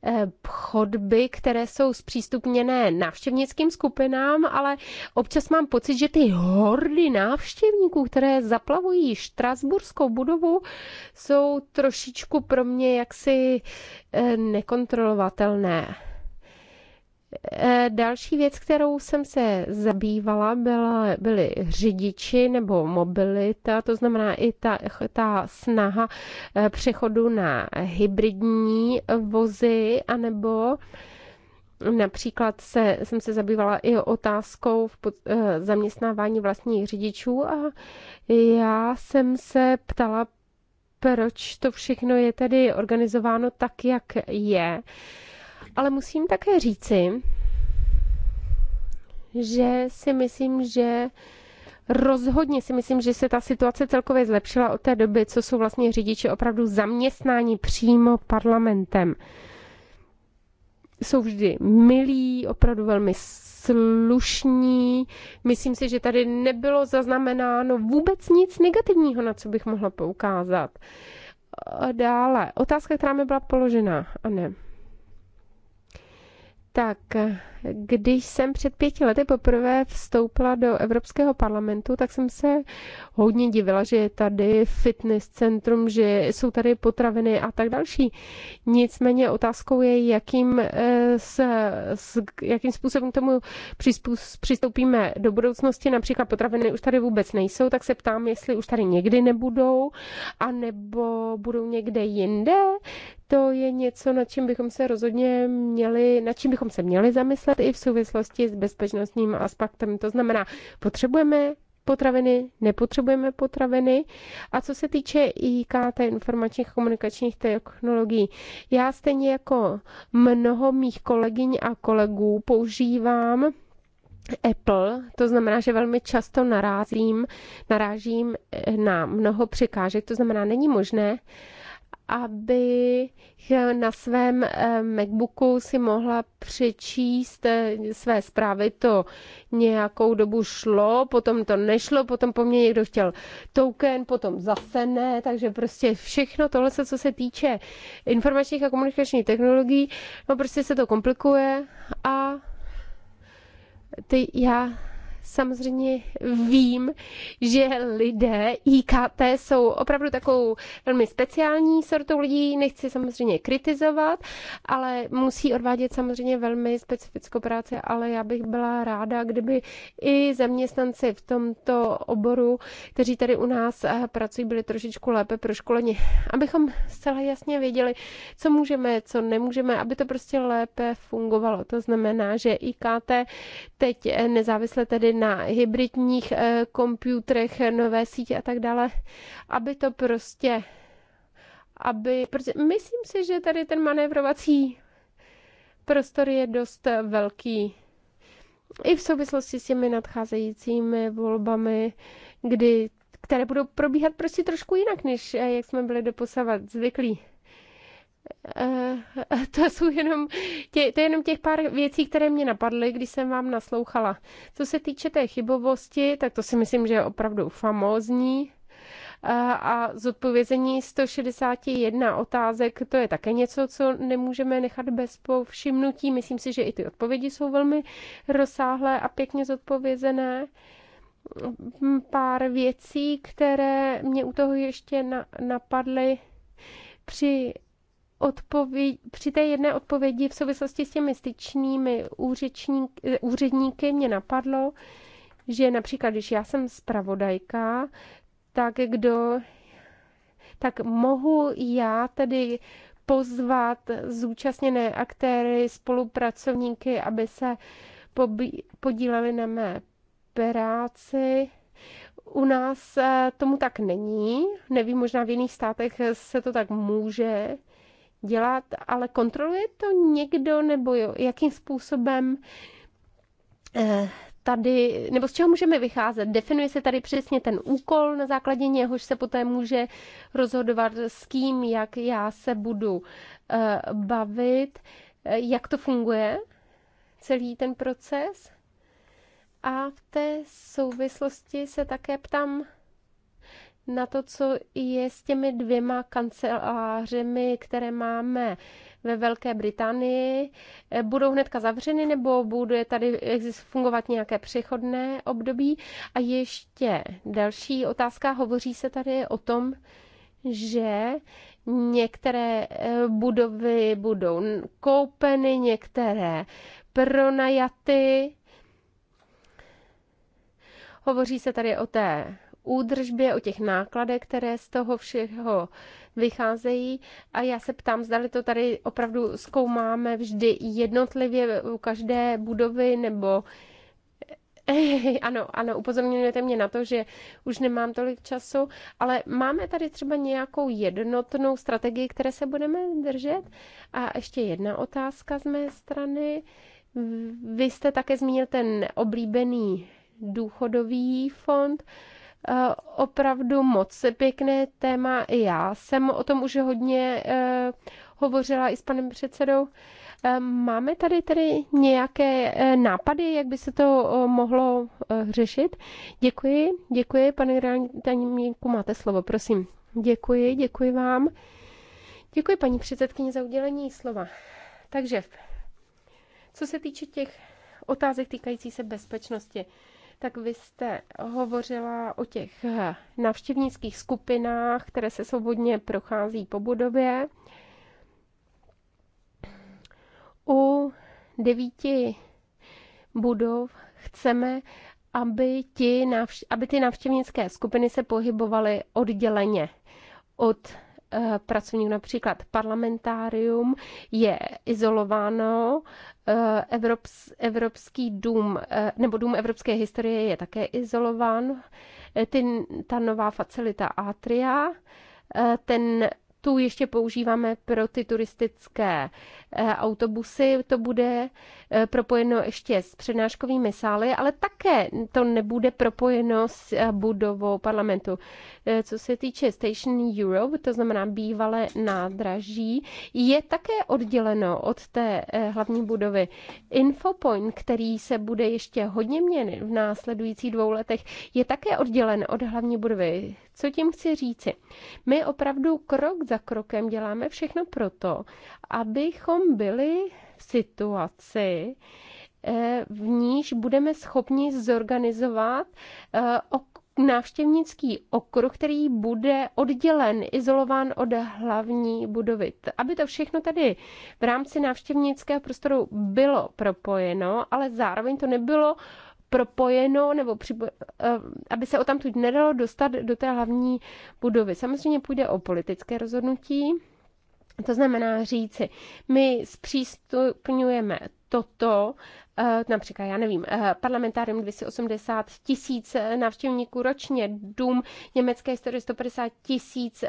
eh, chodby, které jsou zpřístupněné návštěvnickým skupinám, ale občas mám pocit, že ty hordy návštěvníků, které zaplavují štrasburskou budovu, jsou trošičku pro mě jaksi eh, nekontrolovatelné. Eh, další věc, kterou jsem se zabývala, byla, byly řidiči nebo mobilita, to znamená i ta, ta snaha eh, přechodu na hybridní vozy, anebo Například se, jsem se zabývala i otázkou v pod, eh, zaměstnávání vlastních řidičů a já jsem se ptala, proč to všechno je tedy organizováno tak, jak je ale musím také říci, že si myslím, že rozhodně si myslím, že se ta situace celkově zlepšila od té doby, co jsou vlastně řidiči opravdu zaměstnáni přímo parlamentem. Jsou vždy milí, opravdu velmi slušní. Myslím si, že tady nebylo zaznamenáno vůbec nic negativního, na co bych mohla poukázat. A dále, otázka, která mi byla položena, a ne. Tak když jsem před pěti lety poprvé vstoupila do Evropského parlamentu, tak jsem se hodně divila, že je tady fitness centrum, že jsou tady potraviny a tak další. Nicméně otázkou je, jakým, eh, s, s, jakým způsobem k tomu přizpůs, přistoupíme do budoucnosti. Například potraviny už tady vůbec nejsou, tak se ptám, jestli už tady někdy nebudou, anebo budou někde jinde. To je něco, nad čím bychom se rozhodně měli, nad čím bychom se měli zamyslet vnímat i v souvislosti s bezpečnostním aspektem. To znamená, potřebujeme potraviny, nepotřebujeme potraviny. A co se týče IKT, informačních komunikačních technologií, já stejně jako mnoho mých kolegyň a kolegů používám Apple, to znamená, že velmi často narazím narážím na mnoho překážek, to znamená, není možné, aby na svém eh, MacBooku si mohla přečíst eh, své zprávy. To nějakou dobu šlo, potom to nešlo, potom po mně někdo chtěl token, potom zase ne, takže prostě všechno tohle, co se týče informačních a komunikačních technologií, no prostě se to komplikuje a ty já samozřejmě vím, že lidé IKT jsou opravdu takovou velmi speciální sortou lidí, nechci samozřejmě kritizovat, ale musí odvádět samozřejmě velmi specifickou práci, ale já bych byla ráda, kdyby i zaměstnanci v tomto oboru, kteří tady u nás eh, pracují, byli trošičku lépe proškoleni, abychom zcela jasně věděli, co můžeme, co nemůžeme, aby to prostě lépe fungovalo. To znamená, že IKT teď eh, nezávisle tedy na hybridních eh, komputrech, nové sítě a tak dále, aby to prostě, aby, prostě myslím si, že tady ten manévrovací prostor je dost velký. I v souvislosti s těmi nadcházejícími volbami, kdy, které budou probíhat prostě trošku jinak, než eh, jak jsme byli doposavat zvyklí. Eh, *laughs* to jsou jenom, tě, to je jenom těch pár věcí, které mě napadly, když jsem vám naslouchala. Co se týče té chybovosti, tak to si myslím, že je opravdu famózní. Eh, a zodpovězení 161 otázek, to je také něco, co nemůžeme nechat bez povšimnutí. Myslím si, že i ty odpovědi jsou velmi rozsáhlé a pěkně zodpovězené mm, pár věcí, které mě u toho ještě na, napadly při odpověď, při té jedné odpovědi v souvislosti s těmi styčnými eh, úředníky mě napadlo, že například, když já jsem zpravodajka, tak kdo, tak mohu já tedy pozvat zúčastněné aktéry, spolupracovníky, aby se podíleli na mé práci. U nás eh, tomu tak není, nevím, možná v jiných státech se to tak může, dělat, ale kontroluje to někdo nebo jo, jakým způsobem eh, tady, nebo z čeho můžeme vycházet? Definuje se tady přesně ten úkol, na základě něhož se poté může rozhodovat s kým, jak já se budu eh, bavit, eh, jak to funguje, celý ten proces. A v té souvislosti se také ptám na to, co je s těmi dvěma kancelářemi, které máme ve Velké Británii. Eh, budou hnedka zavřeny nebo bude tady fungovat nějaké přechodné období? A ještě další otázka. Hovoří se tady o tom, že některé eh, budovy budou koupeny, některé pronajaty. Hovoří se tady o té údržbě, o těch nákladech, které z toho všeho vycházejí. A já se ptám, zda to tady opravdu zkoumáme vždy jednotlivě u každé budovy nebo *laughs* ano, ano, upozorňujete mě na to, že už nemám tolik času, ale máme tady třeba nějakou jednotnou strategii, které se budeme držet? A ještě jedna otázka z mé strany. Vy jste také zmínil ten oblíbený důchodový fond. Eh, opravdu moc pěkné téma. I já jsem o tom už hodně eh, hovořila i s panem předsedou. Eh, máme tady tedy nějaké nápady, jak by se to mohlo řešit? Děkuji, děkuji, pane generální tajemníku, máte slovo, prosím. Děkuji, děkuji vám. Děkuji, paní předsedkyně, za udělení slova. Takže, co se týče těch otázek týkající se bezpečnosti, tak vy jste hovořila o těch navštěvnických skupinách, které se svobodně prochází po budově. U devíti budov chceme, aby, ti navš- aby ty navštěvnické skupiny se pohybovaly odděleně od Eh, Pracovník Například parlamentárium je izolováno, eh, Evrops, Evropský dům eh, nebo dům Evropské historie je také izolován, ty, ta nová facilita Atria, ten tu ještě používáme pro ty turistické Eh, autobusy, to bude eh, propojeno ještě s přednáškovými sály, ale také to nebude propojeno s eh, budovou parlamentu. Co se týče Station Europe, to znamená bývalé nádraží, je také odděleno od té hlavní budovy. Infopoint, který se bude ještě hodně měnit v následujících dvou letech, je také oddělen od hlavní budovy. Co tím chci říci? My opravdu krok za krokem děláme všechno proto, abychom byli v situaci, eh, v níž budeme schopni zorganizovat eh, návštěvnický okruh, který bude oddělen, izolován od hlavní budovy. Aby to všechno tady v rámci návštěvnického prostoru bylo propojeno, ale zároveň to nebylo propojeno, nebo při, eh, aby se o tamtud nedalo dostat do té hlavní budovy. Samozřejmě půjde o politické rozhodnutí, to znamená říci, my zpřístupňujeme toto, eh, například, já nevím, eh, parlamentárium 280 tisíc eh, návštěvníků ročně, dům německé historie 150 tisíc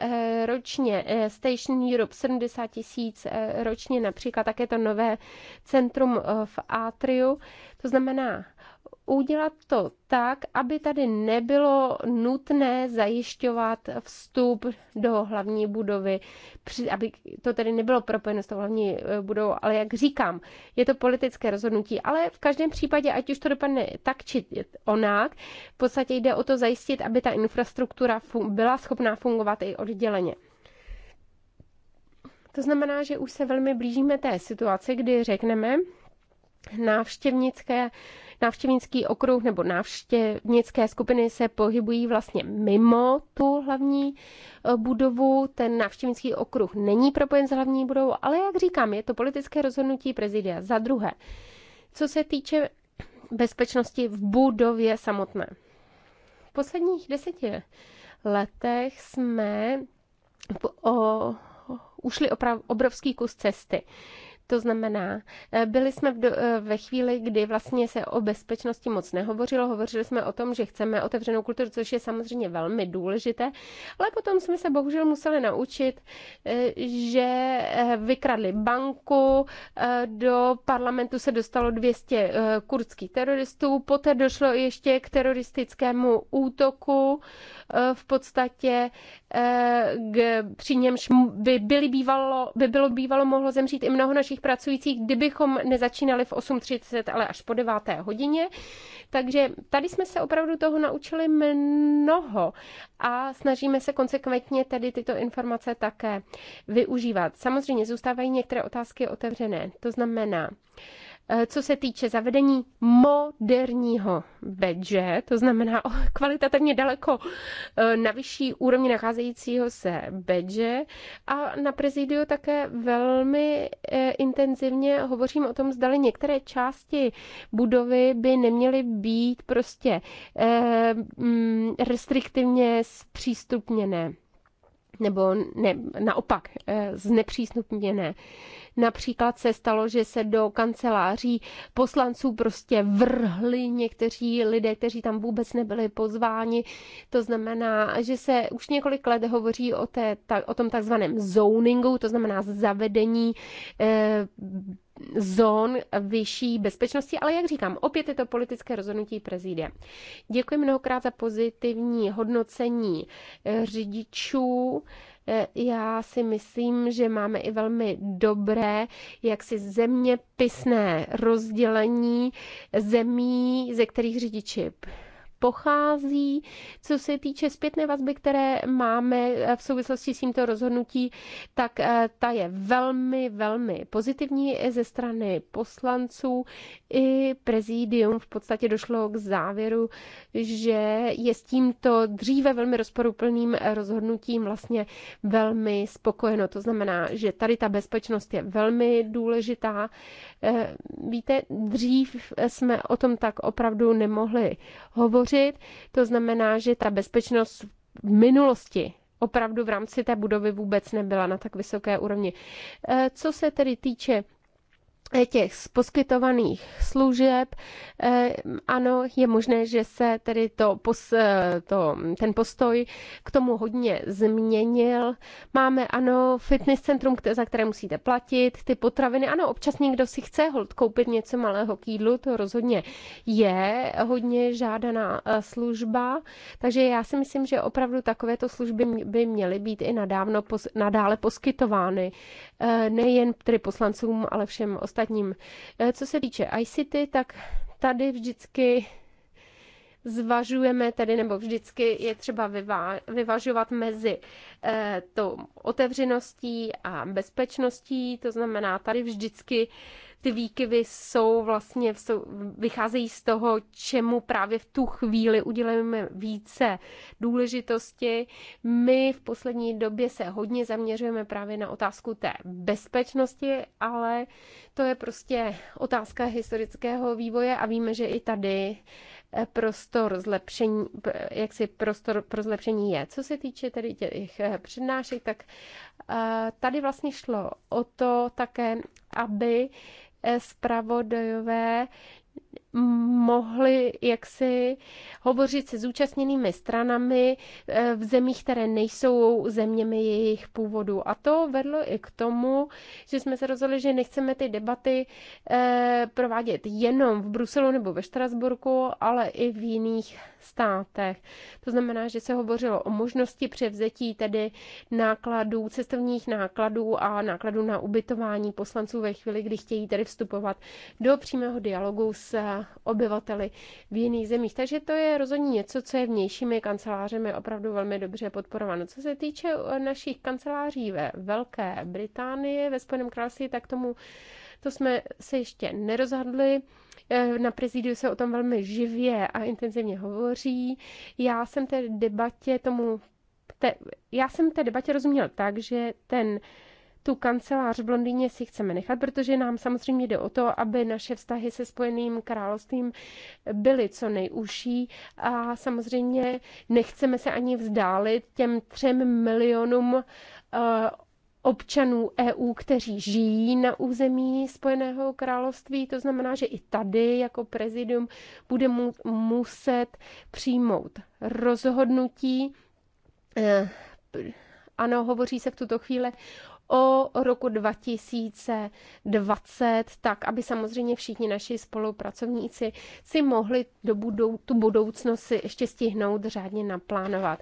ročně, Station Europe 70 tisíc ročně, například také to nové centrum v Atriu. To znamená, udělat to tak, aby tady nebylo nutné zajišťovat vstup do hlavní budovy, aby to tady nebylo propojeno s tou hlavní eh, budovou, ale jak říkám, je to politické rozhodnutí, ale v každém případě, ať už to dopadne tak či onak, v podstatě jde o to zajistit, aby ta infrastruktura byla schopná fungovat i odděleně. To znamená, že už se velmi blížíme té situaci, kdy řekneme, návštěvnické návštěvnický okruh nebo návštěvnické skupiny se pohybují vlastně mimo tu hlavní eh, budovu. Ten návštěvnický okruh není propojen s hlavní budovou, ale jak říkám, je to politické rozhodnutí prezidia. Za druhé, co se týče bezpečnosti v budově samotné. V posledních deseti letech jsme o, ušli oprav, obrovský kus cesty. To znamená, eh, byli jsme v do, eh, ve chvíli, kdy vlastně se o bezpečnosti moc nehovořilo. Hovořili jsme o tom, že chceme otevřenou kulturu, což je samozřejmě velmi důležité, ale potom jsme se bohužel museli naučit, eh, že vykradli banku, do parlamentu se dostalo 200 kurdských teroristů, poté došlo ještě k teroristickému útoku v podstatě, k, při němž by, byly bývalo, by bylo bývalo mohlo zemřít i mnoho našich našich pracujících, kdybychom nezačínali v 8.30, ale až po 9. hodině. Takže tady jsme se opravdu toho naučili mnoho a snažíme se konsekventně tedy tyto informace také využívat. Samozřejmě zůstávají některé otázky otevřené. To znamená, Eh, co se týče zavedení moderního badge, to znamená kvalitativně daleko eh, na vyšší úrovni nacházejícího se badge a na prezidiu také velmi eh, intenzivně hovořím o tom, zdali některé části budovy by neměly být prostě mm, restriktivně zpřístupněné nebo ne, naopak eh, znepřístupněné. Například se stalo, že se do kanceláří poslanců prostě vrhli někteří lidé, kteří tam vůbec nebyli pozváni. To znamená, že se už několik let hovoří o, té, ta, o tom takzvaném zoningu, to znamená zavedení eh, zón vyšší bezpečnosti, ale jak říkám, opět je to politické rozhodnutí prezidia. Děkuji mnohokrát za pozitivní hodnocení eh, řidičů. Eh, já si myslím, že máme i velmi dobré, jaksi zeměpisné rozdělení zemí, ze kterých řidiči pochází, co se týče zpětné vazby, které máme eh, v souvislosti s tímto rozhodnutí, tak eh, ta je velmi, velmi pozitivní ze strany poslanců i prezidium v podstatě došlo k závěru, že je s tímto dříve velmi rozporuplným rozhodnutím vlastně velmi spokojeno. To znamená, že tady ta bezpečnost je velmi důležitá. Eh, víte, dřív jsme o tom tak opravdu nemohli hovořit, hovořit. To znamená, že ta bezpečnost v minulosti opravdu v rámci té budovy vůbec nebyla na tak vysoké úrovni. Eh, co se tedy týče Eh, těch poskytovaných služeb. Eh, ano, je možné, že se tedy to, eh, to, ten postoj k tomu hodně změnil. Máme, ano, fitness centrum, za které musíte platit, ty potraviny. Ano, občas někdo si chce hold koupit něco malého k jídlu, to rozhodně je hodně žádaná služba. Takže já si myslím, že opravdu takovéto služby by měly být i nadávno, nadále poskytovány Eh, nejen tedy poslancům, ale všem ostatním. Eh, co se týče ICT, tak tady vždycky zvažujeme tedy, nebo vždycky je třeba vyvá, vyvažovat mezi to eh, tou otevřeností a bezpečností, to znamená, tady vždycky ty výkyvy jsou vlastně, jsou, vycházejí z toho, čemu právě v tu chvíli udělujeme více důležitosti. My v poslední době se hodně zaměřujeme právě na otázku té bezpečnosti, ale to je prostě otázka historického vývoje a víme, že i tady eh, prostor zlepšení, jak si prostor pro zlepšení je. Co se týče tedy těch eh, přednášek, tak eh, tady vlastně šlo o to také, aby Eh, zpravodajové mohli jaksi hovořit se zúčastněnými stranami eh, v zemích, které nejsou zeměmi jejich původu. A to vedlo i k tomu, že jsme se rozhodli, že nechceme ty debaty eh, provádět jenom v Bruselu nebo ve Štrasburku, ale i v jiných státech. To znamená, že se hovořilo o možnosti převzetí tedy nákladů, cestovních nákladů a nákladů na ubytování poslanců ve chvíli, kdy chtějí tedy vstupovat do přímého dialogu s obyvateli v jiných zemích. Takže to je rozhodně něco, co je vnějšími kancelářemi opravdu velmi dobře podporováno. Co se týče eh, našich kanceláří ve Velké Británii, ve Spojeném království, tak tomu to jsme se ještě nerozhodli. Eh, na prezidiu se o tom velmi živě a intenzivně hovoří. Já jsem té debatě tomu te, já jsem té debatě rozuměl tak, že ten tu kancelář v Londýně si chceme nechat, protože nám samozřejmě jde o to, aby naše vztahy se Spojeným královstvím byly co nejužší a samozřejmě nechceme se ani vzdálit těm třem milionům eh, občanů EU, kteří žijí na území Spojeného království. To znamená, že i tady jako prezidium bude muset přijmout rozhodnutí. Eh, ano, hovoří se v tuto chvíli o roku 2020, tak aby samozřejmě všichni naši spolupracovníci si mohli do budou, tu budoucnost si ještě stihnout řádně naplánovat.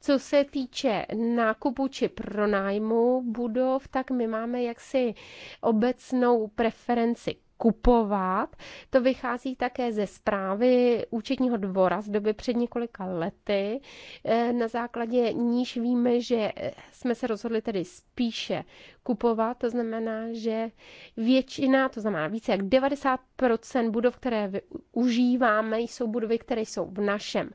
Co se týče nákupu či pronájmu budov, tak my máme jaksi obecnou preferenci kupovat. To vychází také ze zprávy účetního dvora z doby před několika lety, eh, na základě níž víme, že eh, jsme se rozhodli tedy spíše kupovat, to znamená, že většina, to znamená více jak 90% budov, které užíváme, jsou budovy, které jsou v našem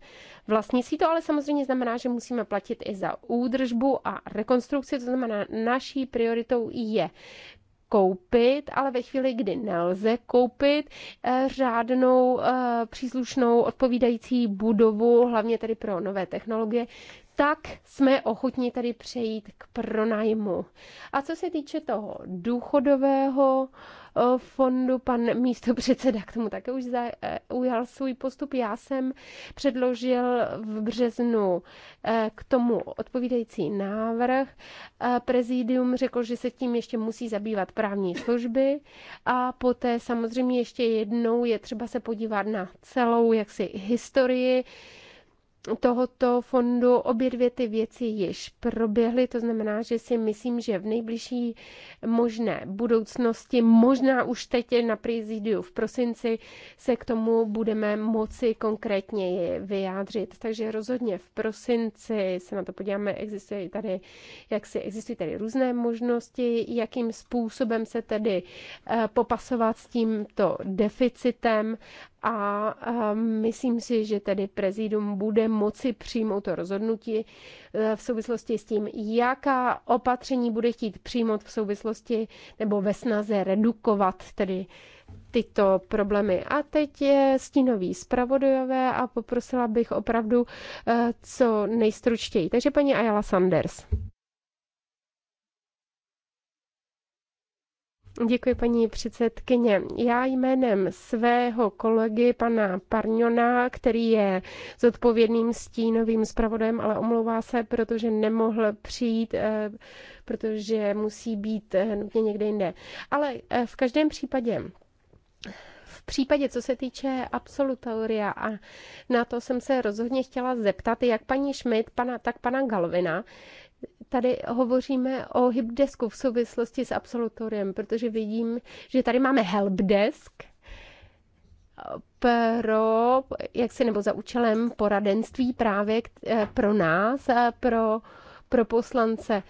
vlastnictví. To ale samozřejmě znamená, že musíme platit i za údržbu a rekonstrukci, to znamená, naší prioritou je koupit, ale ve chvíli, kdy nelze koupit eh, řádnou eh, příslušnou odpovídající budovu, hlavně tedy pro nové technologie, tak jsme ochotni tady přejít k pronájmu. A co se týče toho důchodového eh, fondu, pan místo předseda k tomu také už eh, ujal svůj postup. Já jsem předložil v březnu eh, k tomu odpovídající návrh. Prezidium řekl, že se tím ještě musí zabývat právní služby a poté samozřejmě ještě jednou je třeba se podívat na celou jaksi historii tohoto fondu. Obě dvě ty věci již proběhly, to znamená, že si myslím, že v nejbližší možné budoucnosti, možná už teď na prezidiu v prosinci, se k tomu budeme moci konkrétněji vyjádřit. Takže rozhodně v prosinci se na to podíváme, Existují tady, jak si existují tady různé možnosti, jakým způsobem se tedy eh, popasovat s tímto deficitem a myslím si, že tedy prezidium bude moci přijmout to rozhodnutí e, v souvislosti s tím, jaká opatření bude chtít přijmout v souvislosti nebo ve snaze redukovat tedy tyto problémy. A teď je stínový zpravodajové a poprosila bych opravdu e, co nejstručtěji. Takže paní Ayala Sanders. Děkuji, paní předsedkyně. Já jménem svého kolegy, pana Parňona, který je zodpovědným stínovým zpravodajem, ale omlouvá se, protože nemohl přijít, eh, protože musí být eh, nutně někde jinde. Ale eh, v každém případě v případě, co se týče absolutoria, a na to jsem se rozhodně chtěla zeptat, jak paní Schmidt, pana, tak pana Galvina, tady hovoříme o hipdesku v souvislosti s absolutoriem, protože vidím, že tady máme helpdesk pro, jak si nebo za účelem poradenství právě eh, pro nás, pro, pro poslance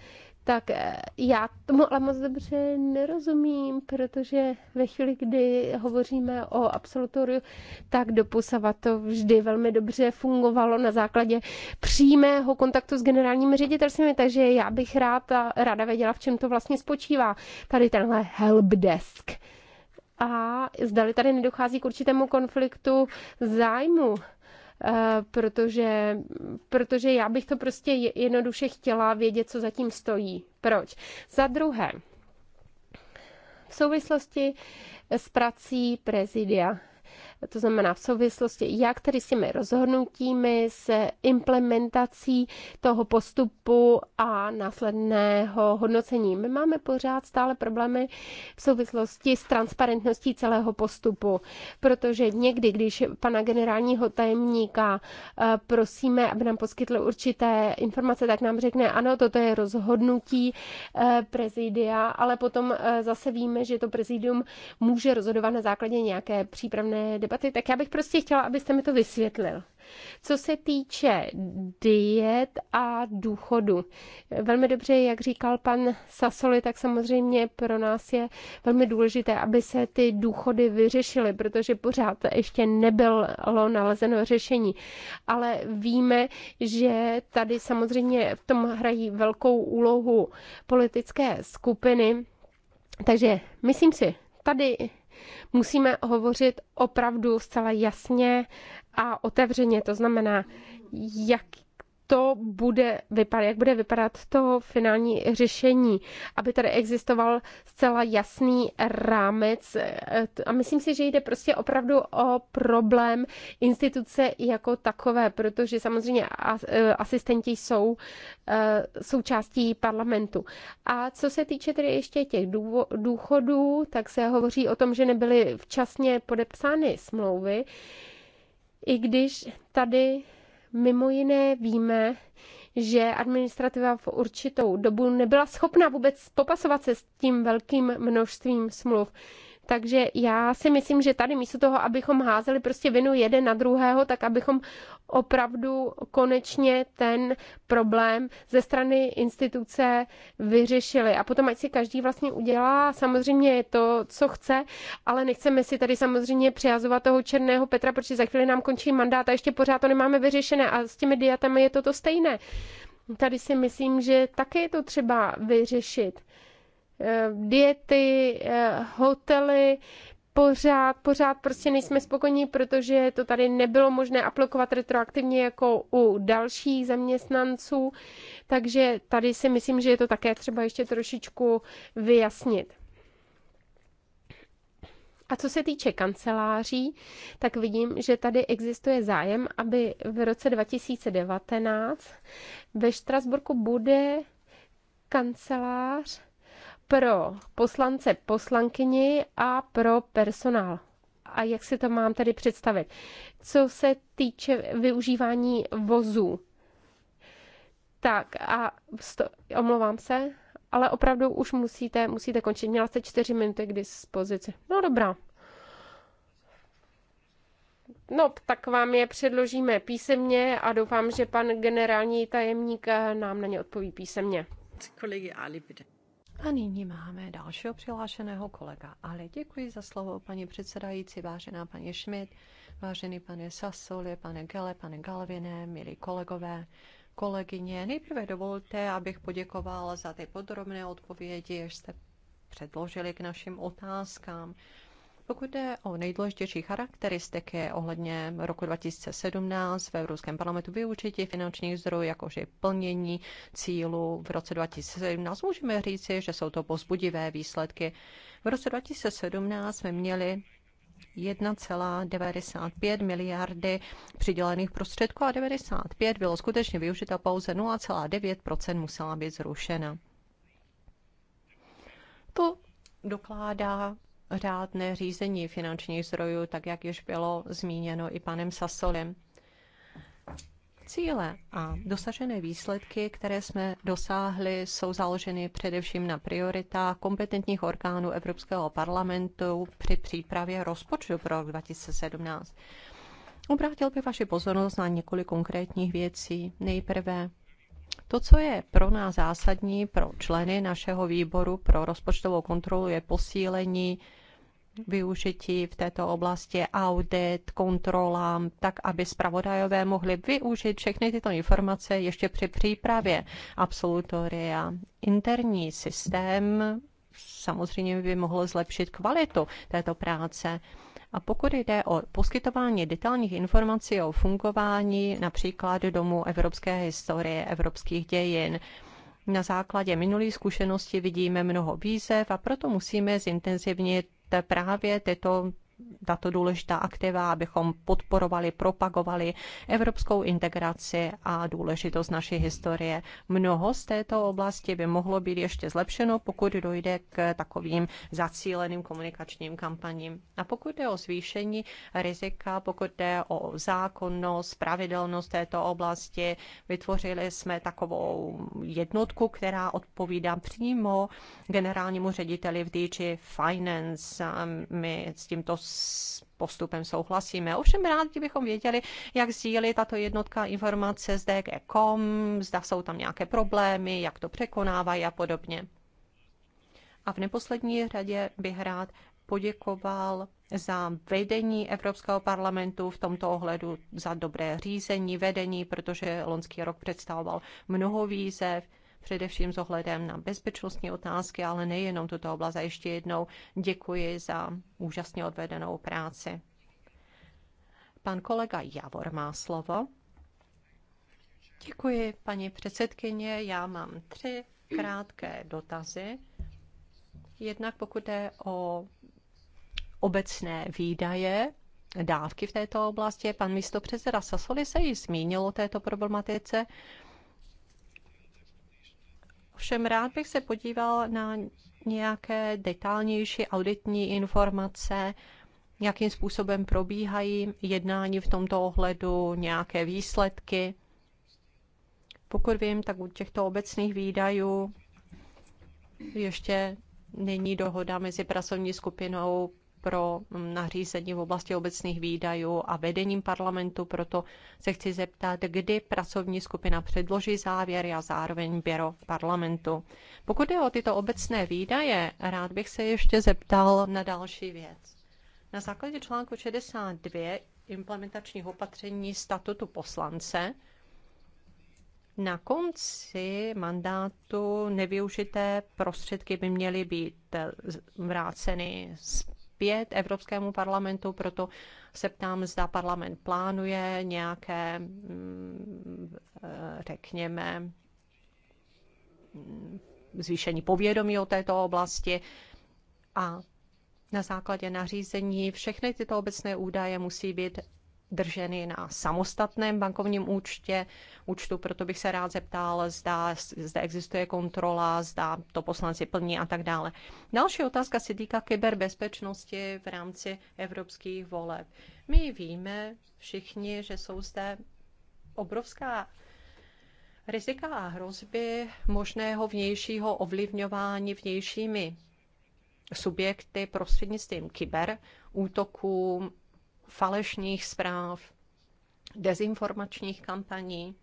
tak eh, já tomu ale moc dobře nerozumím, protože ve chvíli, kdy hovoříme o absolutoriu, tak doposavat to vždy velmi dobře fungovalo na základě přímého kontaktu s generálními ředitelstvími, takže já bych rád a ráda věděla, v čem to vlastně spočívá, tady tenhle helpdesk. A zdali tady nedochází k určitému konfliktu zájmu Eh, protože, protože já bych to prostě jednoduše chtěla vědět, co zatím stojí. Proč? Za druhé, v souvislosti s prací prezidia to znamená v souvislosti jak tedy s těmi rozhodnutími, s implementací toho postupu a následného hodnocení. My máme pořád stále problémy v souvislosti s transparentností celého postupu, protože někdy, když pana generálního tajemníka eh, prosíme, aby nám poskytl určité informace, tak nám řekne, ano, toto je rozhodnutí eh, prezidia, ale potom eh, zase víme, že to prezidium může rozhodovat na základě nějaké přípravné debaty, tak já bych prostě chtěla, abyste mi to vysvětlil. Co se týče diet a důchodu, velmi dobře, jak říkal pan Sasoli, tak samozřejmě pro nás je velmi důležité, aby se ty důchody vyřešily, protože pořád ještě nebylo nalezeno řešení. Ale víme, že tady samozřejmě v tom hrají velkou úlohu politické skupiny, takže myslím si, tady Musíme hovořit opravdu zcela jasně a otevřeně, to znamená, jak, to bude vypadat, jak bude vypadat to finální řešení, aby tady existoval zcela jasný rámec. E, a myslím si, že jde prostě opravdu o problém instituce jako takové, protože samozřejmě e, asistenti jsou e, součástí parlamentu. A co se týče tedy ještě těch důchodů, tak se hovoří o tom, že nebyly včasně podepsány smlouvy, i když tady Mimo jiné víme, že administrativa v určitou dobu nebyla schopna vůbec popasovat se s tím velkým množstvím smluv. Takže já si myslím, že tady místo toho, abychom házeli prostě vinu jeden na druhého, tak abychom opravdu konečně ten problém ze strany instituce vyřešili. A potom, ať si každý vlastně udělá samozřejmě to, co chce, ale nechceme si tady samozřejmě přihazovat toho černého Petra, protože za chvíli nám končí mandát a ještě pořád to nemáme vyřešené a s těmi diatami je to to stejné. Tady si myslím, že také je to třeba vyřešit. Eh, diety, eh, hotely, pořád, pořád prostě nejsme spokojení, protože to tady nebylo možné aplikovat retroaktivně jako u dalších zaměstnanců, takže tady si myslím, že je to také třeba ještě trošičku vyjasnit. A co se týče kanceláří, tak vidím, že tady existuje zájem, aby v roce 2019 ve Štrasburku bude kancelář pro poslance, poslankyni a pro personál. A jak si to mám tady představit? Co se týče využívání vozů, tak a sto, omlouvám se, ale opravdu už musíte, musíte končit. Měla jste čtyři minuty k dispozici. No dobrá. No, tak vám je předložíme písemně a doufám, že pan generální tajemník eh, nám na ně odpoví písemně. Kolegy Ali, bitte. A nyní máme dalšího přihlášeného kolega. Ale děkuji za slovo, paní předsedající, vážená paní Schmidt, vážený pane Sasoli, pane Gele, pane Galviné, milí kolegové, kolegyně. Nejprve dovolte, abych poděkovala za ty podrobné odpovědi, jež jste předložili k našim otázkám. Pokud jde o nejdůležitější charakteristiky ohledně roku 2017 v Evropském parlamentu využití finančních zdrojů, jakož i plnění cílu v roce 2017, můžeme říci, že jsou to pozbudivé výsledky. V roce 2017 jsme měli 1,95 miliardy přidělených prostředků a 95 bylo skutečně využito pouze 0,9 musela být zrušena. To dokládá řádné řízení finančních zdrojů, tak jak již bylo zmíněno i panem Sasolem. Cíle a dosažené výsledky, které jsme dosáhli, jsou založeny především na prioritách kompetentních orgánů Evropského parlamentu při přípravě rozpočtu pro rok 2017. Obrátil bych vaši pozornost na několik konkrétních věcí. Nejprve to, co je pro nás zásadní, pro členy našeho výboru pro rozpočtovou kontrolu, je posílení využití v této oblasti, audit, kontrola, tak aby zpravodajové mohli využít všechny tyto informace ještě při přípravě absolutoria. Interní systém samozřejmě by mohl zlepšit kvalitu této práce. A pokud jde o poskytování detailních informací o fungování například Domu evropské historie, evropských dějin, na základě minulých zkušeností vidíme mnoho výzev a proto musíme zintenzivnit právě tyto tato důležitá aktiva, abychom podporovali, propagovali evropskou integraci a důležitost naší historie. Mnoho z této oblasti by mohlo být ještě zlepšeno, pokud dojde k takovým zacíleným komunikačním kampaním. A pokud jde o zvýšení rizika, pokud jde o zákonnost, pravidelnost této oblasti, vytvořili jsme takovou jednotku, která odpovídá přímo generálnímu řediteli v DG Finance. My s tímto s postupem souhlasíme. Ovšem rádi bychom věděli, jak sdílí tato jednotka informace z DG.com, zda jsou tam nějaké problémy, jak to překonávají a podobně. A v neposlední řadě bych rád poděkoval za vedení Evropského parlamentu v tomto ohledu, za dobré řízení, vedení, protože lonský rok představoval mnoho výzev, především s ohledem na bezpečnostní otázky, ale nejenom tuto oblast. A ještě jednou děkuji za úžasně odvedenou práci. Pan kolega Javor má slovo. Děkuji, paní předsedkyně. Já mám tři krátké dotazy. Jednak pokud je o obecné výdaje, dávky v této oblasti, pan předseda Sasoli se již zmínil o této problematice. Ovšem rád bych se podíval na nějaké detailnější auditní informace, jakým způsobem probíhají jednání v tomto ohledu, nějaké výsledky. Pokud vím, tak u těchto obecných výdajů ještě není dohoda mezi pracovní skupinou pro nařízení v oblasti obecných výdajů a vedením parlamentu. Proto se chci zeptat, kdy pracovní skupina předloží závěry a zároveň běro parlamentu. Pokud je o tyto obecné výdaje, rád bych se ještě zeptal na další věc. Na základě článku 62 implementačních opatření statutu poslance na konci mandátu nevyužité prostředky by měly být vráceny 5 Evropskému parlamentu, proto se ptám, zda parlament plánuje nějaké, mm, řekněme, mm, zvýšení povědomí o této oblasti a na základě nařízení všechny tyto obecné údaje musí být drženy na samostatném bankovním účtě, účtu, proto bych se rád zeptal, zda zde existuje kontrola, zda to poslanci plní a tak dále. Další otázka se týká kyberbezpečnosti v rámci evropských voleb. My víme všichni, že jsou zde obrovská rizika a hrozby možného vnějšího ovlivňování vnějšími subjekty prostřednictvím kyber útoků, falešných zpráv, dezinformačních kampaní.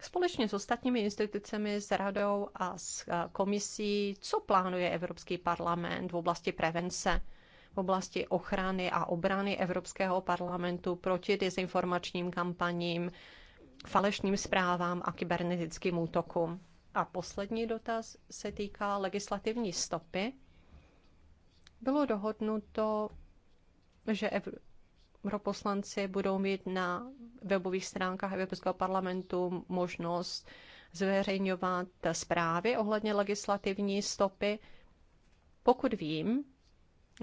Společně s ostatními institucemi, s radou a s eh, komisí, co plánuje Evropský parlament v oblasti prevence, v oblasti ochrany a obrany Evropského parlamentu proti dezinformačním kampaním, falešným zprávám a kybernetickým útokům. A poslední dotaz se týká legislativní stopy. Bylo dohodnuto že europoslanci budou mít na webových stránkách Evropského parlamentu možnost zveřejňovat zprávy ohledně legislativní stopy. Pokud vím,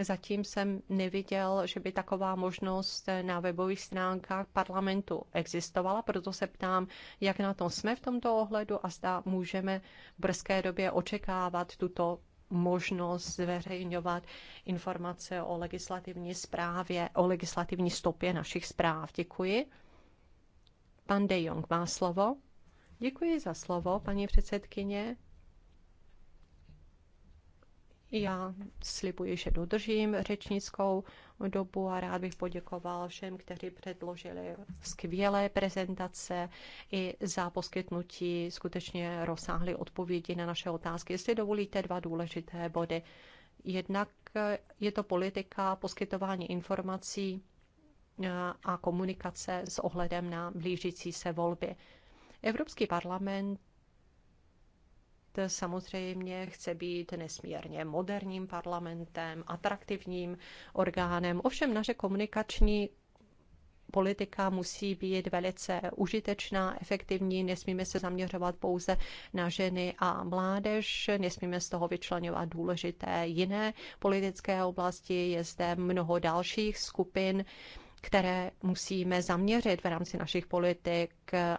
zatím jsem neviděl, že by taková možnost na webových stránkách parlamentu existovala, proto se ptám, jak na tom jsme v tomto ohledu a zda můžeme v brzké době očekávat tuto možnost zveřejňovat informace o legislativní zprávě, o legislativní stopě našich zpráv. Děkuji. Pan De Jong má slovo. Děkuji za slovo, paní předsedkyně. Já slibuji, že dodržím řečnickou dobu a rád bych poděkoval všem, kteří předložili skvělé prezentace i za poskytnutí skutečně rozsáhlé odpovědi na naše otázky. Jestli dovolíte dva důležité body. Jednak je to politika poskytování informací eh, a komunikace s ohledem na blížící se volby. Evropský parlament samozřejmě chce být nesmírně moderním parlamentem, atraktivním orgánem. Ovšem naše komunikační politika musí být velice užitečná, efektivní, nesmíme se zaměřovat pouze na ženy a mládež, nesmíme z toho vyčlenovat důležité jiné politické oblasti, je zde mnoho dalších skupin, které musíme zaměřit v rámci našich politik,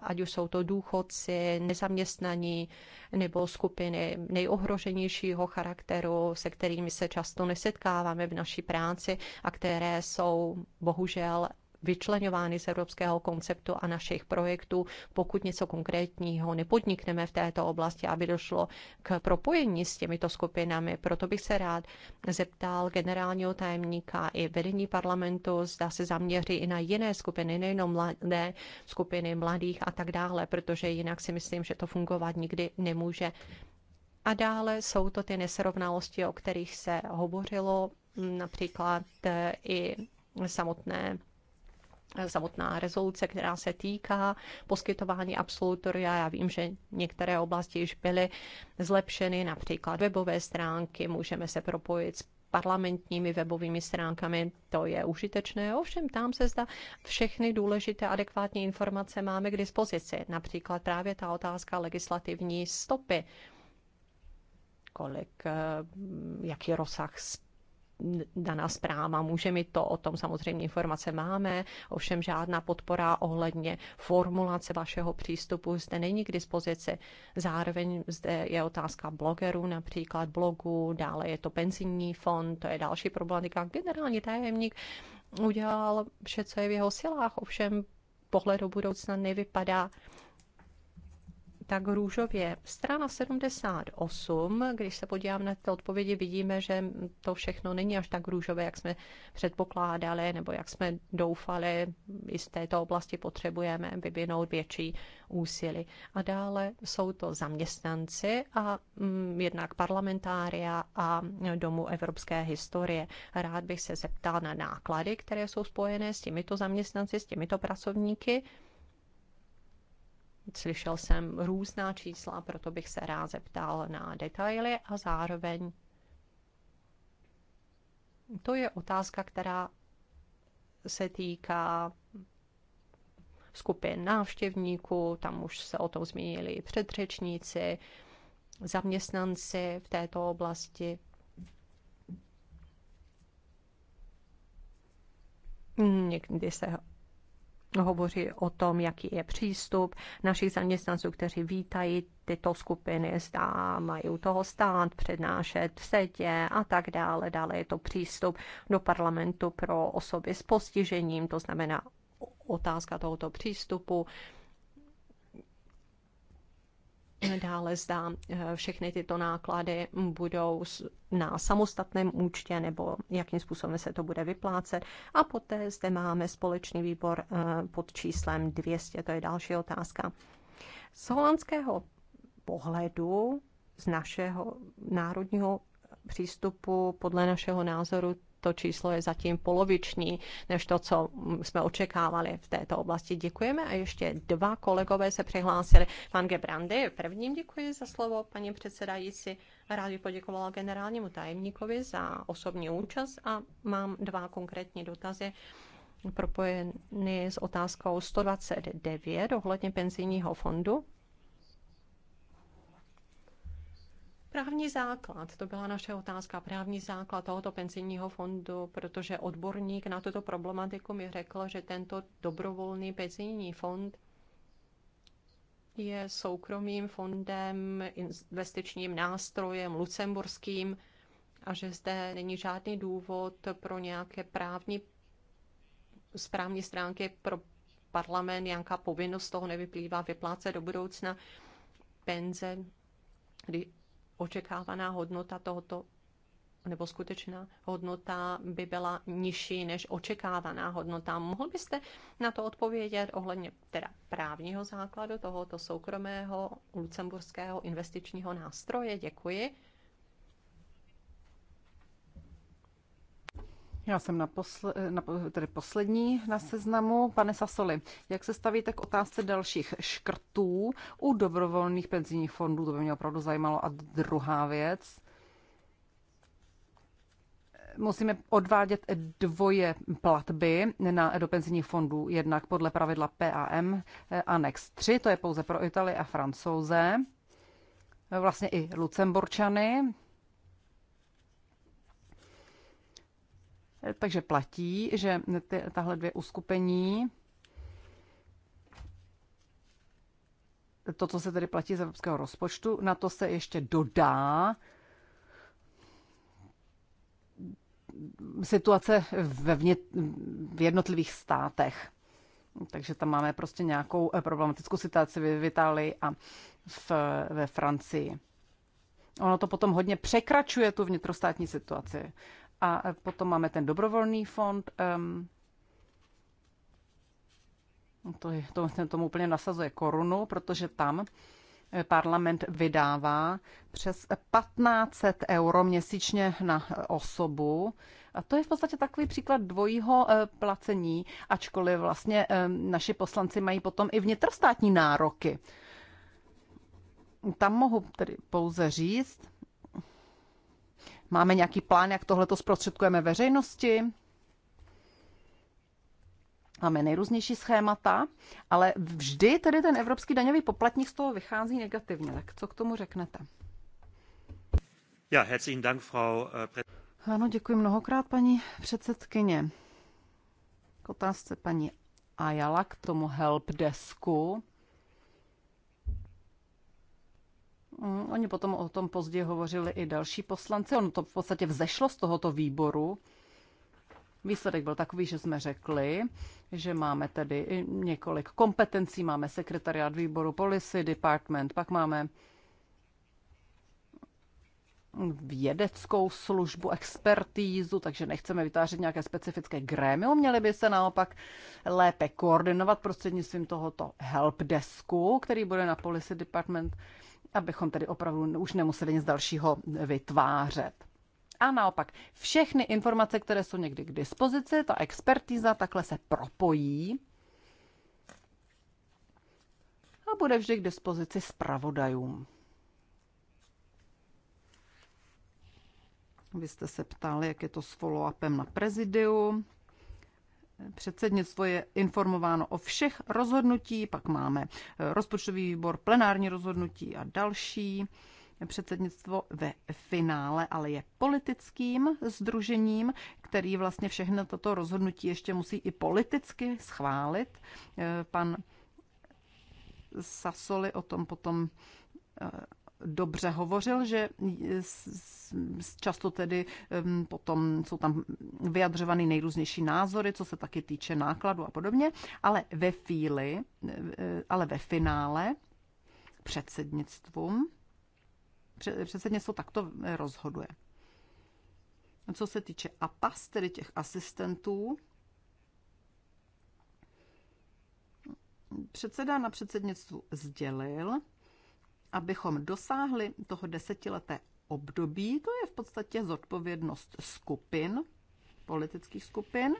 ať už jsou to důchodci, nezaměstnaní nebo skupiny nejohroženějšího charakteru, se kterými se často nesetkáváme v naší práci a které jsou bohužel vyčlenovány z evropského konceptu a našich projektů, pokud něco konkrétního nepodnikneme v této oblasti, aby došlo k propojení s těmito skupinami. Proto bych se rád zeptal generálního tajemníka i vedení parlamentu, zda se zaměří i na jiné skupiny, nejenom mladé skupiny mladých a tak dále, protože jinak si myslím, že to fungovat nikdy nemůže. A dále jsou to ty nesrovnalosti, o kterých se hovořilo, například eh, i samotné samotná rezoluce, která se týká poskytování absolutoria. Já vím, že některé oblasti již byly zlepšeny, například webové stránky, můžeme se propojit s parlamentními webovými stránkami, to je užitečné. Ovšem tam se zda všechny důležité adekvátní informace máme k dispozici. Například právě ta otázka legislativní stopy kolik, eh, jaký rozsah daná zpráva může mi to, o tom samozřejmě informace máme, ovšem žádná podpora ohledně formulace vašeho přístupu zde není k dispozici. Zároveň zde je otázka blogerů, například blogu, dále je to penzijní fond, to je další problematika. Generální tajemník udělal vše, co je v jeho silách, ovšem pohled do budoucna nevypadá tak růžově. Strana 78, když se podívám na ty odpovědi, vidíme, že to všechno není až tak růžové, jak jsme předpokládali nebo jak jsme doufali. I z této oblasti potřebujeme vyvinout větší úsilí. A dále jsou to zaměstnanci a mm, jednak parlamentária a Domu evropské historie. Rád bych se zeptal na náklady, které jsou spojené s těmito zaměstnanci, s těmito pracovníky. Slyšel jsem různá čísla, proto bych se rád zeptal na detaily a zároveň to je otázka, která se týká skupin návštěvníků, tam už se o tom zmínili předřečníci, zaměstnanci v této oblasti. Někdy se hovoří o tom, jaký je přístup našich zaměstnanců, kteří vítají tyto skupiny, zda mají u toho stát, přednášet v setě a tak dále. Dále je to přístup do parlamentu pro osoby s postižením, to znamená otázka tohoto přístupu Dále zda eh, všechny tyto náklady budou na samostatném účtě nebo jakým způsobem se to bude vyplácet. A poté zde máme společný výbor eh, pod číslem 200, to je další otázka. Z holandského pohledu, z našeho národního přístupu, podle našeho názoru, to číslo je zatím poloviční než to, co jsme očekávali v této oblasti. Děkujeme a ještě dva kolegové se přihlásili. Pan Gebrandy, prvním děkuji za slovo, paní předsedající. Rád bych poděkovala generálnímu tajemníkovi za osobní účast a mám dva konkrétní dotazy propojený s otázkou 129 ohledně penzijního fondu. Právní základ, to byla naše otázka, právní základ tohoto penzijního fondu, protože odborník na tuto problematiku mi řekl, že tento dobrovolný penzijní fond je soukromým fondem, investičním nástrojem, lucemburským, a že zde není žádný důvod pro nějaké právní správní stránky pro parlament, nějaká povinnost toho nevyplývá vyplácet do budoucna penze, kdy očekávaná hodnota tohoto nebo skutečná hodnota by byla nižší než očekávaná hodnota. Mohl byste na to odpovědět ohledně teda právního základu tohoto soukromého lucemburského investičního nástroje? Děkuji. Já jsem na posle, eh, na, tedy poslední na seznamu. Pane Sasoli, jak se stavíte k otázce dalších škrtů u dobrovolných penzijních fondů? To by mě opravdu zajímalo. A druhá věc, musíme odvádět dvoje platby na, do penzijních fondů, jednak podle pravidla PAM eh, Annex 3, to je pouze pro Italy a Francouze, vlastně i Lucemburčany, Takže platí, že ty, tahle dvě uskupení, to, co se tedy platí z evropského rozpočtu, na to se ještě dodá situace ve vně, v jednotlivých státech. Takže tam máme prostě nějakou eh, problematickou situaci v Itálii a v, ve Francii. Ono to potom hodně překračuje tu vnitrostátní situaci. A potom máme ten dobrovolný fond. To, je, to, ten tomu úplně nasazuje korunu, protože tam eh, parlament vydává přes 1500 euro měsíčně na eh, osobu. A to je v podstatě takový příklad dvojího eh, placení, ačkoliv vlastně naši poslanci mají potom i vnitrostátní nároky. Tam mohu tedy pouze říct, Máme nějaký plán, jak tohle to zprostředkujeme veřejnosti? Máme nejrůznější schémata, ale vždy tedy ten evropský daňový poplatník z toho vychází negativně. Tak co k tomu řeknete? Ja, herzlichen Dank, Frau eh, Ano, děkuji mnohokrát, paní předsedkyně. K otázce paní Ajala k tomu helpdesku. Mm, oni potom o tom později hovořili i další poslanci. Ono to v podstatě vzešlo z tohoto výboru. Výsledek byl takový, že jsme řekli, že máme tedy několik kompetencí. Máme sekretariát výboru policy department, pak máme vědeckou službu, expertízu, takže nechceme vytvářet nějaké specifické grémium, měli by se naopak lépe koordinovat prostřednictvím tohoto helpdesku, který bude na Policy Department abychom tedy opravdu už nemuseli nic dalšího vytvářet. A naopak, všechny informace, které jsou někdy k dispozici, ta expertíza takhle se propojí a bude vždy k dispozici zpravodajům. Vy jste se ptali, jak je to s follow-upem na prezidiu. Předsednictvo je informováno o všech rozhodnutí, pak máme eh, rozpočtový výbor, plenární rozhodnutí a další. Předsednictvo ve finále ale je politickým združením, který vlastně všechno toto rozhodnutí ještě musí i politicky schválit. Eh, pan Sasoli o tom potom eh, dobře hovořil, že často tedy potom jsou tam vyjadřovány nejrůznější názory, co se taky týče nákladu a podobně, ale ve fíli, e, ale ve finále předsednictvům předsednictvo takto rozhoduje. Co se týče APAS, tedy těch asistentů, předseda na předsednictvu sdělil, abychom dosáhli toho desetileté období, to je v podstatě zodpovědnost skupin, politických skupin,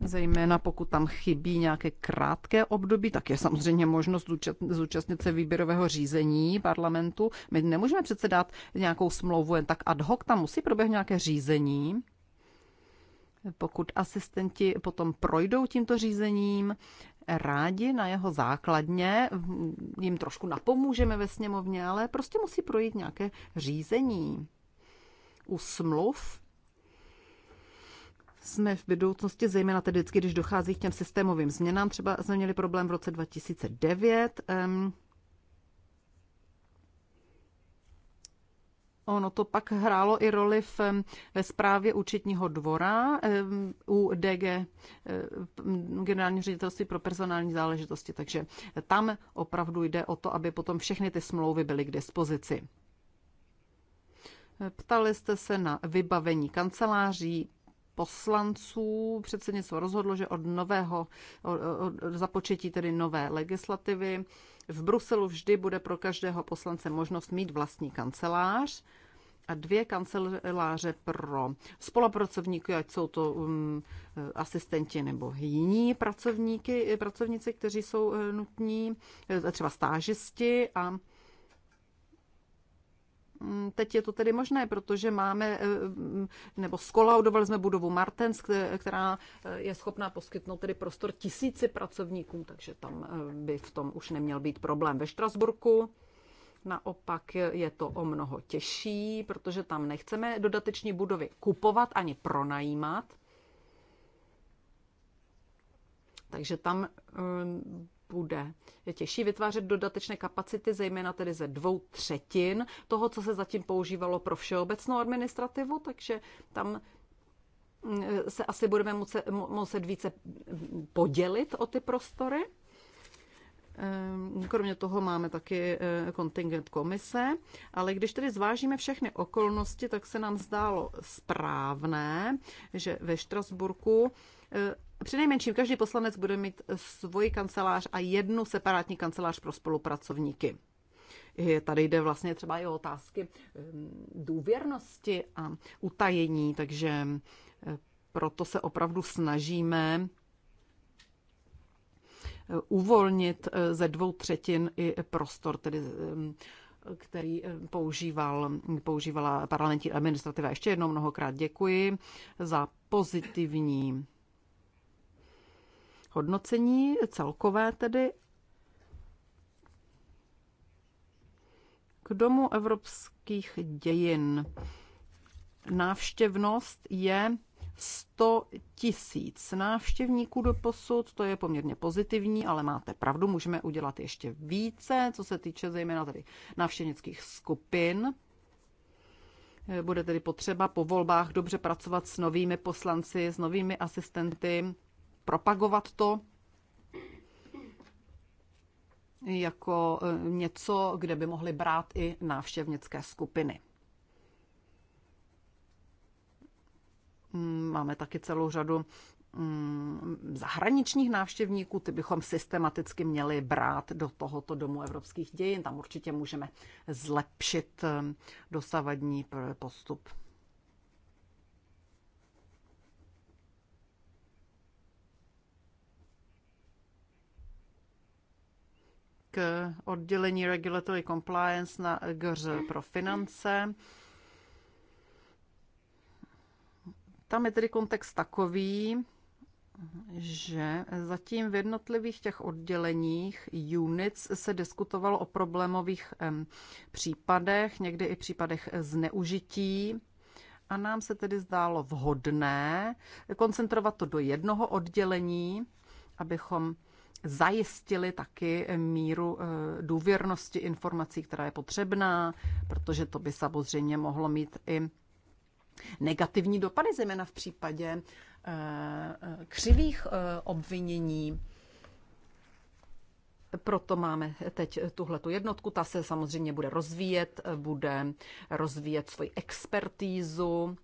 zejména pokud tam chybí nějaké krátké období, tak je samozřejmě možnost zúčastnit se výběrového řízení parlamentu. My nemůžeme přece dát nějakou smlouvu jen tak ad hoc, tam musí proběhnout nějaké řízení. Pokud asistenti potom projdou tímto řízením, rádi na jeho základně, jim trošku napomůžeme ve sněmovně, ale prostě musí projít nějaké řízení. U smluv jsme v budoucnosti, zejména tedy vždycky, když dochází k těm systémovým změnám, třeba jsme měli problém v roce 2009, Ono to pak hrálo i roli v, ve zprávě účetního dvora u DG eh, Generální ředitelství pro personální záležitosti. Takže tam opravdu jde o to, aby potom všechny ty smlouvy byly k dispozici. Eh, ptali jste se na vybavení kanceláří poslanců. Předsednictvo rozhodlo, že od nového od, od započetí tedy nové legislativy v Bruselu vždy bude pro každého poslance možnost mít vlastní kancelář a dvě kanceláře pro spolupracovníky, ať jsou to um, eh, asistenti nebo jiní pracovníky, eh, pracovníci, kteří jsou eh, nutní, třeba stážisti a Mm, teď je to tedy možné, protože máme, eh, mm, nebo skolaudovali jsme budovu Martens, která eh, je schopná poskytnout tedy prostor tisíci pracovníkům, takže tam eh, by v tom už neměl být problém. Ve Štrasburku naopak je to o mnoho těžší, protože tam nechceme dodateční budovy kupovat ani pronajímat. Takže tam bude těžší vytvářet dodatečné kapacity, zejména tedy ze dvou třetin toho, co se zatím používalo pro všeobecnou administrativu, takže tam mm, se asi budeme muset, muset více podělit o ty prostory. Ehm, kromě toho máme taky eh, kontingent komise, ale když tedy zvážíme všechny okolnosti, tak se nám zdálo správné, že ve Štrasburku Eh, přinejmenším každý poslanec bude mít svoji kancelář a jednu separátní kancelář pro spolupracovníky. Tady jde vlastně třeba i o otázky ehm, důvěrnosti a utajení, takže eh, proto se opravdu snažíme eh, uvolnit ze dvou třetin i prostor, tedy ehm, který ehm, používal, používala parlamentní administrativa. Ještě jednou mnohokrát děkuji za pozitivní hodnocení celkové tedy k domu evropských dějin. Návštěvnost je 100 tisíc návštěvníků do posud, to je poměrně pozitivní, ale máte pravdu, můžeme udělat ještě více, co se týče zejména tedy návštěvnických skupin. Bude tedy potřeba po volbách dobře pracovat s novými poslanci, s novými asistenty, propagovat to jako e, něco, kde by mohli brát i návštěvnické skupiny. Mm, máme taky celou řadu mm, zahraničních návštěvníků, ty bychom systematicky měli brát do tohoto domu evropských dějin. Tam určitě můžeme zlepšit e, dosavadní postup. k oddělení Regulatory Compliance na GŘ pro finance. Tam je tedy kontext takový, že zatím v jednotlivých těch odděleních units se diskutovalo o problémových případech, někdy i případech zneužití. A nám se tedy zdálo vhodné koncentrovat to do jednoho oddělení, abychom zajistili taky míru eh, důvěrnosti informací, která je potřebná, protože to by samozřejmě mohlo mít i negativní dopady, zejména v případě eh, eh, křivých obvinění. Proto máme teď tuhle jednotku, ta se samozřejmě bude rozvíjet, bude rozvíjet svoji expertízu,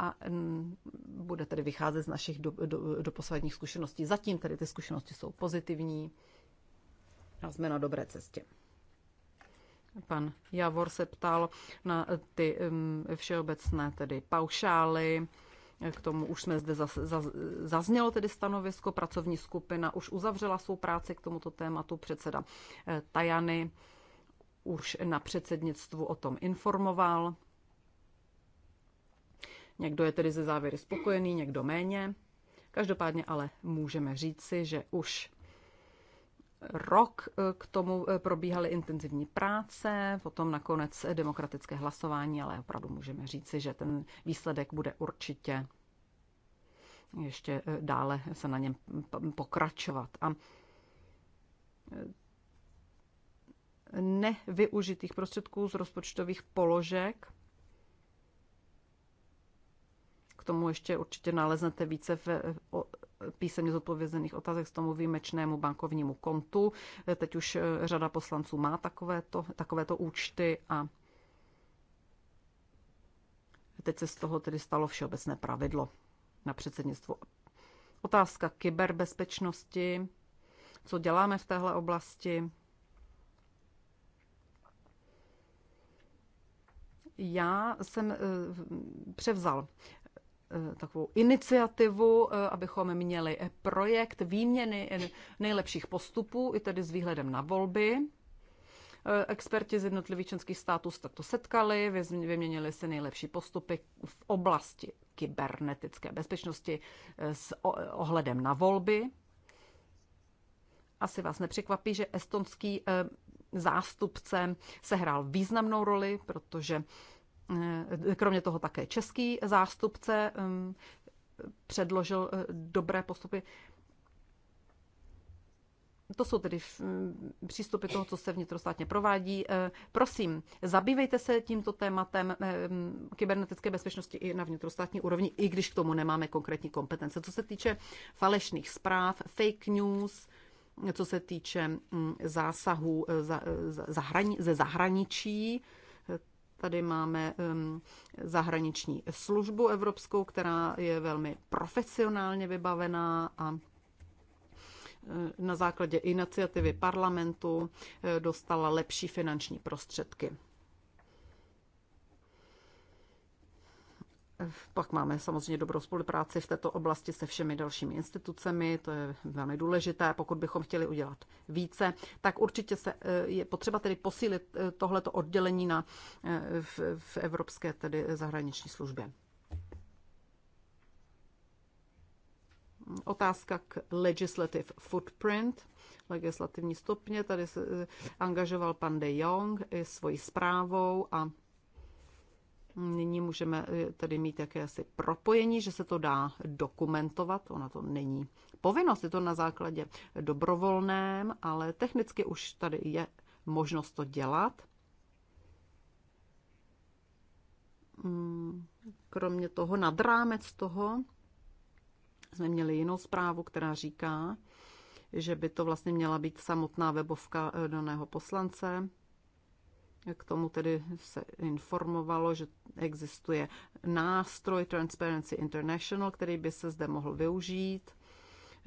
a mm, bude tedy vycházet z našich do, do, posledních zkušeností. Zatím tedy ty zkušenosti jsou pozitivní a jsme na dobré cestě. Pan Javor se ptal na ty mm, všeobecné tedy paušály. K tomu už jsme zde zaz, zaz, zaznělo tedy stanovisko. Pracovní skupina už uzavřela svou práci k tomuto tématu. Předseda eh, Tajany už na předsednictvu o tom informoval. Někdo je tedy ze závěry spokojený, někdo méně. Každopádně ale můžeme říci, že už rok eh, k tomu eh, probíhaly intenzivní práce, potom nakonec demokratické hlasování, ale opravdu můžeme říci, že ten výsledek bude určitě ještě eh, dále se na něm pokračovat. A nevyužitých prostředků z rozpočtových položek tomu ještě určitě naleznete více v písemně zodpovězených otázek z tomu výjimečnému bankovnímu kontu. Teď už eh, řada poslanců má takovéto, takovéto účty a teď se z toho tedy stalo všeobecné pravidlo na předsednictvu. Otázka kyberbezpečnosti, co děláme v téhle oblasti, já jsem eh, převzal Eh, takovou iniciativu, eh, abychom měli projekt výměny nejlepších postupů, i tedy s výhledem na volby. Eh, experti z jednotlivých členských států se takto setkali, vyměnili si nejlepší postupy v oblasti kybernetické bezpečnosti s ohledem na volby. Asi vás nepřekvapí, že estonský zástupce sehrál významnou roli, protože Eh, kromě toho také český zástupce předložil eh, dobré postupy. To jsou tedy mm, přístupy toho, co se vnitrostátně provádí. Eh, prosím, zabývejte se tímto tématem kybernetické bezpečnosti i na vnitrostátní úrovni, i když k tomu nemáme konkrétní kompetence. Co se týče falešných zpráv, fake news, co se týče mm, zásahů ze zahraničí, Tady máme zahraniční službu evropskou, která je velmi profesionálně vybavená a na základě iniciativy parlamentu eh, dostala lepší finanční prostředky. Pak máme samozřejmě dobrou spolupráci v této oblasti se všemi dalšími institucemi, to je velmi důležité. Pokud bychom chtěli udělat více, tak určitě se, eh, je potřeba tedy posílit eh, tohleto oddělení na, eh, v, v evropské tedy zahraniční službě. Otázka k legislative footprint, legislativní stupně. Tady se angažoval pan De Jong i svojí zprávou a Nyní můžeme eh, tedy mít také asi propojení, že se to dá dokumentovat. Ona to není povinnost, je to na základě dobrovolném, ale technicky už tady je možnost to dělat. Mm, kromě toho, nad rámec toho, jsme měli jinou zprávu, která říká, že by to vlastně měla být samotná webovka eh, daného poslance. K tomu tedy se informovalo, že existuje nástroj Transparency International, který by se zde mohl využít.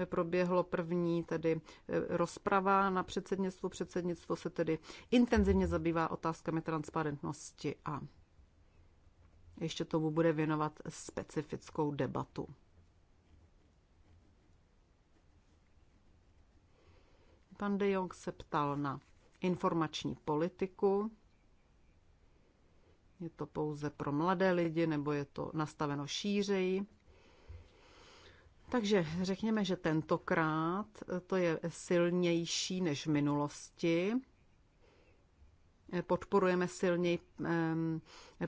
Proběhlo první tedy eh, rozprava na předsednictvu. Předsednictvo se tedy intenzivně zabývá otázkami transparentnosti a ještě tomu bude věnovat specifickou debatu. Pan de Jong se ptal na informační politiku. Je to pouze pro mladé lidi, nebo je to nastaveno šířeji? Takže řekněme, že tentokrát to je silnější než v minulosti. Podporujeme silněji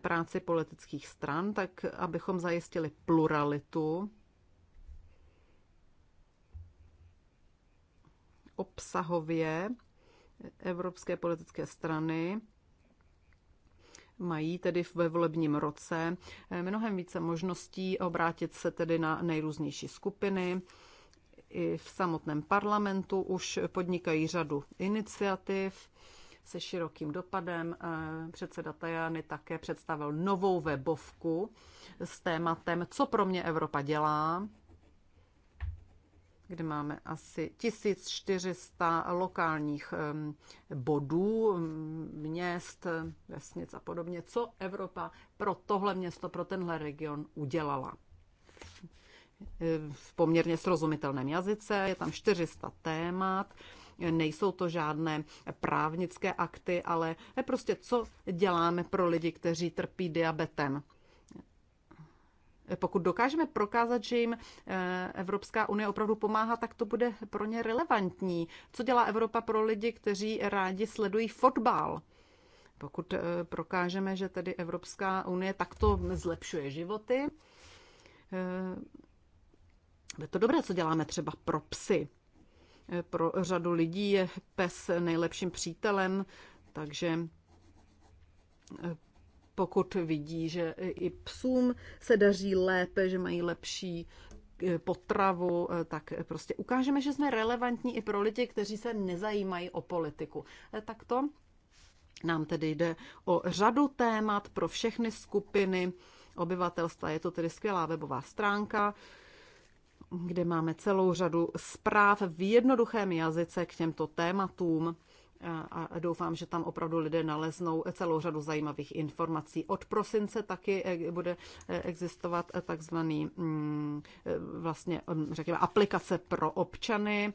práci politických stran, tak abychom zajistili pluralitu. Obsahově evropské politické strany mají tedy ve volebním roce eh, mnohem více možností obrátit se tedy na nejrůznější skupiny. I v samotném parlamentu už podnikají řadu iniciativ se širokým dopadem. Eh, předseda Tajany také představil novou webovku s tématem Co pro mě Evropa dělá, kde máme asi 1400 lokálních bodů, měst, vesnic a podobně, co Evropa pro tohle město, pro tenhle region udělala. E, v poměrně srozumitelném jazyce, je tam 400 témat, nejsou to žádné právnické akty, ale prostě co děláme pro lidi, kteří trpí diabetem pokud dokážeme prokázat, že jim eh, Evropská unie opravdu pomáhá, tak to bude pro ně relevantní. Co dělá Evropa pro lidi, kteří rádi sledují fotbal? Pokud eh, prokážeme, že tedy Evropská unie takto zlepšuje životy, eh, je to dobré, co děláme třeba pro psy. Pro řadu lidí je pes nejlepším přítelem, takže pokud vidí, že i psům se daří lépe, že mají lepší e, potravu, e, tak prostě ukážeme, že jsme relevantní i pro lidi, kteří se nezajímají o politiku. E, tak to nám tedy jde o řadu témat pro všechny skupiny obyvatelstva. Je to tedy skvělá webová stránka, kde máme celou řadu zpráv v jednoduchém jazyce k těmto tématům a doufám, že tam opravdu lidé naleznou celou řadu zajímavých informací. Od prosince taky eh, bude eh, existovat eh, takzvaný mm, vlastně, mm, řekněme, aplikace pro občany,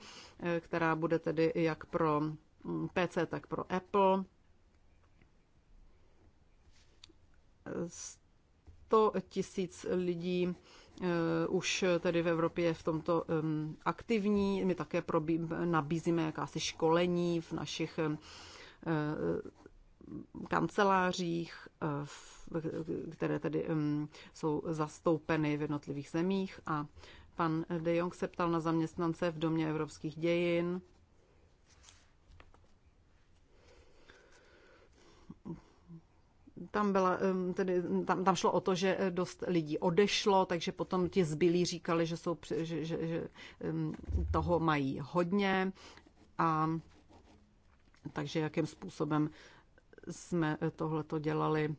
která bude tedy jak pro mm, PC, tak pro Apple. 100 tisíc lidí Eh, už tedy v Evropě je v tomto aktivní. My také nabízíme jakási školení v našich eh, kancelářích, eh, které tedy jsou zastoupeny v jednotlivých zemích. A pan De Jong se ptal na zaměstnance v Domě evropských dějin. tam, byla, tedy, tam, tam šlo o to, že eh, dost lidí odešlo, takže potom ti zbylí říkali, že, jsou, že, že, že toho mají hodně a takže jakým způsobem jsme eh, tohle to dělali,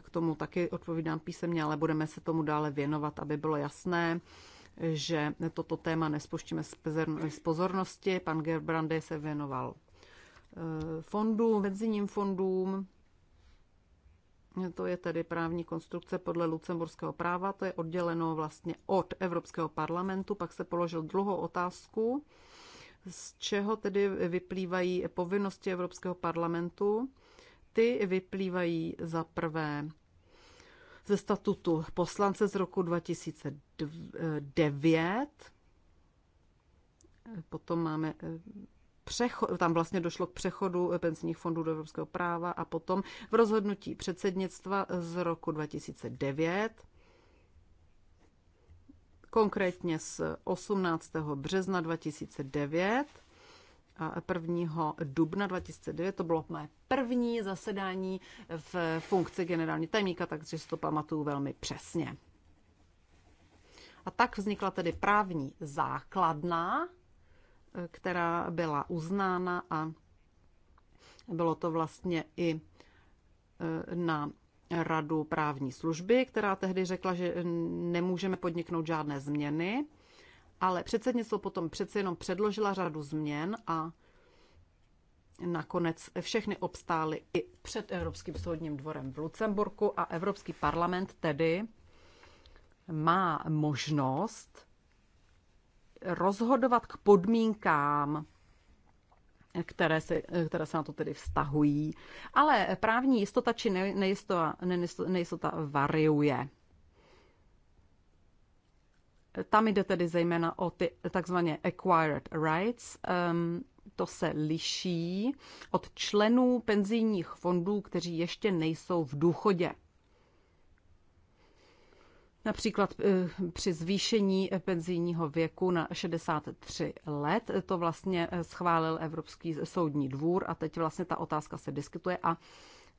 k tomu taky odpovídám písemně, ale budeme se tomu dále věnovat, aby bylo jasné, že toto téma nespuštíme z pozornosti. Pan Gerbrandy se věnoval eh, fondům, penzijním fondům, to je tedy právní konstrukce podle lucemburského práva, to je odděleno vlastně od Evropského parlamentu, pak se položil dlouhou otázku, z čeho tedy vyplývají povinnosti Evropského parlamentu. Ty vyplývají za prvé ze statutu poslance z roku 2009, potom máme přecho- tam vlastně došlo k přechodu penzijních fondů do evropského práva a potom v rozhodnutí předsednictva z roku 2009 konkrétně z 18. března 2009 a 1. dubna 2009. To bylo moje první zasedání v funkci generální tajemníka, takže si to pamatuju velmi přesně. A tak vznikla tedy právní základna která byla uznána a bylo to vlastně i e, na radu právní služby, která tehdy řekla, že nemůžeme podniknout žádné změny, ale předsednictvo potom přece jenom předložila řadu změn a nakonec všechny obstály i před Evropským soudním dvorem v Lucemburku a Evropský parlament tedy má možnost rozhodovat k podmínkám, které se, které se na to tedy vztahují. Ale právní jistota či nejistota, nejistota variuje. Tam jde tedy zejména o ty takzvané acquired rights. Um, to se liší od členů penzijních fondů, kteří ještě nejsou v důchodě. Například eh, při zvýšení penzijního věku na 63 let to vlastně eh, schválil Evropský soudní dvůr a teď vlastně ta otázka se diskutuje a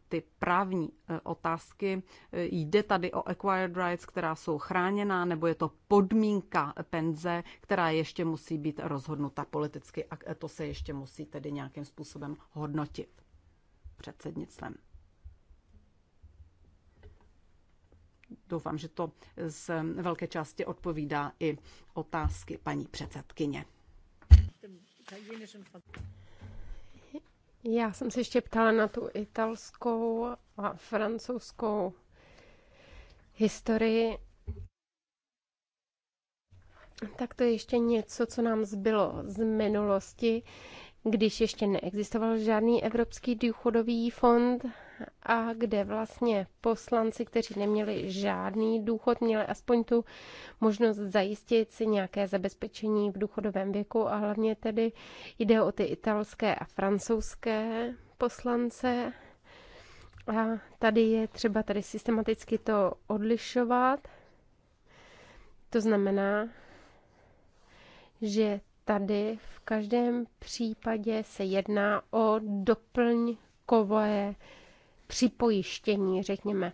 ty právní eh, otázky. Jde tady o acquired rights, která jsou chráněná, nebo je to podmínka penze, která ještě musí být rozhodnuta politicky a to se ještě musí tedy nějakým způsobem hodnotit předsednictvem. Doufám, že to z velké části odpovídá i otázky paní předsedkyně. Já jsem se ještě ptala na tu italskou a francouzskou historii. Tak to je ještě něco, co nám zbylo z minulosti, když ještě neexistoval žádný Evropský důchodový fond a kde vlastně poslanci, kteří neměli žádný důchod, měli aspoň tu možnost zajistit si nějaké zabezpečení v důchodovém věku a hlavně tedy jde o ty italské a francouzské poslance. A tady je třeba tady systematicky to odlišovat. To znamená, že tady v každém případě se jedná o doplňkové připojištění, řekněme.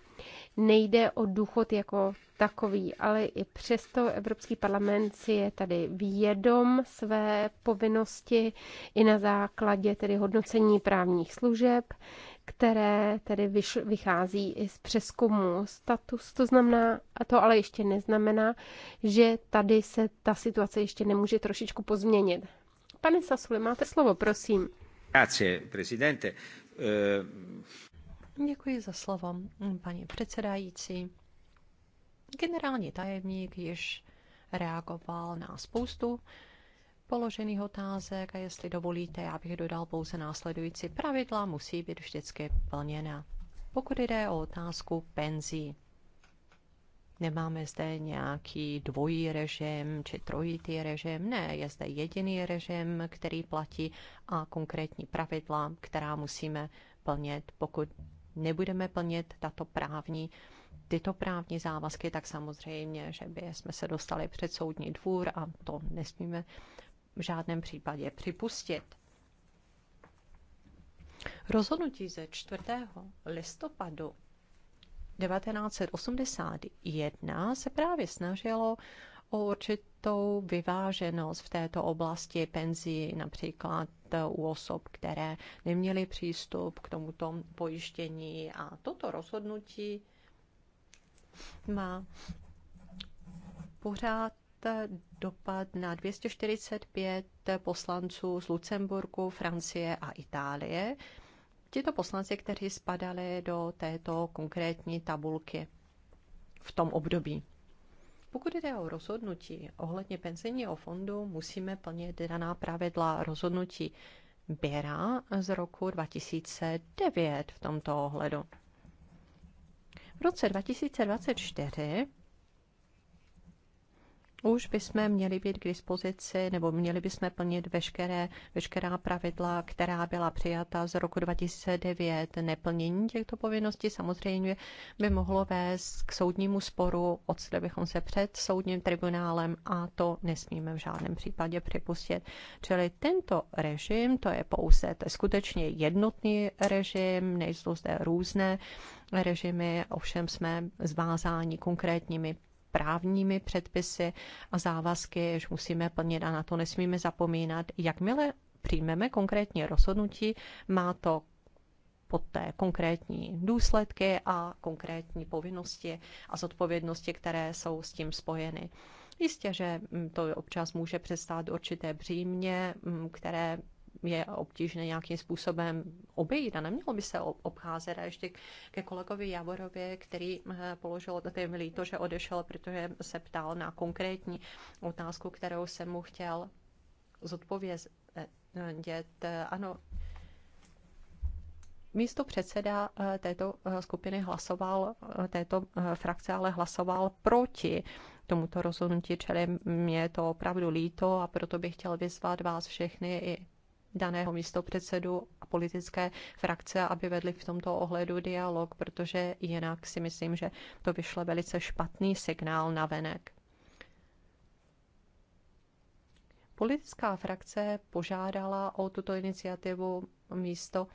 Nejde o důchod jako takový, ale i přesto Evropský parlament si je tady vědom své povinnosti i na základě tedy hodnocení právních služeb, které tedy vychází i z přeskumu status. To znamená, a to ale ještě neznamená, že tady se ta situace ještě nemůže trošičku pozměnit. Pane Sasuli, máte slovo, prosím. Grazie, presidente. Uh... Děkuji za slovo, paní předsedající. Generální tajemník již reagoval na spoustu položených otázek a jestli dovolíte, já bych dodal pouze následující pravidla, musí být vždycky plněna. Pokud jde o otázku penzí, nemáme zde nějaký dvojí režim či trojitý režim, ne, je zde jediný režim, který platí a konkrétní pravidla, která musíme plnit, pokud nebudeme plnit tato právní, tyto právní závazky, tak samozřejmě, že by jsme se dostali před soudní dvůr a to nesmíme v žádném případě připustit. Rozhodnutí ze 4. listopadu 1981 se právě snažilo o určit tou vyváženost v této oblasti penzí, například u osob, které neměly přístup k tomuto pojištění. A toto rozhodnutí má pořád dopad na 245 poslanců z Lucemburku, Francie a Itálie. Tito poslanci, kteří spadali do této konkrétní tabulky v tom období. Pokud jde o rozhodnutí ohledně penzijního fondu, musíme plnit daná pravidla rozhodnutí Běra z roku 2009 v tomto ohledu. V roce 2024 už bychom měli být k dispozici, nebo měli bychom plnit veškeré, veškerá pravidla, která byla přijata z roku 2009. Neplnění těchto povinností samozřejmě by mohlo vést k soudnímu sporu, odstali bychom se před soudním tribunálem a to nesmíme v žádném případě připustit. Čili tento režim, to je pouze, to je skutečně jednotný režim, nejsou zde různé režimy, ovšem jsme zvázáni konkrétními právními předpisy a závazky, jež musíme plnit a na to nesmíme zapomínat. Jakmile přijmeme konkrétní rozhodnutí, má to poté konkrétní důsledky a konkrétní povinnosti a zodpovědnosti, které jsou s tím spojeny. Jistě, že to občas může přestát určité břímě, které je obtížné nějakým způsobem obejít a nemělo by se obcházet. A ještě ke kolegovi Javorově, který eh, položil, tedy mi líto, že odešel, protože se ptal na konkrétní otázku, kterou jsem mu chtěl zodpovědět. Eh, eh, ano, místo předseda této skupiny hlasoval, této frakce, ale hlasoval proti tomuto rozhodnutí, čili mě je to opravdu líto a proto bych chtěl vyzvat vás všechny i daného místopředsedu a politické frakce, aby vedli v tomto ohledu dialog, protože jinak si myslím, že to vyšle velice špatný signál na venek. Politická frakce požádala o tuto iniciativu místo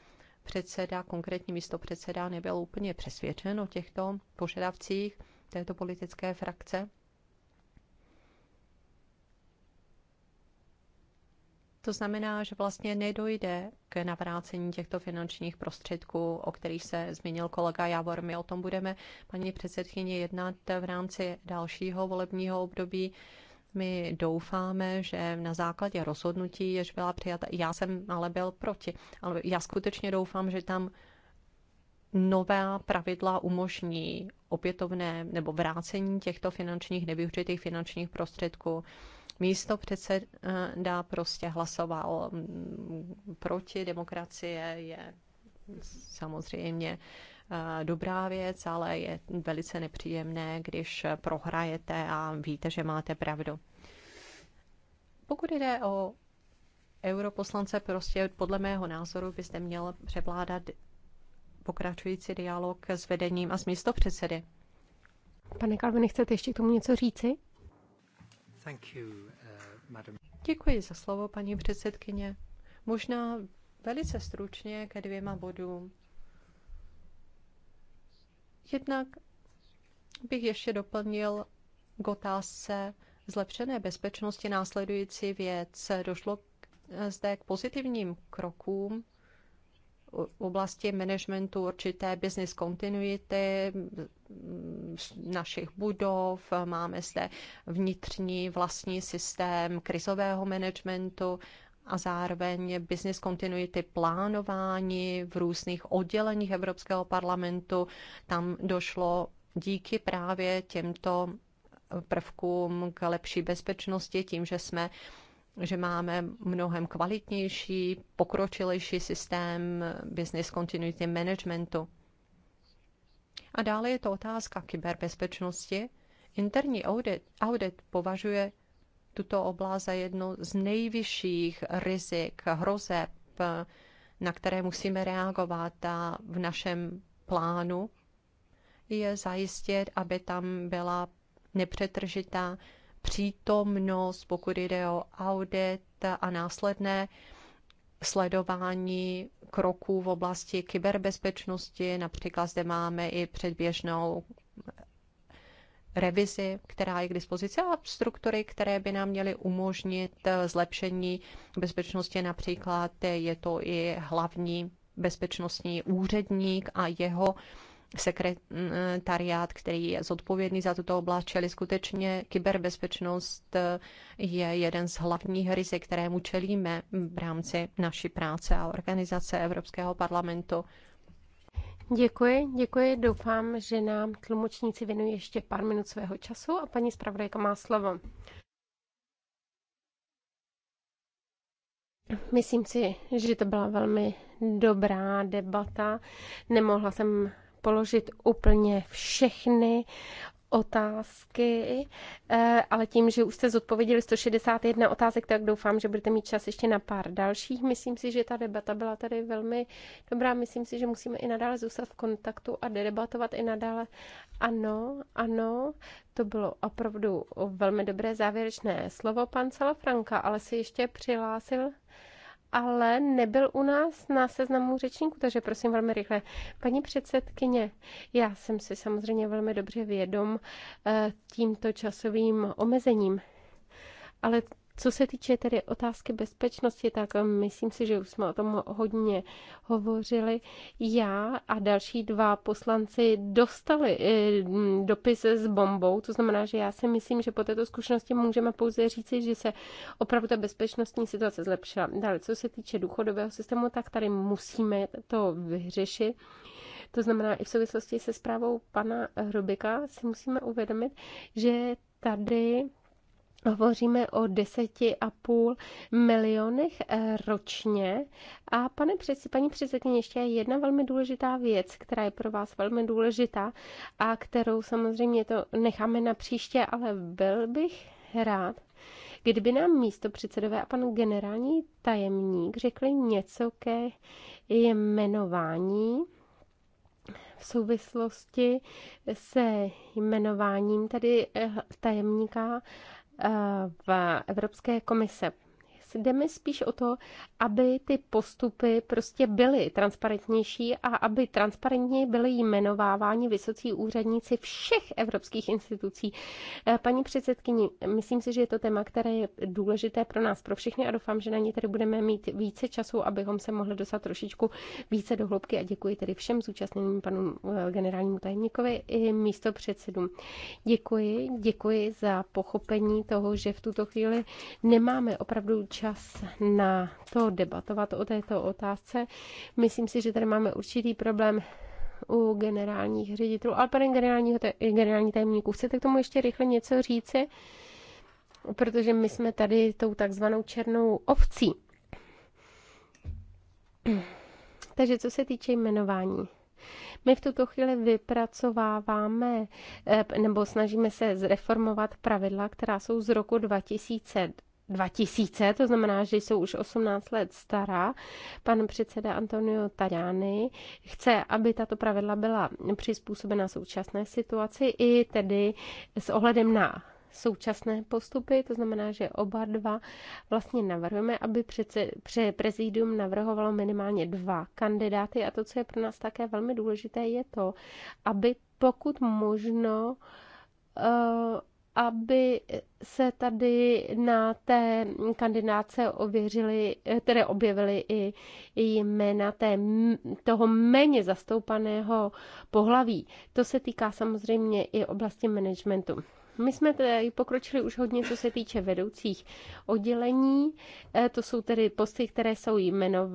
předseda, konkrétní místo předseda nebyl úplně přesvědčen o těchto požadavcích této politické frakce. To znamená, že vlastně nedojde k navrácení těchto finančních prostředků, o kterých se zmínil kolega Javor. My o tom budeme, paní předsedkyně, jednat v rámci dalšího volebního období. My doufáme, že na základě rozhodnutí, jež byla přijata, já jsem ale byl proti, ale já skutečně doufám, že tam nová pravidla umožní opětovné nebo vrácení těchto finančních nevyužitých finančních prostředků místo předseda prostě hlasoval mm, proti demokracie, je samozřejmě eh, dobrá věc, ale je velice nepříjemné, když prohrajete a víte, že máte pravdu. Pokud jde o europoslance, prostě podle mého názoru byste měl převládat pokračující dialog s vedením a s předsedy. Pane Kalvin, chcete ještě k tomu něco říci? Uh, Děkuji za slovo, paní předsedkyně. Možná velice stručně ke dvěma bodům. Jednak bych ještě doplnil k otázce zlepšené bezpečnosti následující věc. Došlo zde k pozitivním krokům oblasti managementu určité business continuity našich budov, máme zde vnitřní vlastní systém krizového managementu a zároveň business continuity plánování v různých odděleních Evropského parlamentu. Tam došlo díky právě těmto prvkům k lepší bezpečnosti tím, že jsme uh, že máme mnohem kvalitnější, pokročilejší systém business continuity managementu. A dále je to otázka kyberbezpečnosti. Interní audit, audit považuje tuto oblast za jedno z nejvyšších rizik, hrozeb, na které musíme reagovat a v našem plánu je zajistit, aby tam byla nepřetržitá přítomnost, pokud jde o audit a následné sledování kroků v oblasti kyberbezpečnosti. Například zde máme i předběžnou revizi, která je k dispozici a struktury, které by nám měly umožnit zlepšení bezpečnosti. Například je to i hlavní bezpečnostní úředník a jeho sekretariát, který je zodpovědný za tuto oblast, čili skutečně kyberbezpečnost eh, je jeden z hlavních rizik, kterému čelíme v rámci naší práce a organizace Evropského parlamentu. Děkuji, děkuji. Doufám, že nám tlumočníci věnují ještě pár minut svého času a paní zpravodajka má slovo. Myslím si, že to byla velmi dobrá debata. Nemohla jsem položit úplně všechny otázky, eh, ale tím, že už jste zodpověděli 161 otázek, tak doufám, že budete mít čas ještě na pár dalších. Myslím si, že ta debata byla tady velmi dobrá. Myslím si, že musíme i nadále zůstat v kontaktu a debatovat i nadále. Ano, ano, to bylo opravdu velmi dobré závěrečné slovo pan Salafranka, ale si ještě přihlásil ale nebyl u nás na seznamu řečníku, takže prosím velmi rychle. Paní předsedkyně, já jsem si samozřejmě velmi dobře vědom eh, tímto časovým omezením, ale co se týče tedy otázky bezpečnosti, tak um, myslím si, že už jsme o tom hodně hovořili. Já a další dva poslanci dostali eh, dopis s bombou, to znamená, že já si myslím, že po této zkušenosti můžeme pouze říci, že se opravdu ta bezpečnostní situace zlepšila. Dále, co se týče důchodového systému, tak tady musíme to vyřešit. To znamená, i v souvislosti se zprávou pana Hrubika si musíme uvědomit, že tady Hovoříme o deseti a půl milionech eh, ročně. A pane předsed, paní předsedkyně, ještě je jedna velmi důležitá věc, která je pro vás velmi důležitá a kterou samozřejmě to necháme na příště, ale byl bych rád, kdyby nám místo předsedové a pan generální tajemník řekli něco ke jmenování v souvislosti se jmenováním tady eh, tajemníka v Evropské komise. Jde mi spíš o to, aby ty postupy prostě byly transparentnější a aby transparentně byly jmenováváni vysocí úředníci všech evropských institucí. Eh, paní předsedkyni, myslím si, že je to téma, které je důležité pro nás, pro všechny a doufám, že na ně tady budeme mít více času, abychom se mohli dostat trošičku více do hloubky a děkuji tedy všem zúčastněným panu eh, generálnímu tajemníkovi i místo předsedům. Děkuji, děkuji za pochopení toho, že v tuto chvíli nemáme opravdu čas čas na to debatovat o této otázce. Myslím si, že tady máme určitý problém u generálních ředitelů, ale pane generálního, generální tajemníku, chcete k tomu ještě rychle něco říci? Protože my jsme tady tou takzvanou černou ovcí. Takže co se týče jmenování, my v tuto chvíli vypracováváme eh, nebo snažíme se zreformovat pravidla, která jsou z roku 2000 2000, to znamená, že jsou už 18 let stará. Pan předseda Antonio Tajani chce, aby tato pravidla byla přizpůsobena současné situaci i tedy s ohledem na současné postupy, to znamená, že oba dva vlastně navrhujeme, aby pře prezidium navrhovalo minimálně dva kandidáty a to, co je pro nás také velmi důležité, je to, aby pokud možno uh, aby se tady na té kandidáce ověřili, tedy objevily i jména té, toho méně zastoupaného pohlaví. To se týká samozřejmě i oblasti managementu. My jsme tady pokročili už hodně, co se týče vedoucích oddělení. E, to jsou tedy posty, které jsou jmenov,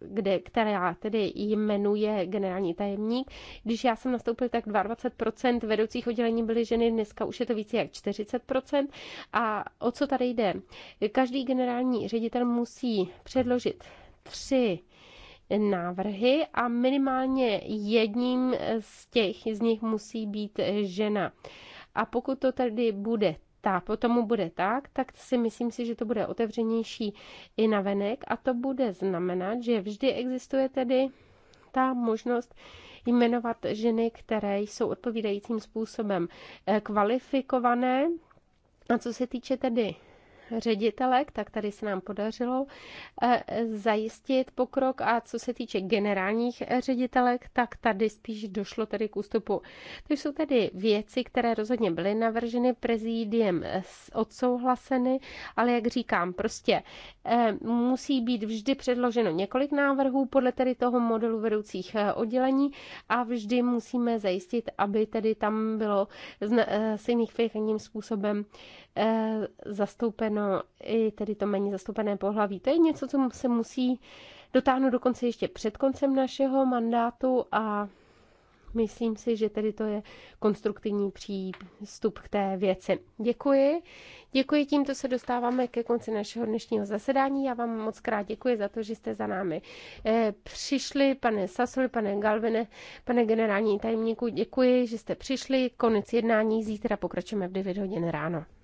kde, které já tedy jmenuje generální tajemník. Když já jsem nastoupil, tak 22% vedoucích oddělení byly ženy, dneska už je to více jak 40%. A o co tady jde? Každý generální ředitel musí předložit tři návrhy a minimálně jedním z těch z nich musí být žena. A pokud to tedy bude tak, tomu bude tak, tak si myslím si, že to bude otevřenější i na venek a to bude znamenat, že vždy existuje tedy ta možnost jmenovat ženy, které jsou odpovídajícím způsobem eh, kvalifikované. A co se týče tedy ředitelek, tak tady se nám podařilo eh, zajistit pokrok a co se týče generálních eh, ředitelek, tak tady spíš došlo tedy k ústupu. To jsou tedy věci, které rozhodně byly navrženy prezídiem eh, odsouhlaseny, ale jak říkám, prostě musí být vždy předloženo několik návrhů podle tedy toho modelu vedoucích oddělení a vždy musíme zajistit, aby tedy tam bylo s signifikantním způsobem zastoupeno zastoupeno i tedy to méně zastoupené pohlaví. To je něco, co se musí dotáhnout dokonce ještě před koncem našeho mandátu a myslím si, že tedy to je konstruktivní přístup k té věci. Děkuji. Děkuji, tímto se dostáváme ke konci našeho dnešního zasedání. Já vám moc krát děkuji za to, že jste za námi eh, přišli. Pane Sasoli, pane Galvine, pane generální tajemníku, děkuji, že jste přišli. Konec jednání, zítra pokračujeme v 9 hodin ráno.